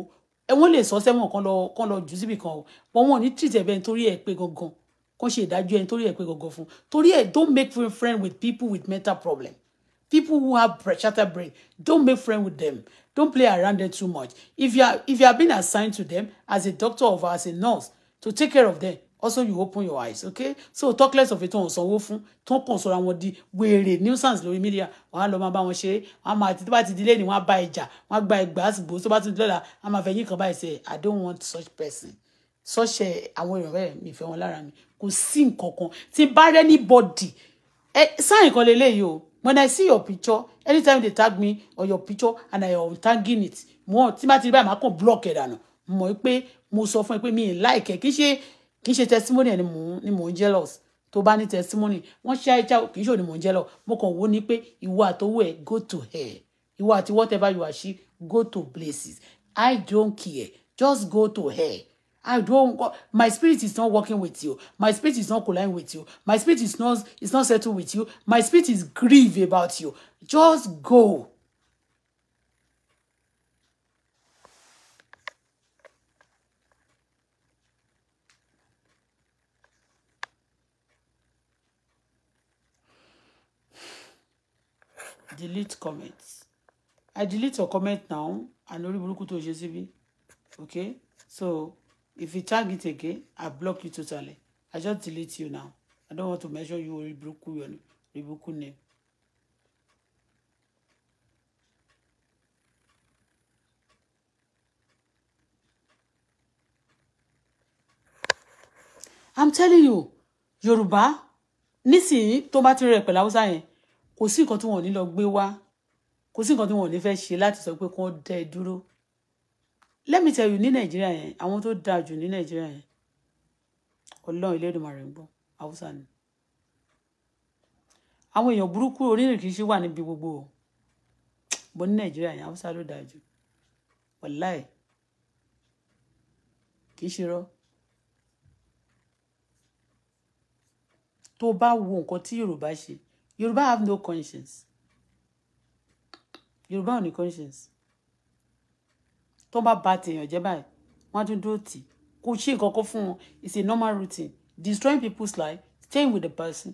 ẹ wọ́n lè sọ sẹ́wọ̀n kan lọ kan lọ jù síbì kan o wọn wọn ní tìtẹ̀ bẹ́ẹ̀ nítorí ẹ̀ pé gangan kan ṣe ìdájọ́ ẹ̀ nítorí ẹ̀ pé gangan fún torí ẹ̀ don't make friend with people with mental problem people who have shattered brain don't make friend with them don't play around them too much if you are if you are being assigned to them as a doctor or as a nurse to take care of them also you open your eyes okay so talk less of it tó ń sanwó fún tó ń kàn sọra wọn di wèrè nuisance lórí media wọn á lọ máa bá wọn ṣeré wọn á máa ti tó bá ti di lẹ́nu wọn á ba ìjà wọn á gba ẹgbẹ́ àsìgbò tó bá ti di lọ́la wọn á máa fẹ́ yín kan báyìí sẹ́ i don't want such person such eh, àwọn èèyàn bẹ́ẹ̀ mi fẹ́ wọn lára mi kò sí nǹkan kan tí bá rẹ́ ní bọ́dì ẹ eh, sáyìn kan lélẹ́yìí o when i see your picture anytime they tag me or your picture and i am tagging it mo tí bá ti rí báyìí màá kàn block ẹ̀ dànù mọ̀ pé mo sọ fún ẹ pé mi ì like ẹ kì í ṣe kì í ṣe testimony ni mò ni mò ń jealous tó bá ní testimony wọ́n ṣe àìjà kì í ṣe òní mò ń jealous mo kàn wò ní pé ìwọ àtọwọ́ ẹ̀ go to hell ìwọ àti whatever you are she go to places I don't care just go to hell I don't my spirit is not working with you. My spirit is not colliding with you. My spirit is not is not settled with you. My spirit is grieved about you. Just go. delete comments i delete your comment now and lórí burúkú tó ṣe síbí okay so if you tag it again i block you totally i just delete you now i don't want to measure you orí burúkú your orí burúkú name. i'm telling you Yoruba, Nisi tó bá ti rẹ pẹ̀lú kò sí nǹkan tí wọn ò ní lọ gbé wá kò sí nǹkan tí wọn ò ní fẹ́ ṣe láti sọ pé kí wọ́n dúró let me tell you ní nàìjíríà yẹn àwọn tó dáa jù ní nàìjíríà yẹn ọlọ́run Elédùmarè ń gbọ́ haúsá ni àwọn èèyàn burúkú onírìnkìṣí wà níbi gbogbo o bó ní nàìjíríà yẹn haúsá ló dáa jù wàláì kì í ṣe rọ tó bá wo nǹkan tí yorùbá ṣe Yorùbá have no conscience Yorùbá ò ní conscience tó bá ba tèèyàn jẹ́ báyìí wọ́n á tún it's a normal routine destroying people's life staying with the person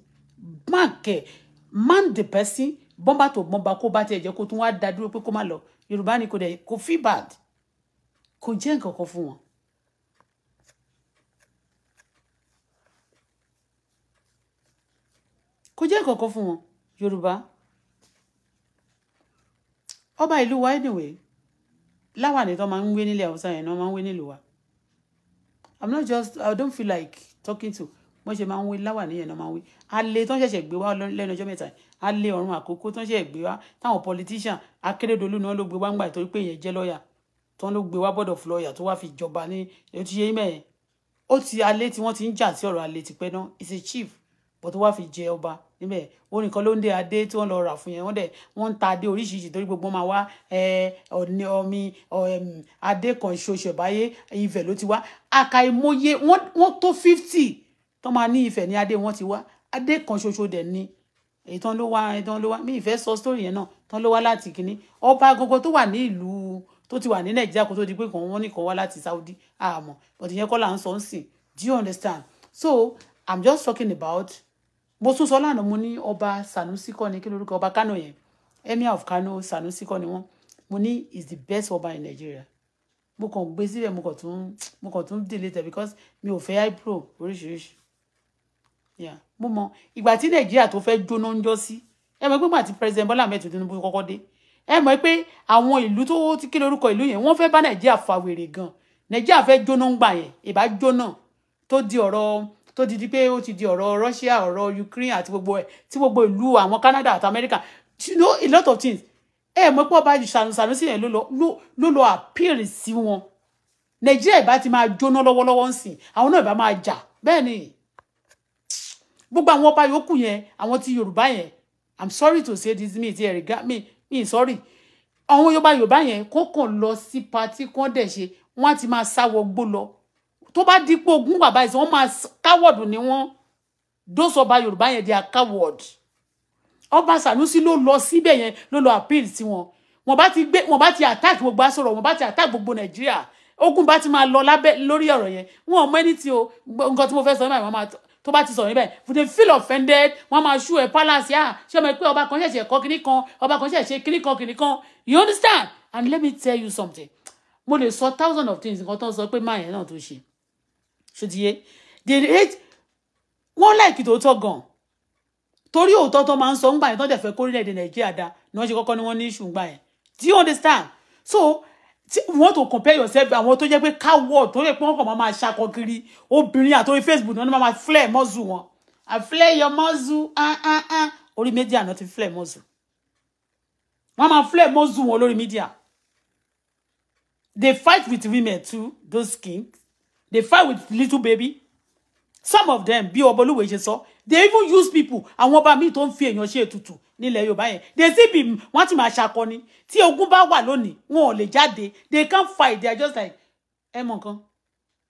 mark ẹ man the person bọ́mbà tó bọ́mbà kó bá tiẹ̀ jẹ́ kó tún wá dá dúró pé kó má lọ ni kò dẹ̀ kò feel bad kò jẹ́ nǹkan kan fún wọn kò jẹ́ ìkọ̀kọ̀ fún wọn yorùbá ọba ìlú wa anyway láwàní tó máa ń gbé nílẹ̀ haúsá yẹn náà máa ń gbé nílùú wa i'm not just i don't feel like talking to mo ṣe máa ń wí láwàní yẹn náà máa ń wí alẹ́ tó ń ṣẹ̀ṣẹ̀ gbé wá lẹ́nu ọjọ́ mẹ́ta alẹ́ ọ̀run àkókò tó ń ṣẹ̀ṣẹ̀ gbé wá táwọn politician akérèdọ́lù náà ló gbé wá ń gbà torí pé ìyẹn jẹ́ lọ́ọ̀yà tó ń ló gbé wá board of lawyer tó wá fi jọba ní ètò ìyẹn mẹ́ẹ̀ ó ti alẹ́ tí wọ́n ti ń jà sí ọ̀rọ̀ alẹ́ tipẹ́ náà is a chief bọ̀ tó wá fi jẹ ọba níbẹ̀ ó nìkan ló ń dé adé tí wọ́n lọ rà fún yẹn wọ́n dẹ̀ wọ́n ń ta adé oríṣiríṣi torí gbogbo máa wá ọ̀ni ọmi adé kan ṣoṣo ìbáyé Ifẹ̀ ló ti wá àkàìmọye wọ́n tó fifty tó máa ní Ifẹ̀ ní adé wọ́n ti wá adé kan ṣoṣo dẹ̀ ni èyí tán ló wá èyí tán ló wá mi ìfẹ́ sọ sítórì yẹn náà tán ló wá láti kínní ọba agogo tó wà ní ìlú tó ti wà ní nàìjíríà kó tó di pé kàn nìkan wá láti saudi àmọ́ but ìyẹn kọ́ là ń sọ ń sìn do you understand so i'm just talking about mo tún sọ lánàá mo ní ọba Sanusi kọ́ ni kí lórúkọ ọba Kano yẹn emir of Kano Sanusi kọ́ ni wọ́n mo ní is the best ọba in Nigeria mo kàn gbé síbẹ̀ mo kàn tún mo kàn tún delete because mi ò fẹ́ ipro oríṣiríṣi yeah. mo mọ ìgbà tí Nàìjíríà tó fẹ́ jóná ń jọ sí ẹ mọ̀ pé gbà tí president Bọ́lá Ahmed Tinubu kọ́kọ́ dé ẹ mọ̀ pé àwọn ìlú tó ti kí lórúkọ ìlú yẹn wọ́n fẹ́ bá Nàìjíríà fa wèrè gan Nàìjíríà fẹ́ jóná ń gbà yẹn ìbá jóná tó di ọ̀rọ̀ tó ti di pé ó ti di ọ̀rọ̀ Russia ọ̀rọ̀ Ukraine àti gbogbo ẹ̀ tí gbogbo ìlú àwọn Canada àti America you know a lot of things ẹ mọ̀ pé ọba Sanusi yẹn ló lọ appeal sí wọn Nàìjíríà ìbá ti máa jóná lọ́wọ́lọ́wọ́ ń sìn àwọn náà ìbá máa jà bẹ́ẹ̀ ni gbogbo àwọn ọba yòókù yẹn àwọn ti Yorùbá yẹn i'm sorry to say this me ti ẹ̀ regard mi mi sorry àwọn Yorùbá Yorùbá yẹn kó kàn lọ sí pati kán dẹ̀ ṣe wọ́n á ti máa sáwọ́ gbó lọ tó bá di pé ogun bàbá ìsìn wọn máa coward ni wọn those ọba yorùbá yẹn they are coward ọba Sanusi ló lọ síbẹ̀ yẹn ló lọ appeal sí wọn wọn bá ti gbé wọn bá ti attack gbogbo asọ̀rọ̀ wọn bá ti attack gbogbo nàìjíríà ogun bá ti máa lọ lábẹ́ lórí ọ̀rọ̀ yẹn wọn ò mọ ẹni tí o nǹkan tí mo fẹ́ sọ nígbà yẹn wọn máa tó bá ti sọ̀rọ̀ níbẹ̀ fún they feel offended wọ́n máa ṣú ẹ̀ palace yá ah, ṣé ọmọ ẹ pé ọba kan ṣẹ̀ṣẹ̀ kọ́ kinní kan ọba kan ṣẹ̀ṣẹ̀ kinní kan kinní kan you understand and let me tell you something mo lè sọ thousand of things nǹkan tó ń sọ pé máa yẹn náà tó ṣe ṣòtìyé they hate wọ́n like tó tọ́ gan torí òótọ́ tó máa ń sọ ńgbà yẹn tó dẹ̀ fẹ́ kórìlẹ̀-èdè nàìjíríà dá ni wọ́n ṣe kọ́kọ́ ni wọ́n ní ìṣùngbà yẹn do you understand so you want to compare yourself àwọn tó jẹ́ pé coward tó yẹ pé wọ́n kàn máa ṣakọ kiri obìnrin àtòrí facebook náà ni wọ́n máa flare mọ́zù wọn i flare your mọ́zù ah, ah, ah. orí media náà ti flare mọ́zù wọ́n máa flare mọ́zù wọn lórí media they fight with women too those kings They fight with little baby. Some of them, be obolu wejeso. they even use people. and Àwọn ọba mi tó ń your èèyàn tutu. Ni le yo yẹn. They still be wọ́n ti shakoni. Ti ogun ba wà lónìí, wọn ò lè They can't fight. They are just like, Eh mọ̀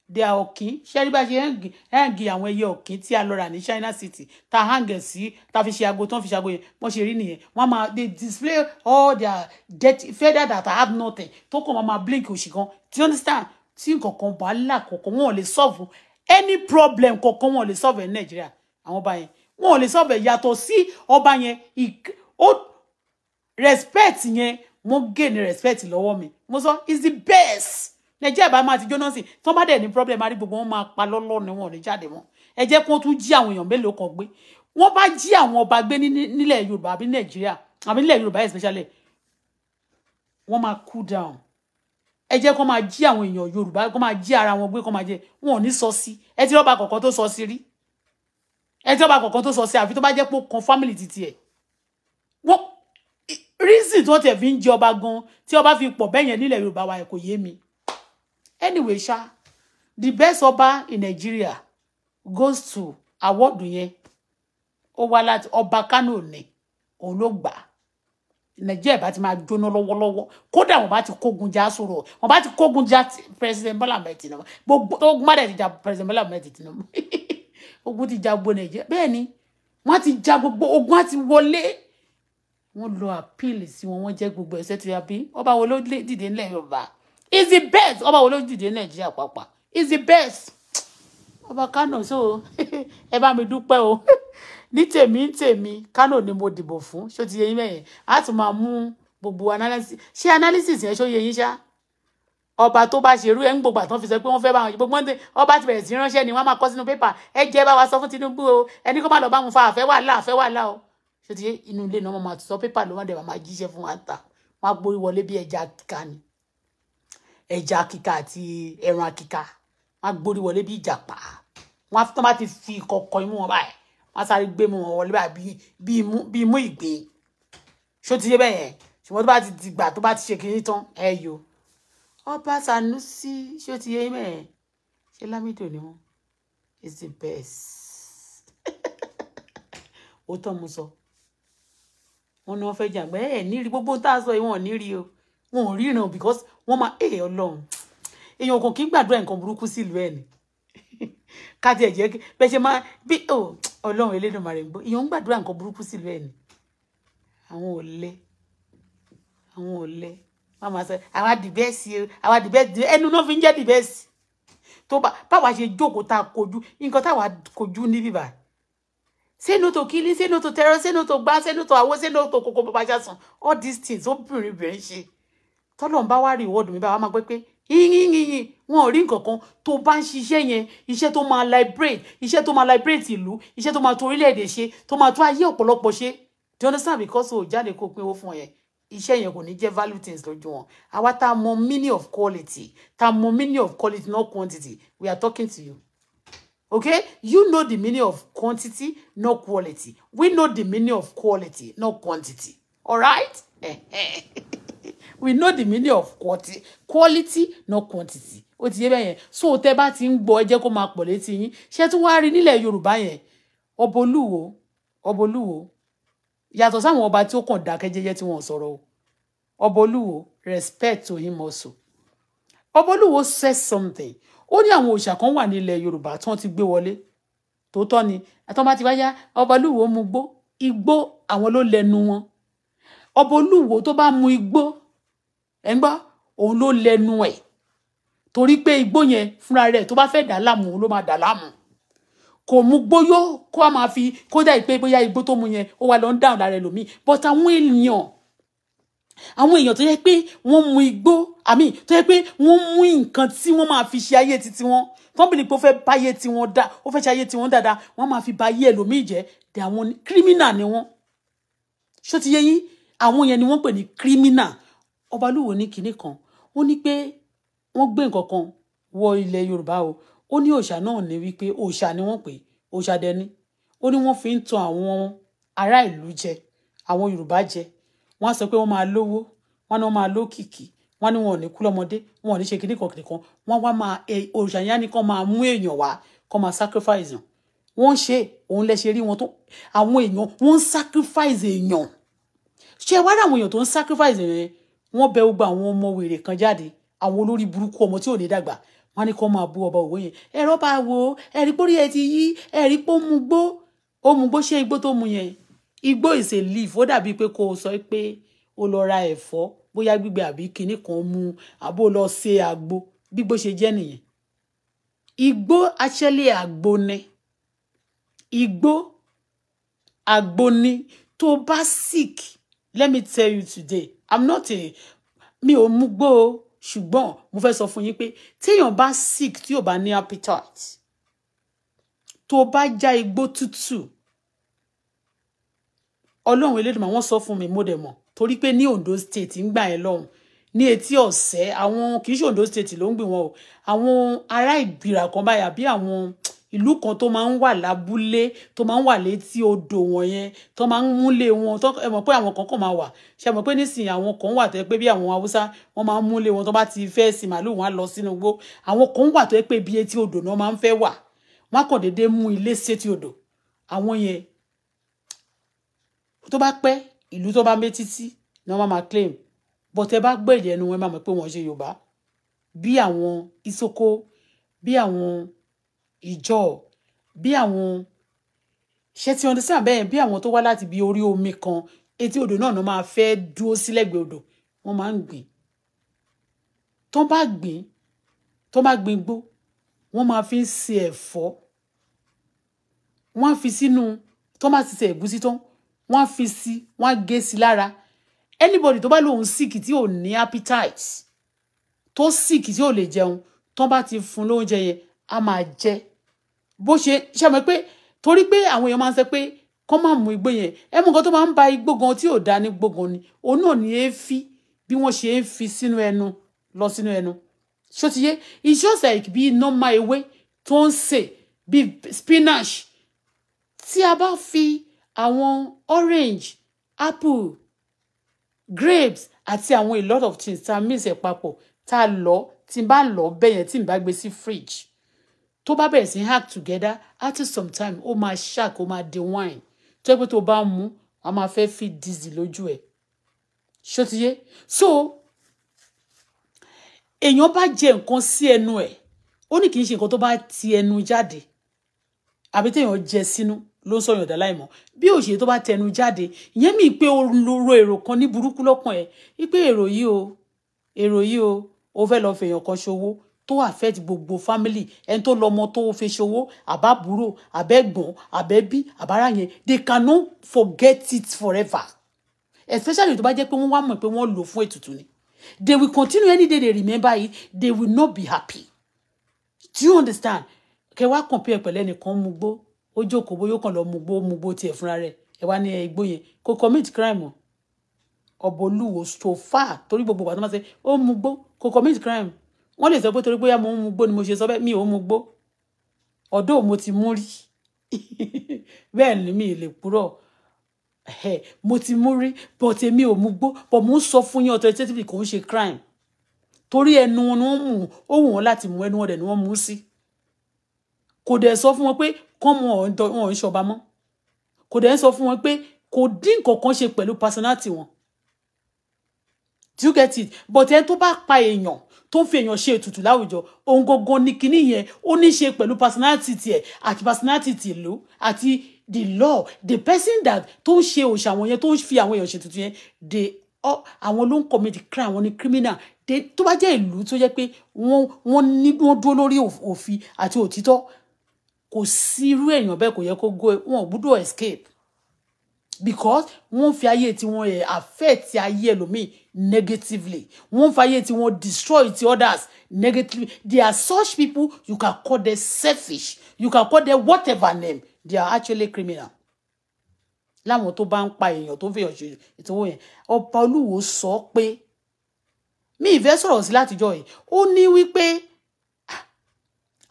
They are okay. ṣẹ́rí ba ṣe hẹ́ǹgì àwọn ẹyẹ ọ̀kín tí a lọ rà ní China City ta hangẹ̀ sí ta fi ṣe ago tán fi ṣe ago yẹn wọ́n ni. rí nìyẹn they display all their dirty feather that I have nothing tó mama máa blink òṣì kan do you understand tí nǹkankan wàhálà kankan wọn ò lè solve any problem kankan wọn ò lè solve ẹ̀ nàìjíríà àwọn ọba yẹn wọn ò lè solve ẹ̀ yàtọ̀ sí ọba yẹn ó respect yẹn mo gain respect lọ́wọ́ mi mo sọ it's the best nàìjíríà bá máa ti jóná sí tó bá dẹ̀ ní problem a rí gbogbo wọn máa pa lọ́lọ́ ni wọn ò lè jáde mọ́ ẹ jẹ́ kí wọ́n tún jí àwọn èèyàn mélòó kan gbé wọ́n bá jí àwọn ọba gbé nílẹ̀ yorùbá àbí nàìjíríà àbí nílẹ̀ yorùbá especially wọ́n máa cool down ẹ jẹ́ kó máa jí àwọn èèyàn yorùbá kó máa jí ara wọn gbé kó máa jẹ wọn ò ní sọ sí ẹ ti rọ́bà kọ̀ọ̀kan tó sọ sí rí ẹ ti rọ́bà kọ̀ọ̀kan tó sọ sí àfi tó bá jẹ́ pé ó kan fámìlì títí ẹ̀ wọ́n reason tí wọ́n tẹ̀ fi ń jẹ ọba gan tí ọba fi pọ̀ bẹ́ẹ̀ nílẹ̀ yorùbá wa kò yé mi anyway ṣá the best ọba in Nigeria goes to awọ́dù yẹn ó wá láti ọba Kano ní òun ló gbà nàìjíríà bá ti máa jóná lọ́wọ́lọ́wọ́ kódà wọn bá ti kógun já sọ̀rọ̀ wọn bá ti kógun já president Bọ́lá Ahmed Tinubu gbogbo ogun mádà ti ja president Bọ́lá Ahmed Tinubu ogun ti ja gbogbo nàìjíríà bẹ́ẹ̀ ni wọ́n ti ja gbogbo ogun á ti wọlé wọ́n lọ àpíìlì sí wọn wọ́n jẹ́ gbogbo ẹ̀sẹ̀ tó yà bí ọba wo ló dìde nílẹ̀ Yorùbá is the best ọba wo ló dìde nàìjíríà pàápàá is the best ọba Kano so ẹ bá mi dúpẹ́ o. ní tèmi ní tèmi Kano ni mo dìbò fún ṣó ti yẹ yín mẹ́yẹn á tún máa mú gbogbo analysis ṣé analysis yẹn ṣó yẹ yín ṣá ọba tó bá ṣerú ẹ ń gbogbo àtàn fi sọ pé wọ́n fẹ́ bá wọn gbogbo ọdẹ ọba ti bẹ̀rẹ̀ sí ránṣẹ́ ni wọ́n máa kọ sínú pépà ẹ jẹ́ bá wa sọ fún Tinubu o ẹni kó má lọ bá wọn fa àfẹ́ wàhálà àfẹ́ wàhálà o ṣé ti yẹ inú ilé náà wọ́n máa sọ pépà ló wọ́n dẹ máa jíṣẹ́ fún wa ta wọ́n á gbórí wọlé bí ẹja kíka ni ẹja kíka àti ẹran kíka wọ́n á gbórí wọlé bí ìjàpá wọ́n á fi tán bá ti fi kọkọ imú wọn báyìí wọ́n sáré gbé mu wọlé báyìí bí imú ìgbé ṣó ti yé bẹ́ẹ̀ yẹn ṣùgbọ́n tó bá ti dìgbà tó bá ti ṣe kiri tán ẹ yọ ọba Sanusi ṣó ti yé bẹ́ẹ̀ ṣe lámìdò ni wọ́n is the best ó tọ́ mu sọ wọn ni wọn fẹ́ jàgbẹ́ ẹ̀ nírí gbogbo tá a sọ yìí wọn ò o wọn ò ríran because wọn máa ẹ̀ eh, ọlọ́run èèyàn kò kí ń gbàdúrà nǹkan burúkú sílùú ẹ̀ ni ká tiẹ̀ jẹ́ bẹ́ẹ̀ ṣe máa bí ò oh, ọlọ́run elédùnmarè ń gbọ́ ìyẹn ń gbàdúrà nǹkan burúkú sílùú ẹ̀ ni àwọn ò lẹ́ àwọn ò lẹ́ wọ́n máa sọ àwa dìbẹ́sì àwa dìbẹ́sì ẹnu náà fi ń jẹ́ dìbẹ́sì tó bá báwa ṣe jókòó tá a kojú nǹkan táwa kojú ní bíbà say no to killing say no to terror say no to gbá say no to àwo say no to kókó bàbá ṣàṣàn all these things ó bìrìbìrì ń ṣe tọ́lọ́run reward mi bá wa máa yínyínyínyín wọn ò rí nǹkan kan tó bá ń ṣiṣẹ́ yẹn iṣẹ́ tó máa liberate iṣẹ́ tó máa liberate ìlú iṣẹ́ tó máa tún orílẹ̀-èdè ṣe tó máa tún ayé ọ̀pọ̀lọpọ̀ ṣe do you understand because o jáde kó pín owó fún ọ yẹn iṣẹ́ yẹn kò ní jẹ́ value things lójú wọn àwa tá a mọ many of quality tá a mọ many of quality not quantity we are talking to you okay you know the many of quantity not quality we know the many of quality not quantity all right eh, eh we know the meaning of quality quality not quantity ó ti yé bẹ́ẹ̀ yẹn so tẹ́ bá ti ń gbọ́ ẹ jẹ́ kó máa pọ̀ létí yín ṣé tún wáá rí nílẹ̀ yorùbá yẹn ọba olúwo yàtọ̀ sáwọn ọba tí ó kàn dákẹ́ jẹ́jẹ́ tí wọ́n sọ̀rọ̀ o ọba respect to him also ọba says something ó ní àwọn òòṣà kan wà nílẹ̀ yorùbá tí wọ́n ti gbé wọlé tòótọ́ ni àtọ́n bá ti wáyá ọba olúwo mu gbó igbó àwọn ló lẹnu wọn ọba tó bá mu igbó ẹ ń gbọ́ òun ló lẹnu ẹ̀ torí pé igbó yẹn fúnra rẹ̀ tó bá fẹ́ dà láàmú òun ló máa dà láàmú kò mú gbóyó kó a máa fi kó dà pé bóyá igbó tó mu yẹn ó wà lọ ń dáhùn lára ẹlòmíì but àwọn èèyàn àwọn èèyàn tó yẹ pé wọ́n mu igbó àmì tó yẹ pé wọ́n mú nǹkan tí wọ́n máa fi ṣe ayé titi wọn tọ́bìnì pé ó fẹ́ báyé tiwọn dá ó fẹ́ ṣe ayé tiwọn dáadáa wọ́n máa fi ba ayé ẹlòmíì jẹ́ dé àwọn kírímínà ni wọ́n ṣó ti yẹ yín àwọn yẹn ni wọ́n pè ní kírímínà ọba olúwo ní kinní kan ó ní pé wọ́n gbé nǹkan kan wọ ilẹ̀ yorùbá o ó ní òòṣà náà ní wípé òòṣà ni wọ́n pè òòṣà dẹni ó ní wọ́n fi ń tan àwọn ará ìlú jẹ àwọn yorùbá jẹ wọ́n á sọ pé wọ́n máa lówó wọ́n á ní wọ́n máa lókìkí wọ́n á ní wọn ò ní kú lọ́mọdé wọn ò ní ṣe kinní kan kinní kan wọ́n wá máa òòṣà yẹn á ní kán máa mú èèyàn wá kán máa sacrifice yàn wọ́n ṣe òun lẹ rí wọn tó àwọn èèyàn wọ́n ń sacrifice èèyàn ṣé wàá wọ́n bẹ gbogbo àwọn ọmọ wèrè kan jáde àwọn olórí burúkú ọmọ tí ò ní dàgbà wọ́n ní kó máa bú ọba òwe yẹn ẹ̀rọ bá wo ẹ̀rí pórí ẹ ti yí ẹ̀rí pó mu gbó ó mu gbó ṣé igbó tó mu yẹn igbó is a leaf ó dàbí pé kó o sọ pé o lọ ra ẹ̀fọ́ bóyá gbígbẹ àbí kinní kan mu àbó lọ ṣe àgbo gbígbó ṣe jẹ́ nìyẹn igbó actually àgbo ni igbó àgbo ni tó bá sick let me tell you today i'm not a mi ò mú gbó o ṣùgbọ́n mo fẹ́ sọ fún yín pé téèyàn bá sick tí ò bá ní appetite tó bá já igbó tútù ọlọ́run elédùnmọ̀ wọ́n sọ fún mi mo dẹ̀ mọ̀ torí pé ní Ondo state ń gbà yẹn lọ́hùn ní etí ọ̀sẹ́ àwọn kì í ṣe Ondo state ló ń gbìn wọn o àwọn ará ìgbìrà kan báyà bí Àwọn ìlú kan tó máa ń wà lábúlé tó máa ń wà létí odò wọ̀nyẹn tó máa ń múlé wọn tó ẹ mọ̀ pé àwọn kan kàn máa wà ṣe mọ̀ pé nísìnyí àwọn kan wà tó yẹ pé bí àwọn haúsá wọn máa ń múlé wọn tó bá ti fẹ́ sin màálù wọn á lọ sínú igbó àwọn kan wà tó yẹ pé ibi etí odò náà máa ń fẹ́ wà wọn kàn déédéé mú ilé sétí odò àwọn yẹn tó bá pẹ́ ìlú tó bá mé títí ni wọ́n máa claim but ẹ bá gbọ́ èdè ẹnu wọn ẹ máa mọ̀ pé wọ́n ṣe Yorùbá bí àwọn Isoko bí àwọn ìjọ bí àwọn ṣe ti understand bẹ́ẹ̀ bí àwọn tó wá láti bí orí omi kan etí odò náà máa fẹ́ dúró sílẹ̀gbẹ̀ odò wọ́n máa ń gbìn tó bá gbìn tó bá gbìn gbó wọ́n máa fi ń se ẹ̀fọ́ wọ́n á fi sínú tó bá ti se ẹ̀gúsí tán wọ́n á fi sí wọ́n á gé sí lára anybody tó bá lóun sick tí ò ní appetite tó sick tí ò lè jẹun tó bá ti fún lóúnjẹ yẹn á máa jẹ bó ṣe ṣàmì pé torí pé àwọn èèyàn máa ń sọ pé kọ́ máa mú igbó yẹn ẹ mú nǹkan tó máa ń ba igbó gan tí ò dá ní gbógan ni òun náà ní èéfì bí wọ́n ṣe ń fi sínú ẹnu lọ sínú ẹnu ṣó ti yé it's just like bí normal ewé tó ń sè bí spinach tí a bá fi àwọn orange apple grapes àti àwọn a lot of things tá a mix ẹ̀ papọ̀ tá a lọ tí n bá lọ bẹ́yẹn tí n bá gbé sí fridge tó bá bẹ̀rẹ̀ sí hack together after some time ó máa shark ó máa di wine tó yẹ pé tó bá mú a máa fẹ́ fi dizzy lójú ẹ̀ ṣótiyé so èèyàn bá jẹ nǹkan sí ẹnu ẹ̀ ó ní kì í ṣe nǹkan tó bá ti ẹnu jáde àbí téèyàn jẹ sínú ló ń sọ yọ̀ǹda láìmọ̀ bí òṣèré tó bá tẹnu jáde ìyẹn mi pé o ro èrò kan ní burúkú lọ́kàn ẹ̀ wípé èrò yìí o èrò yìí o o fẹ́ lọ fèèyàn kan ṣòwò tó affect gbogbo family ẹni tó lọ́mọ tó fi ṣòwò àbábúrò àbẹ̀gbọ́n àbẹ̀bí àbárà yẹn they cannot forget it forever especially tó bá jẹ́ pé wọ́n wá mọ̀ pé wọ́n lò fún ètùtù ni they will continue any day they remember it they will not be happy do you understand kẹ wá compare pẹ̀lú ẹnìkan mú gbó ó jókòó bóyá ó kàn lọ mú gbó mú gbó tiẹ̀ fúnra rẹ̀ ẹ wá ní igbó yẹn kò commit crime o ọ̀bọ̀lúwo so far torí gbogbo ìgbà tó máa ṣe ó mú gbó kò commit crime wọ́n lè sọ pé torí bóyá mo ń mu gbó ni mo ṣe sọ bẹ́ẹ̀ mi ò mu gbó ọ̀dọ́ mo ti mú rí bẹ́ẹ̀ ni mi lè purọ́ mo ti mú rí but èmi ò mu gbó but mo ń sọ fún yín authoritatively kò ń ṣe crime torí ẹnu wọn ni wọ́n mú ó wù wọ́n láti mú ẹnu wọn dẹ̀ ni wọ́n mú sí kò dẹ̀ sọ fún wọn pé kán mọ wọn ń ṣọba mọ́ kò dẹ̀ ń sọ fún wọn pé kò dín nǹkan kan ṣe pẹ̀lú personality wọn do you get it but ẹni tó bá pa èèyàn tó ń fi èèyàn ṣe ètùtù láwùjọ ohun gangan ni kinní yẹn ó ní ṣe pẹ̀lú personality tiẹ̀ àti personality tìlú àti the law the person that tó ń ṣe òṣà àwọn yẹn tó ń fi àwọn èèyàn ṣe ètùtù yẹn the àwọn ló ń commit crime àwọn ni criminal tó bá jẹ́ ìlú tó jẹ́ pé wọ́n ní wọ́n dúró lórí òfin àti òtítọ́ kò sí irú èèyàn bẹ́ẹ̀ kò yẹ kó go wọn ò gbúdọ̀ escape because wọ́n fi ayé tiwọn ẹ̀ eh, affect ayé ẹlòmíì negatively one fàyè tí wọ́n destroy ti others negatively they are such people you can call them selfish you can call them whatever name they are actually criminal láwọn tó bá ń pa èèyàn tó ń fèèyàn ṣe ìtòwò yẹn ọba olúwo sọ pé mi ìfẹ́ sọ̀rọ̀ sí látijọ́ yìí ó ní wípé ah,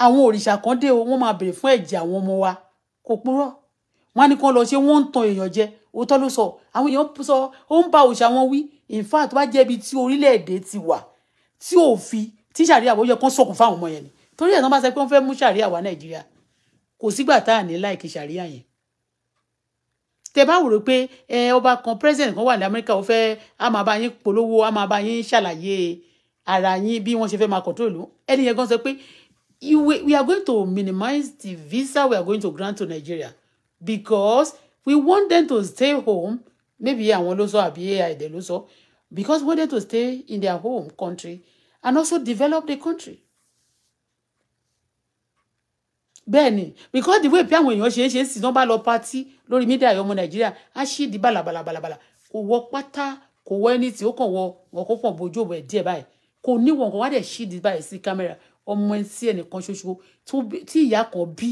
àwọn òrìṣà kan dé o máa béèrè fún ẹ̀jẹ̀ àwọn ọmọ wa kò purọ́ wọ́n á ní kán lọ ṣe wọ́n ń tan èèyàn jẹ òótọ́ ló sọ àwọn èèyàn sọ ó ń bá òòṣà wọn wí in fact tó tí orílẹ̀-èdè ti wà tí òfin tí sàríà wọ́n yẹ kán sọ̀kùn fáwọn ọmọ yẹn ni torí ẹ̀ náà bá sọ pé wọ́n fẹ́ mú sàríà wá nàìjíríà kò sígbà tá à ní láìkí sàríà yẹn tẹ bá wòrò pé ẹ ọba kan president kan wà ní amẹ́ríkà ó fẹ́ a máa bá yín polówó a máa bá yín ṣàlàyé ara yín bí wọ́n ṣe fẹ́ máa kọ̀tọ́ọ̀lù ẹni yẹn gan sọ pé we are going to minimize the visa we are going to grant to Nigeria because we want them to stay home maybe àwọn ló sọ àbí ai dẹ̀ ló sọ because we want them to stay in their home country and also develop the country. bẹ́ẹ̀ni because the way pé àwọn èèyàn ṣe é ṣe é sì tán bá lọ patí lórí mídíà ọmọ nàìjíríà á ṣì di bàlàbàlàbàlà kò wọ pátá kò wọ ẹni tí ó kàn wọ wọn kó pọ̀ bójú òbẹ̀ díẹ̀ báyìí kò níwọ̀n kan wá dẹ̀ ṣì di báyìí sí kámẹ́rà ọmọ ẹni sí ẹnìkan ṣoṣo tí ìyá kan bí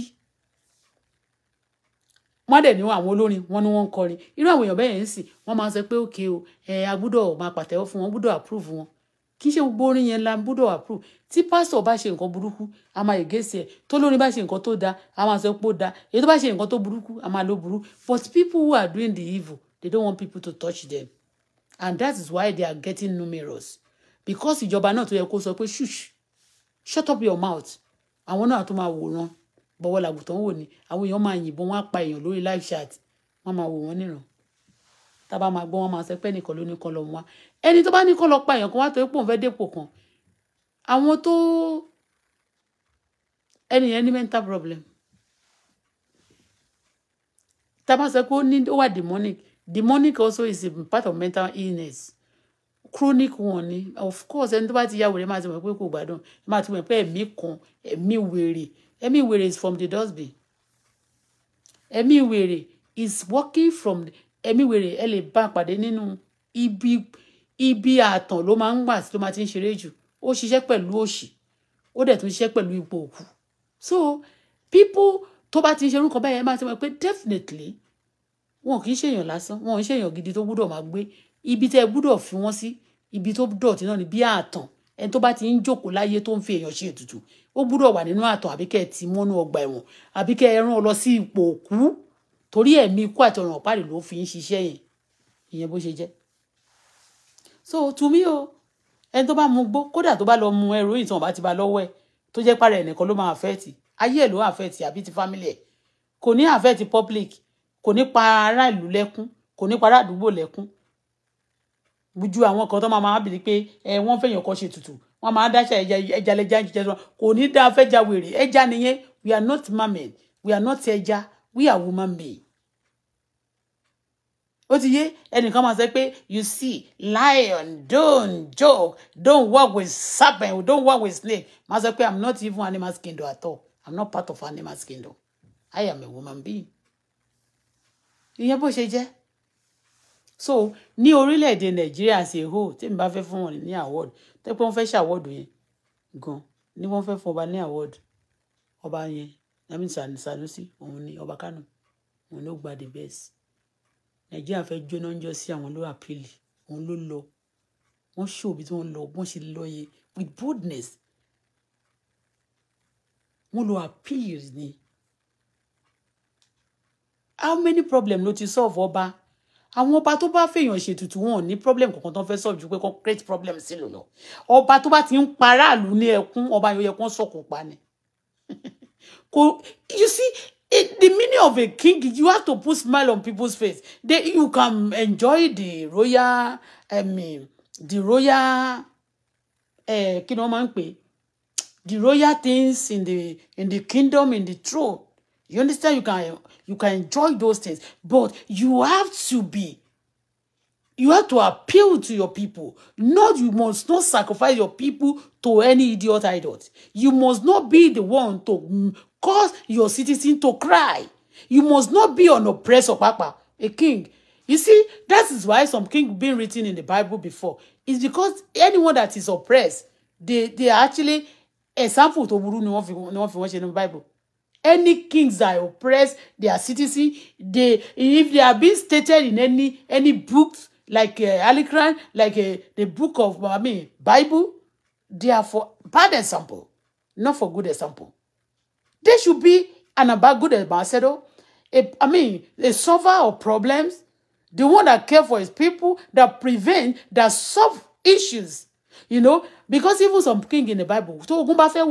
wọ́n dẹ̀ ní àwọn olórin wọn ni wọ́n ń kọrin irú àwọn èèyàn bẹ́ẹ̀ ń sìn wọ́n máa sọ pé òkè o ẹ a gbúdọ̀ máa pàtẹ́wọ́ fún wọn gbúdọ̀ approve wọn kì í ṣe gbogbo orin yẹn la gbúdọ̀ approve tí pásítọ̀ bá ṣe nǹkan burúkú a máa ègèsì ẹ̀ tó lórin bá ṣe nǹkan tó da a máa sọ pé ó da èyí tó bá ṣe nǹkan tó burúkú a máa ló burú but people who are doing the evil they don't want people to touch them and that is why they are getting numerous because ìjọba náà tó yẹ kó sọ pé shush shut up your mouth àwọn náà tó máa wòran bọ́wọ́ làgùtàn wò ni àwọn èèyàn máa yìnbọn wọn á pa èèyàn lórí live chat wọn máa wò wọn níran tábà máa gbọ́ wọn máa sọ pé nìkan ló ní kan lọ wá ẹni tó bá ní kan lọ pa èèyàn kan wá tó pò ń fẹ́ dépò kan àwọn tó ẹni yẹn ní mental problem tábà sọ pé ó ní ó wà demonic demonic also is a part of mental illness chronic one ni of course ẹni tó bá ti yá wèrè máa ti mọ̀ pé kò gbádùn máa ti mọ̀ pé ẹ̀mí kan ẹ̀mí wèrè Emi wèrè is from the dustbin Emi wèrè is working from ẹ̀mí wèrè ẹ lè bá pàdé nínú ibi ibi ààtàn ló máa ń gbà ló máa ti ń ṣeré jù ó ṣiṣẹ́ pẹ̀lú òṣì ó dẹ̀ tún ṣiṣẹ́ pẹ̀lú ipò so people tó bá ti ń ṣe irú kan báyẹn ẹ máa ti mọ̀ pé definitely wọn kì í ṣèyàn lásán wọn kì í ṣèyàn gidi tó gbúdọ̀ máa gbé ibi tẹ́ ẹ gbúdọ̀ fi wọ́n sí ibi tó dọ̀tí náà ni bí ààtàn ẹni tó bá ti ń jókòó láyé tó ń fi èèyàn ṣe ètùtù ó gbúdọ̀ wà nínú ààtọ̀ àbíkẹ́ ti mọ́nú ọgbà ẹ̀wọ̀n àbíkẹ́ ẹran lọ sí ipò òkú torí ẹ̀mí ikú àti ọ̀ràn páàlì ló fi ń ṣiṣẹ́ yẹn ìyẹn bó ṣe jẹ́ so tùmí o ẹni tó bá mu gbó kódà tó bá lọ mu ẹrù ìtàn bá ti ba lọ́wọ́ ẹ tó jẹ́ pàrọ̀ ẹ̀nìkan ló máa àfẹ́ẹ̀tì ayé ẹ̀ ló àfẹ́ẹ̀tì àbí ti fámílì ẹ̀ kò ní àfẹ́ẹ̀tì public kò ní pa aráàlú lẹ́kún kò ní pa aráàdúgbò lẹ́kún ju àwọn kan tó máa máa bìrì pé ẹ wọ́n fẹ̀yàn kan ṣe tutù wọ́n máa dáṣà ẹja ẹja lẹja jíjẹ sọ kò ní dáa fẹja wèrè ẹja nìyẹn we are not mermaid we are not ẹja we are woman made ó ti yé ẹnìkan máa sọ pé you see lion don't joke don't work with serpent don't work with snake máa sọ pé i'm not even animal kingdom at all i'm not part of animal kingdom i am a woman being ìyẹn bó ṣe jẹ́ so ní orílẹ̀-èdè nàìjíríà as a whole tèmi bá fẹ́ fún wọn ní award tẹ́ pé wọ́n fẹ́ ṣàwọ́ọ̀dù yẹn gan ni wọ́n fẹ́ fún ọba ní award ọba yẹn nami sanusi òun ni ọba kano òun ló gba the best nàìjíríà fẹ́ jóná ń jọ sí àwọn ló àpèlè òun ló lọ wọ́n ṣòbí tí wọ́n lọ wọ́n ṣe lọ yẹn with boldness wọ́n lọ appeal ni how many problems ló ti solve ọba àwọn ọba tó bá fèèyàn ṣètùtù wọn ò ní problem kankan tó ń fẹ́ sọ ju pé kan create problem sí lò lọ ọba tó bá ti ń paráàlú ní ẹkún ọba yóò yẹ kán sọkò pa ni kò you see it, the meaning of a king you have to put smile on people's face then you can enjoy the royal I mean, the royal eh, kí ni wọ́n máa ń pè the royal things in the in the kingdom in the throne You understand? You can you can enjoy those things, but you have to be. You have to appeal to your people. Not you must not sacrifice your people to any idiot idiot. You must not be the one to mm, cause your citizen to cry. You must not be an oppressor, Papa, a king. You see, that is why some king been written in the Bible before. It's because anyone that is oppressed, they they are actually example to burú no one fi wọ́n fi wọ́n ṣe Bible any kings that oppress their citizen they if they are being stated in any any books like uh, Alikran, like uh, the book of I mean Bible they are for bad example not for good example they should be an about good ambassador a, I mean a solver of problems the one that care for his people that prevent that solve issues you know because even some king in the Bible tó ogun bá fẹ́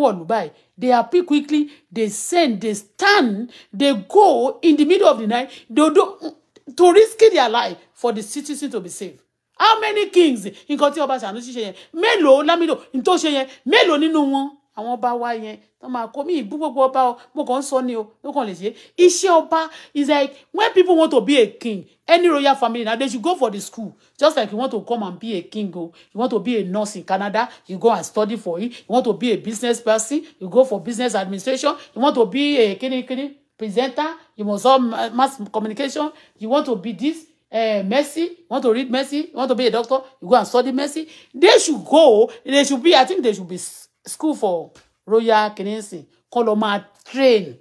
They appear quickly. They send. They stand. They go in the middle of the night. They do to risk their life for the citizen to be saved. How many kings nǹkan tí ọba ṣàánú ṣiṣẹ́ yẹn mélòó lámìlò ní tó ṣe yẹn mélòó nínú wọn àwọn wa yẹn tó máa kó mi ìbú gbogbo ọba o mo kàn ń sọ ni o ló kàn lè ṣe iṣẹ́ ọba is like when people want to be a king any royal family na they should go for the school just like you want to come and be a king o you want to be a nurse in Canada you go and study for it you want to be a business person you go for business administration you want to be a kini kini presenter you must all mass communication you want to be this uh, eh, mercy you want to read mercy you want to be a doctor you go and study mercy they should go they should be i think they should be school for royal kìnìsìn kọ́ lọ máa train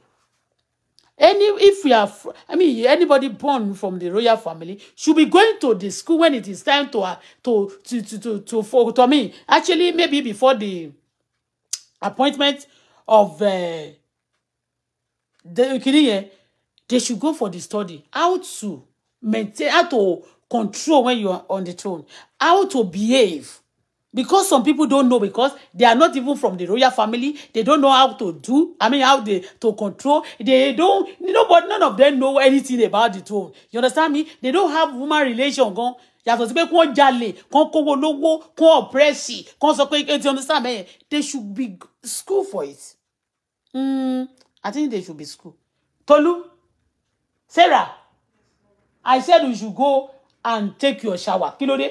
any if we are i mean anybody born from the royal family should be going to the school when it is time to uh, to to to to to for to me actually maybe before the appointment of uh, the kiniye they should go for the study how to maintain how to control when you are on the throne how to behave because some people don't know because they are not even from the royal family they don't know how to do i mean how they to control they don't you know but none of them know anything about the throne you understand me they don't have human relation gan yàtọ̀ sí pé kí wọ́n jalè kán kówó lówó kán ọ̀pẹ́rẹ́sì kán sọ pé etí understand bẹ́ẹ̀ they should be school for it mm, i think they should be school Tolu Sarah i said we should go and take your shower kí ló dé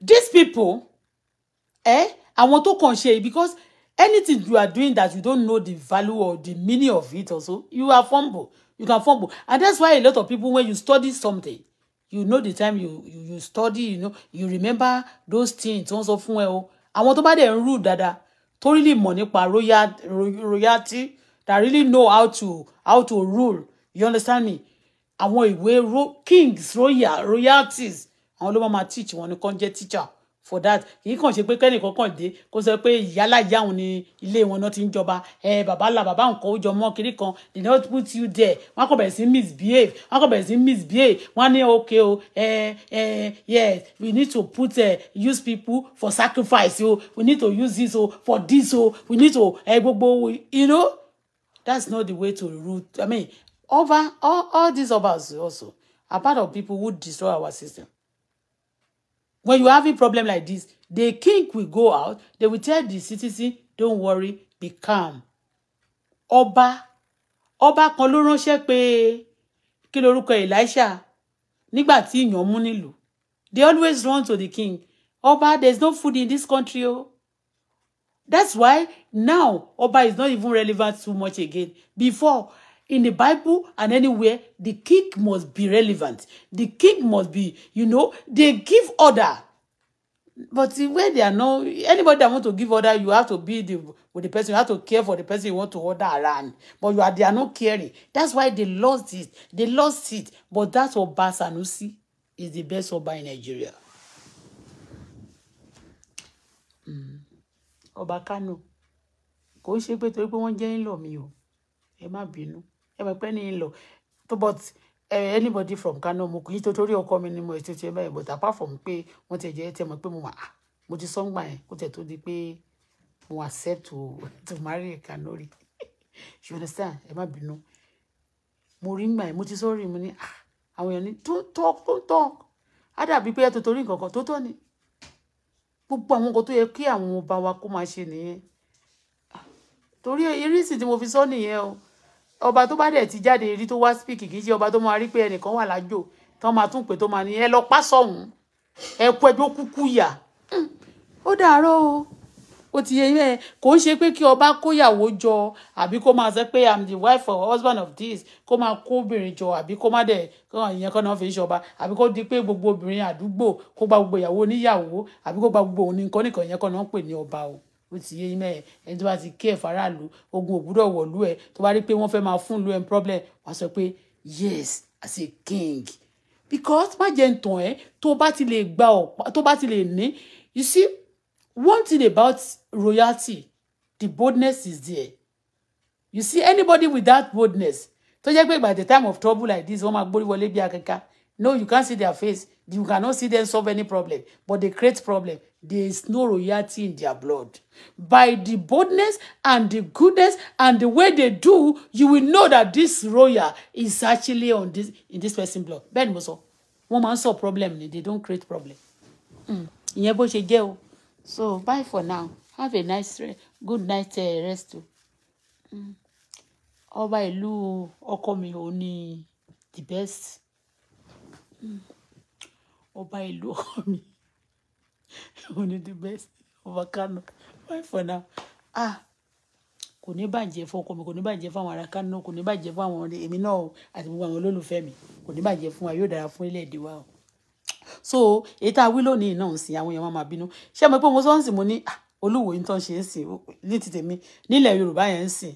these people eh àwọn tó kàn ṣe because anything you are doing that you don't know the value or the meaning of it also you are fumble you can fumble and that's why a lot of people when you study something you know the time you you, you study you know you remember those things wọ́n sọ fún ẹ o àwọn tó bá dẹ̀ ń rú dada. tó really mọ̀ nípa royalty that really know how to how to rule you understand me àwọn ìwé ro kings royal royalties àwọn ló máa máa teach wọn ni kàn jẹ́ teacher for that kì í kàn ṣe pé kẹ́nìkan kàn dé kó sọ pé ìyálà ìyá òun ni ilé wọn náà ti ń jọba ẹ bàbá là bàbá nǹkan ó jọ mọ́ kiri kan they don't put you there wọ́n kàn bẹ̀rẹ̀ sí misbehave wọ́n kàn bẹ̀rẹ̀ sí misbehave wọ́n ní ok o ẹ ẹ yes we need to put uh, use people for sacrifice o we need to use this o for this o we need to ẹ gbogbo you know that's not the way to rule i mean over all, all these obas also part of people who destroy our system when you having problem like this the king will go out they will tell the citizen don't worry be calm Oba, Oba, kan ló ránṣẹ́ pé kí ruko elisha nígbà tí ìyàn mú nílùú they always run to the king Oba, there's no food in this country Oh. That's why now Oba is not even relevant too much again. Before in the Bible and anywhere, the king must be relevant. The king must be, you know, they give order. But where they are no anybody that want to give order, you have to be the, with the person. You have to care for the person you want to order around. But you are, they are not caring. That's why they lost it. They lost it. But that's what Oba is the best Oba in Nigeria. Mm. Oba Kano. Kò ń ṣe pé torí pé wọ́n jẹ́ ń lọ mi o. Ẹ má bínú ẹ mọ̀ pé ní in law but uh, anybody from Kano mo kì í tó torí ọkọ mi ni mo ètò tiẹ̀ báyìí but apart from pé wọ́n ti jẹ́ tiẹ̀ mọ̀ pé mo wà mo ti sọ́ngbà yẹn kó tẹ̀ tó di pé mo accept to to marry a Kanori you understand ẹ má bínú mo rí ngbà yẹn mo ti sọ́ọ́rì mo ní ah, àwọn èèyàn ní tó tó tó tó á dàbí pé ẹ tó torí nǹkan kan tó tọ́ ni gbogbo àwọn nǹkan tó yẹ kí àwọn ọba wa kó máa ṣe nìyẹn ah, torí eré tí mo fi sọ nìyẹn o ọba tó bá dẹ̀ ti jáde rí tó wá speak kì í ṣe ọba tó máa rí pé ẹnìkan wà lájò tó máa tún pè tó máa ní ẹ lọ pa sọ̀hún ẹ kú ẹjọ́ kúkú yà hmm, ó dàárọ̀ o ó ti yẹ yẹ kò ń ṣe pé kí ọba kóyàwó jọ àbí kó máa sọ pé i'm the wife or husband of this kó máa kó obìnrin jọ àbí kó má dẹ̀ kàn ìyẹn kan náà fi ń ṣọba àbí kó di pé gbogbo obìnrin àdúgbò kó gba gbogbo ìyàwó oníyàwó àbí kó gba gbogbo òun nìkan nìkan ìyẹn kan náà pè ní ọba o ó ti yé yín mẹ́ẹ̀ ẹni tó bá ti kí ẹ̀fọ́ aráàlú ogun ògbúdọ̀ wọ̀lú ẹ̀ tó bá rí pé wọ́n fẹ́ máa fún ìlú ẹ̀ problem wàá sọ pé yes as a king because má jẹ́ ntàn ẹ́ tó bá ti lè gba ọ̀pá tó bá ti lè ní you see one thing about royalty the boldness is there you see anybody with that boldness tó jẹ́ pé by the time of trouble like this wọ́n máa gbórí wọlé bí akẹ́kẹ́ No, you can't see their face. You cannot see them solve any problem, but they create problem. There is no royalty in their blood. By the boldness and the goodness and the way they do, you will know that this royal is actually on this in this person's blood. Bẹ́ẹ̀ni mo sọ, wọ́n problem they don't create problem. Hmm. Ìyẹn bó ṣe jẹ́ So bye for now. Have a nice re good night uh, rest o. Oh ìlú ọkọ mi ò ní the best. Ọba ìlú ọkọ mi, òní the best, ọba Kano, bye for now. Ah, kò ní bàjẹ́ fún ọkọ mi, kò ní bàjẹ́ fún àwọn ará Kano, kò ní bàjẹ́ fún àwọn èmi náà àti gbogbo àwọn olólùfẹ́ mi, kò ní bàjẹ́ fún wa, yóò dára fún orílẹ̀-èdè o. So, èyí tá a wí lónìí náà ń sìn àwọn èèyàn máa máa bínú. Ṣé mo pé mo sọ ń sìn mo ní ah, olúwo yìí tó ń ṣe é sìn ní ti tèmi nílẹ̀ Yorùbá yẹn ń sìn.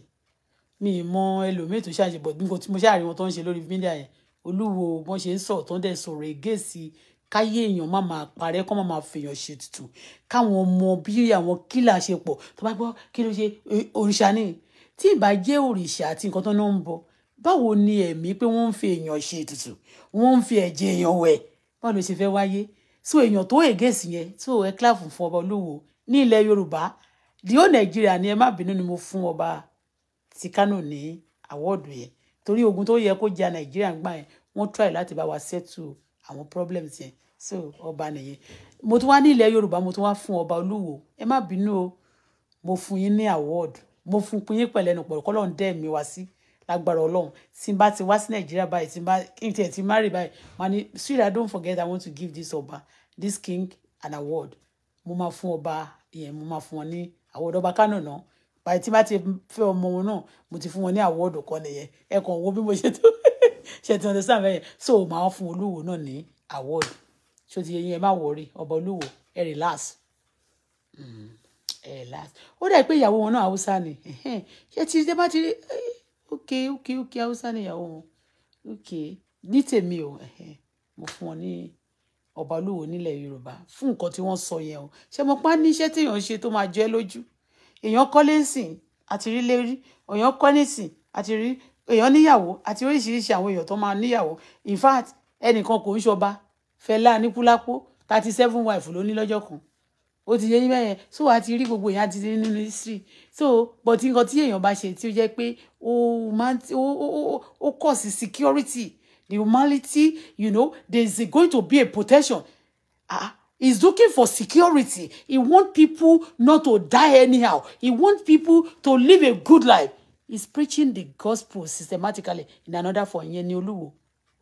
Mi ì mọ ẹlòmíì tó ṣàṣe bí mo ṣáà wọn tó ń ṣe lórí mídíà yẹn olúwo bọ́n ṣe ń sọ̀rọ̀ tó ń dẹ̀ sọ̀rọ̀ ègèsì káyé èèyàn má máa parẹ́ kọ́ má máa fèèyàn ṣètùtù káwọn ọmọ bí àwọn kílà ṣe pọ̀ tó bá gbọ́ kí ló ṣe òrìṣà ni tí ìbá jẹ́ òrìṣà àti nǹkan tó náà ń bọ báwo ni ẹ̀mí pé wọ́n ń fi èèyàn ṣètùtù wọ́n ń fi ẹ̀jẹ̀ èèyàn wẹ̀ báwo ló ṣe fẹ́ wáyé so èèyàn tó ègèsì yẹn tó ẹ kíláàfù fún ọba olúwo ní ilẹ̀ yorùbá di ó nàìjíríà ni ẹ má bínú ni mo fún ọba ti kánò ní àwọ́ọ̀dù yẹn torí ogun tó yẹ kó ja nàìjíríà ń gbà yẹn wọ́n try láti bá wa settle àwọn problems yẹn so ọba nìyẹn mo tún wá ní ilẹ̀ yorùbá mo tún wá fún ọba olúwo ẹ má bínú o mo fún yín ní award mo fún yín pẹ̀lẹ́ nù pọ̀lọ́kọ́ lọ́n dẹ́ mi wá sí lágbára ọlọ́run tí n bá ti wá sí nàìjíríà báyìí tí n bá kí n má rí báyìí wọn ni sweet i don't forget i want to give this ọba this king an award mo máa fún ọba yẹn mo máa fún wọn ní award ọba kánò náà báyìí tí bá ti fẹ́ ọmọ wọn náà mo ti fún wọn ní àwọ́ọ̀dù kan nìyẹn ẹ kàn wo bí mo ṣe tó ṣe ti ọ̀dẹ sáàmì ẹ̀yẹn so màá fún olúwo náà ní àwọ́ọ̀dù ṣó ti yẹn ẹ má wọrí ọba olúwo ẹ relax mm-hmm. ẹ relax ó dà pé ìyàwó wọn náà haúsá ni ṣé ti ṣe bá ti rí ok ok ok haúsá ni ìyàwó wọn ok ní tèmi o mo fún wọn ní ọba olúwo nílẹ̀ yorùbá fún nǹkan tí wọ́n sọ yẹn o ṣe mo pa níṣẹ́ téèyàn ṣe tó máa jẹ́ lójú èèyàn kọ́lé sìn àti rí lérí èèyàn kọ́lé sìn àti rí èèyàn níyàwó àti oríṣiríṣi àwọn èèyàn tó máa níyàwó in fact ẹnìkan kò ń ṣọba Fẹlá Aníkúlápó thirty seven wife ló ní lọ́jọ́ kan ó ti yé yín bẹ́yẹn so àti rí gbogbo èèyàn àti rí nínú history so but nǹkan tí èèyàn bá ṣe tí ó jẹ́ pé ó máa ó ó ó kọ̀ sí security the humanity you know there is going to be a protection ah He's looking for security. He wants people not to die anyhow. He wants people to live a good life. He's preaching the gospel systematically in another for Yenioluwo.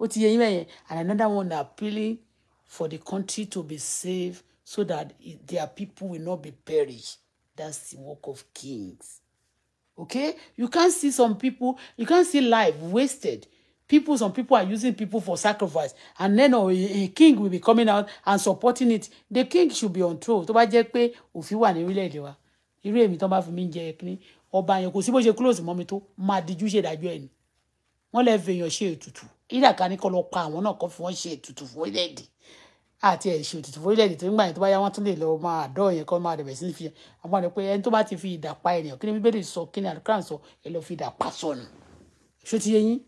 And another one appealing for the country to be saved so that their people will not be perished. That's the work of kings. Okay? You can't see some people, you can't see life wasted. People, some people are using people for sacrifice. And then oh, a, a king will be coming out and supporting it. The king should be on throne. Tó bá jẹ́ pé òfin wà ní orílẹ̀-èdè wa. Irú èmi tó bá fi mí jẹ kínní. Ọba yẹn kò sí bó ṣe close mọ́ tó. Máa dijú ṣe ìdájọ́ ẹ̀ ni. Wọ́n lè fi ṣe ètùtù. Ìdà kan ní lọ pa àwọn náà kọ́ fi wọ́n ṣe ètùtù fún orílẹ̀-èdè. Àti ẹ̀ ṣe ètùtù fún orílẹ̀-èdè tó nígbà yẹn tó bá yá wọ́n tún lè lọ máa àdọ́ yẹn kọ́ máa dẹ̀bẹ̀ sí fi àwọn àdó pé ẹni tó bá ti fi ìdà pa ènìyàn kí ni Bíbélì sọ kí ni àdúrà sọ ẹ lọ fi ìdà pa sọnù. Ṣó ti yé yín?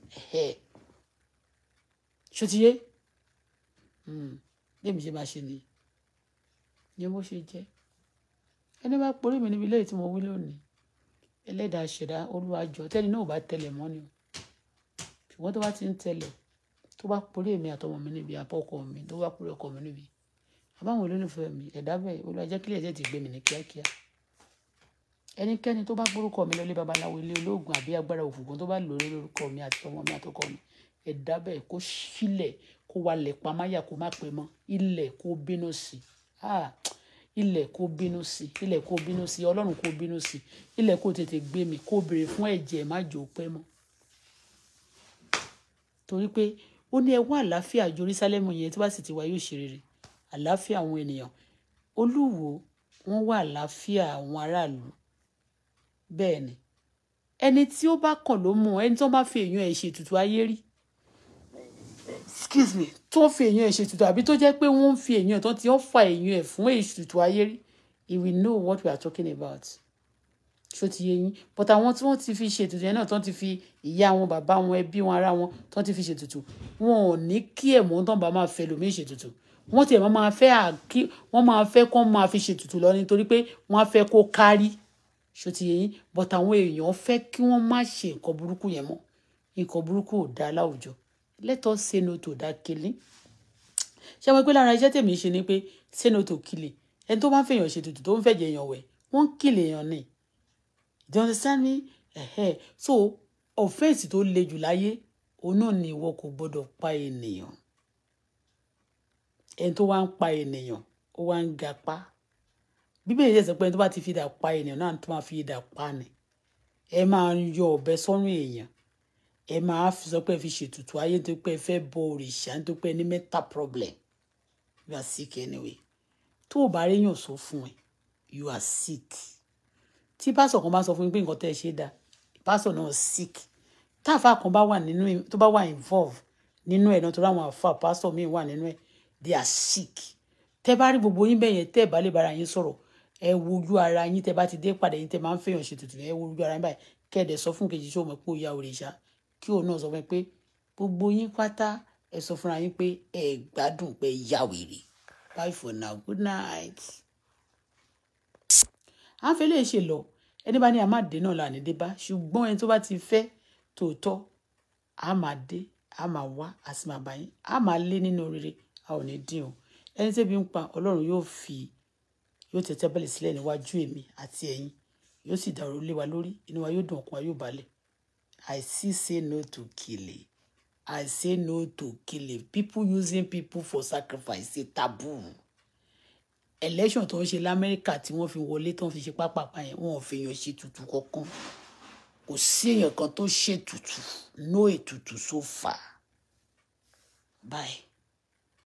ṣòtíyé hmm. bẹ́ẹ̀ mi ṣe bá ṣe ni ni mo ṣe jẹ́ ẹni bá porí mi níbi léyìí tí mo wí lónìí ẹlẹ́dàá ṣẹ̀dá olúwa jọ tẹ́ni náà ò bá tẹlẹ̀ mọ́ ni o ṣùgbọ́n tó bá ti ń tẹlẹ̀ tó bá porí èmi àtọmọ mi níbi àpọ̀kọ mi tó bá porí ọkọ mi níbi àbáwọn olólùfẹ́ mi ẹ̀dá bẹ́ẹ̀ olúwa jẹ́ kílẹ̀ ẹ̀jẹ̀ ti gbé mi ní kíákíá ẹnikẹ́ni tó bá gbórúkọ mi lọ ilé babaláwo ilé olóògùn àbí agbára òfùgbọ́n tó bá lò lórúkọ mi àti ọmọ mi àtọkọ mi ẹ̀dá bẹ́ẹ̀ kó sílẹ̀ kó walẹ̀ pamáyà kó má pẹ́ mọ́ ilẹ̀ kó bínú sí ah, ilẹ̀ kó bínú sí ilẹ̀ kó bínú sí ọlọ́run kó bínú sí ilẹ̀ kó tètè gbé mi kó béèrè fún ẹ̀jẹ̀ má jò pẹ́ mọ́ torí pé ó ní ẹ wá àlàáfíà Jerúsálẹ́mù yẹn tó bá sì ti wá yóò ṣe rere àlàáfíà àwọn ènìyàn olúwo wọn wá àlàáfíà àwọn aráàlú bẹ́ẹ̀ ni ẹni tí ó bá kàn ló mú ẹni tó bá fi èèyàn ẹ̀ ṣètùtù ayé rí excuse me tó ń fi èèyàn ẹ̀ ṣètùtù àbí tó jẹ́ pé wọ́n ń fi èèyàn tó ti ń fa èèyàn ẹ̀ fún èṣùtù ayé rí he will know what we are talking about ṣó ti yé yín but àwọn tí wọ́n ti fi ṣètùtù yẹn náà tó ti fi ìyá wọn bàbá wọn ẹbí wọn ará wọn tó ti fi ṣètùtù wọn ò ní kí ẹ̀ mọ́ tán bá máa fẹ́ lómi ṣètùtù wọ́n tiẹ̀ máa fẹ́ àkí wọ́n máa fẹ́ kán máa fi ṣètùtù lọ nítorí pé wọ́n á fẹ́ kó kárí ṣó ti yé yín but àwọn èèyàn fẹ́ kí wọ́n má ṣe nǹkan burúkú yẹn mọ́ nǹkan burúkú ò dáa láwùjọ let us say no to that killing ṣé wọ́n pé lára iṣẹ́ tèmi ṣe ni pé say no to killing ẹni tó bá ń fèèyàn ṣe tutù tó ń fẹ̀jẹ̀ èèyàn wẹ̀ wọ́n ń kìlẹ̀ èèyàn ni do you understand me so offence tó le jù láyé òun náà ni ìwọ kò gbọ́dọ̀ pa ènìyàn ẹni tó wá ń pa ènìyàn ó wá ń ga pa bíbélì yẹn sọ pé ẹni tó bá ti fi idà pa ènìyàn náà tó máa fi idà pa ni ẹ máa yọ ọ̀bẹ sọ́rùn èèyàn ẹ máa sọ pé ẹ fi ṣètùtù ayé tó pé ẹ fẹ́ bọ òrìṣà tó pé ẹ ní mental problem you are sick anyway tó o bá réyàn sọ fún ẹ you are sick tí pásọ kan bá sọ fún mi pé nǹkan tẹ́ ẹ ṣe dáa pásọ náà sick táàfà kan bá wà nínú tó bá wà involve nínú ẹ̀ náà tó ráwọn àfa pásọ míì wà nínú ẹ̀ they are sick tẹ́ bá rí gbogbo yín bẹ́ẹ̀ yẹn tẹ́ ẹ bá lè bára yín sọ̀rọ̀ ẹ wojú ara yín tẹ́ bá ti dé padà yín tẹ́ máa ń fẹ́yàn ṣètùtù ẹ wojú ara yín báyìí kẹ́ẹ̀dẹ̀ sọ fún kejì tí o mọ̀ pé ó ya òrìṣà kí òun náà sọ fún ẹ pé gbogbo yín pátá ẹ sọ fúnra yín pé ẹ gbádùn pé yá wèrè bye for now good night. à ń fẹ́ lè ṣe lọ ẹni bá ní a máa dé náà là ní dé bá ṣùgbọ́n ẹni tó bá ti fẹ́ tòótọ́ a máa dé a máa wá a sì máa bá yín a máa lé nínú rere a ò ní dín o ẹni tẹ́bi ń pa ọlọ́run yóò fi yóò tẹ́tẹ́ bẹ̀lẹ̀ sílẹ̀ níwájú èmi àti ẹ̀yin yóò sì dàrú lé wa lórí inú wa yóò dùn ọkàn yóò balẹ̀ I still say no to killing. I say no to killing. People using people for sacrifice ṣe taboo. Election tó ń ṣe l'Amẹ́ríkà tí wọ́n fi wọlé tó ń fi ṣe pápápá yẹn wọ́n fi yan ṣe tutù kankan. Kò sí èèyàn kan tó ṣe tutù. No ètùtù so far. Bye.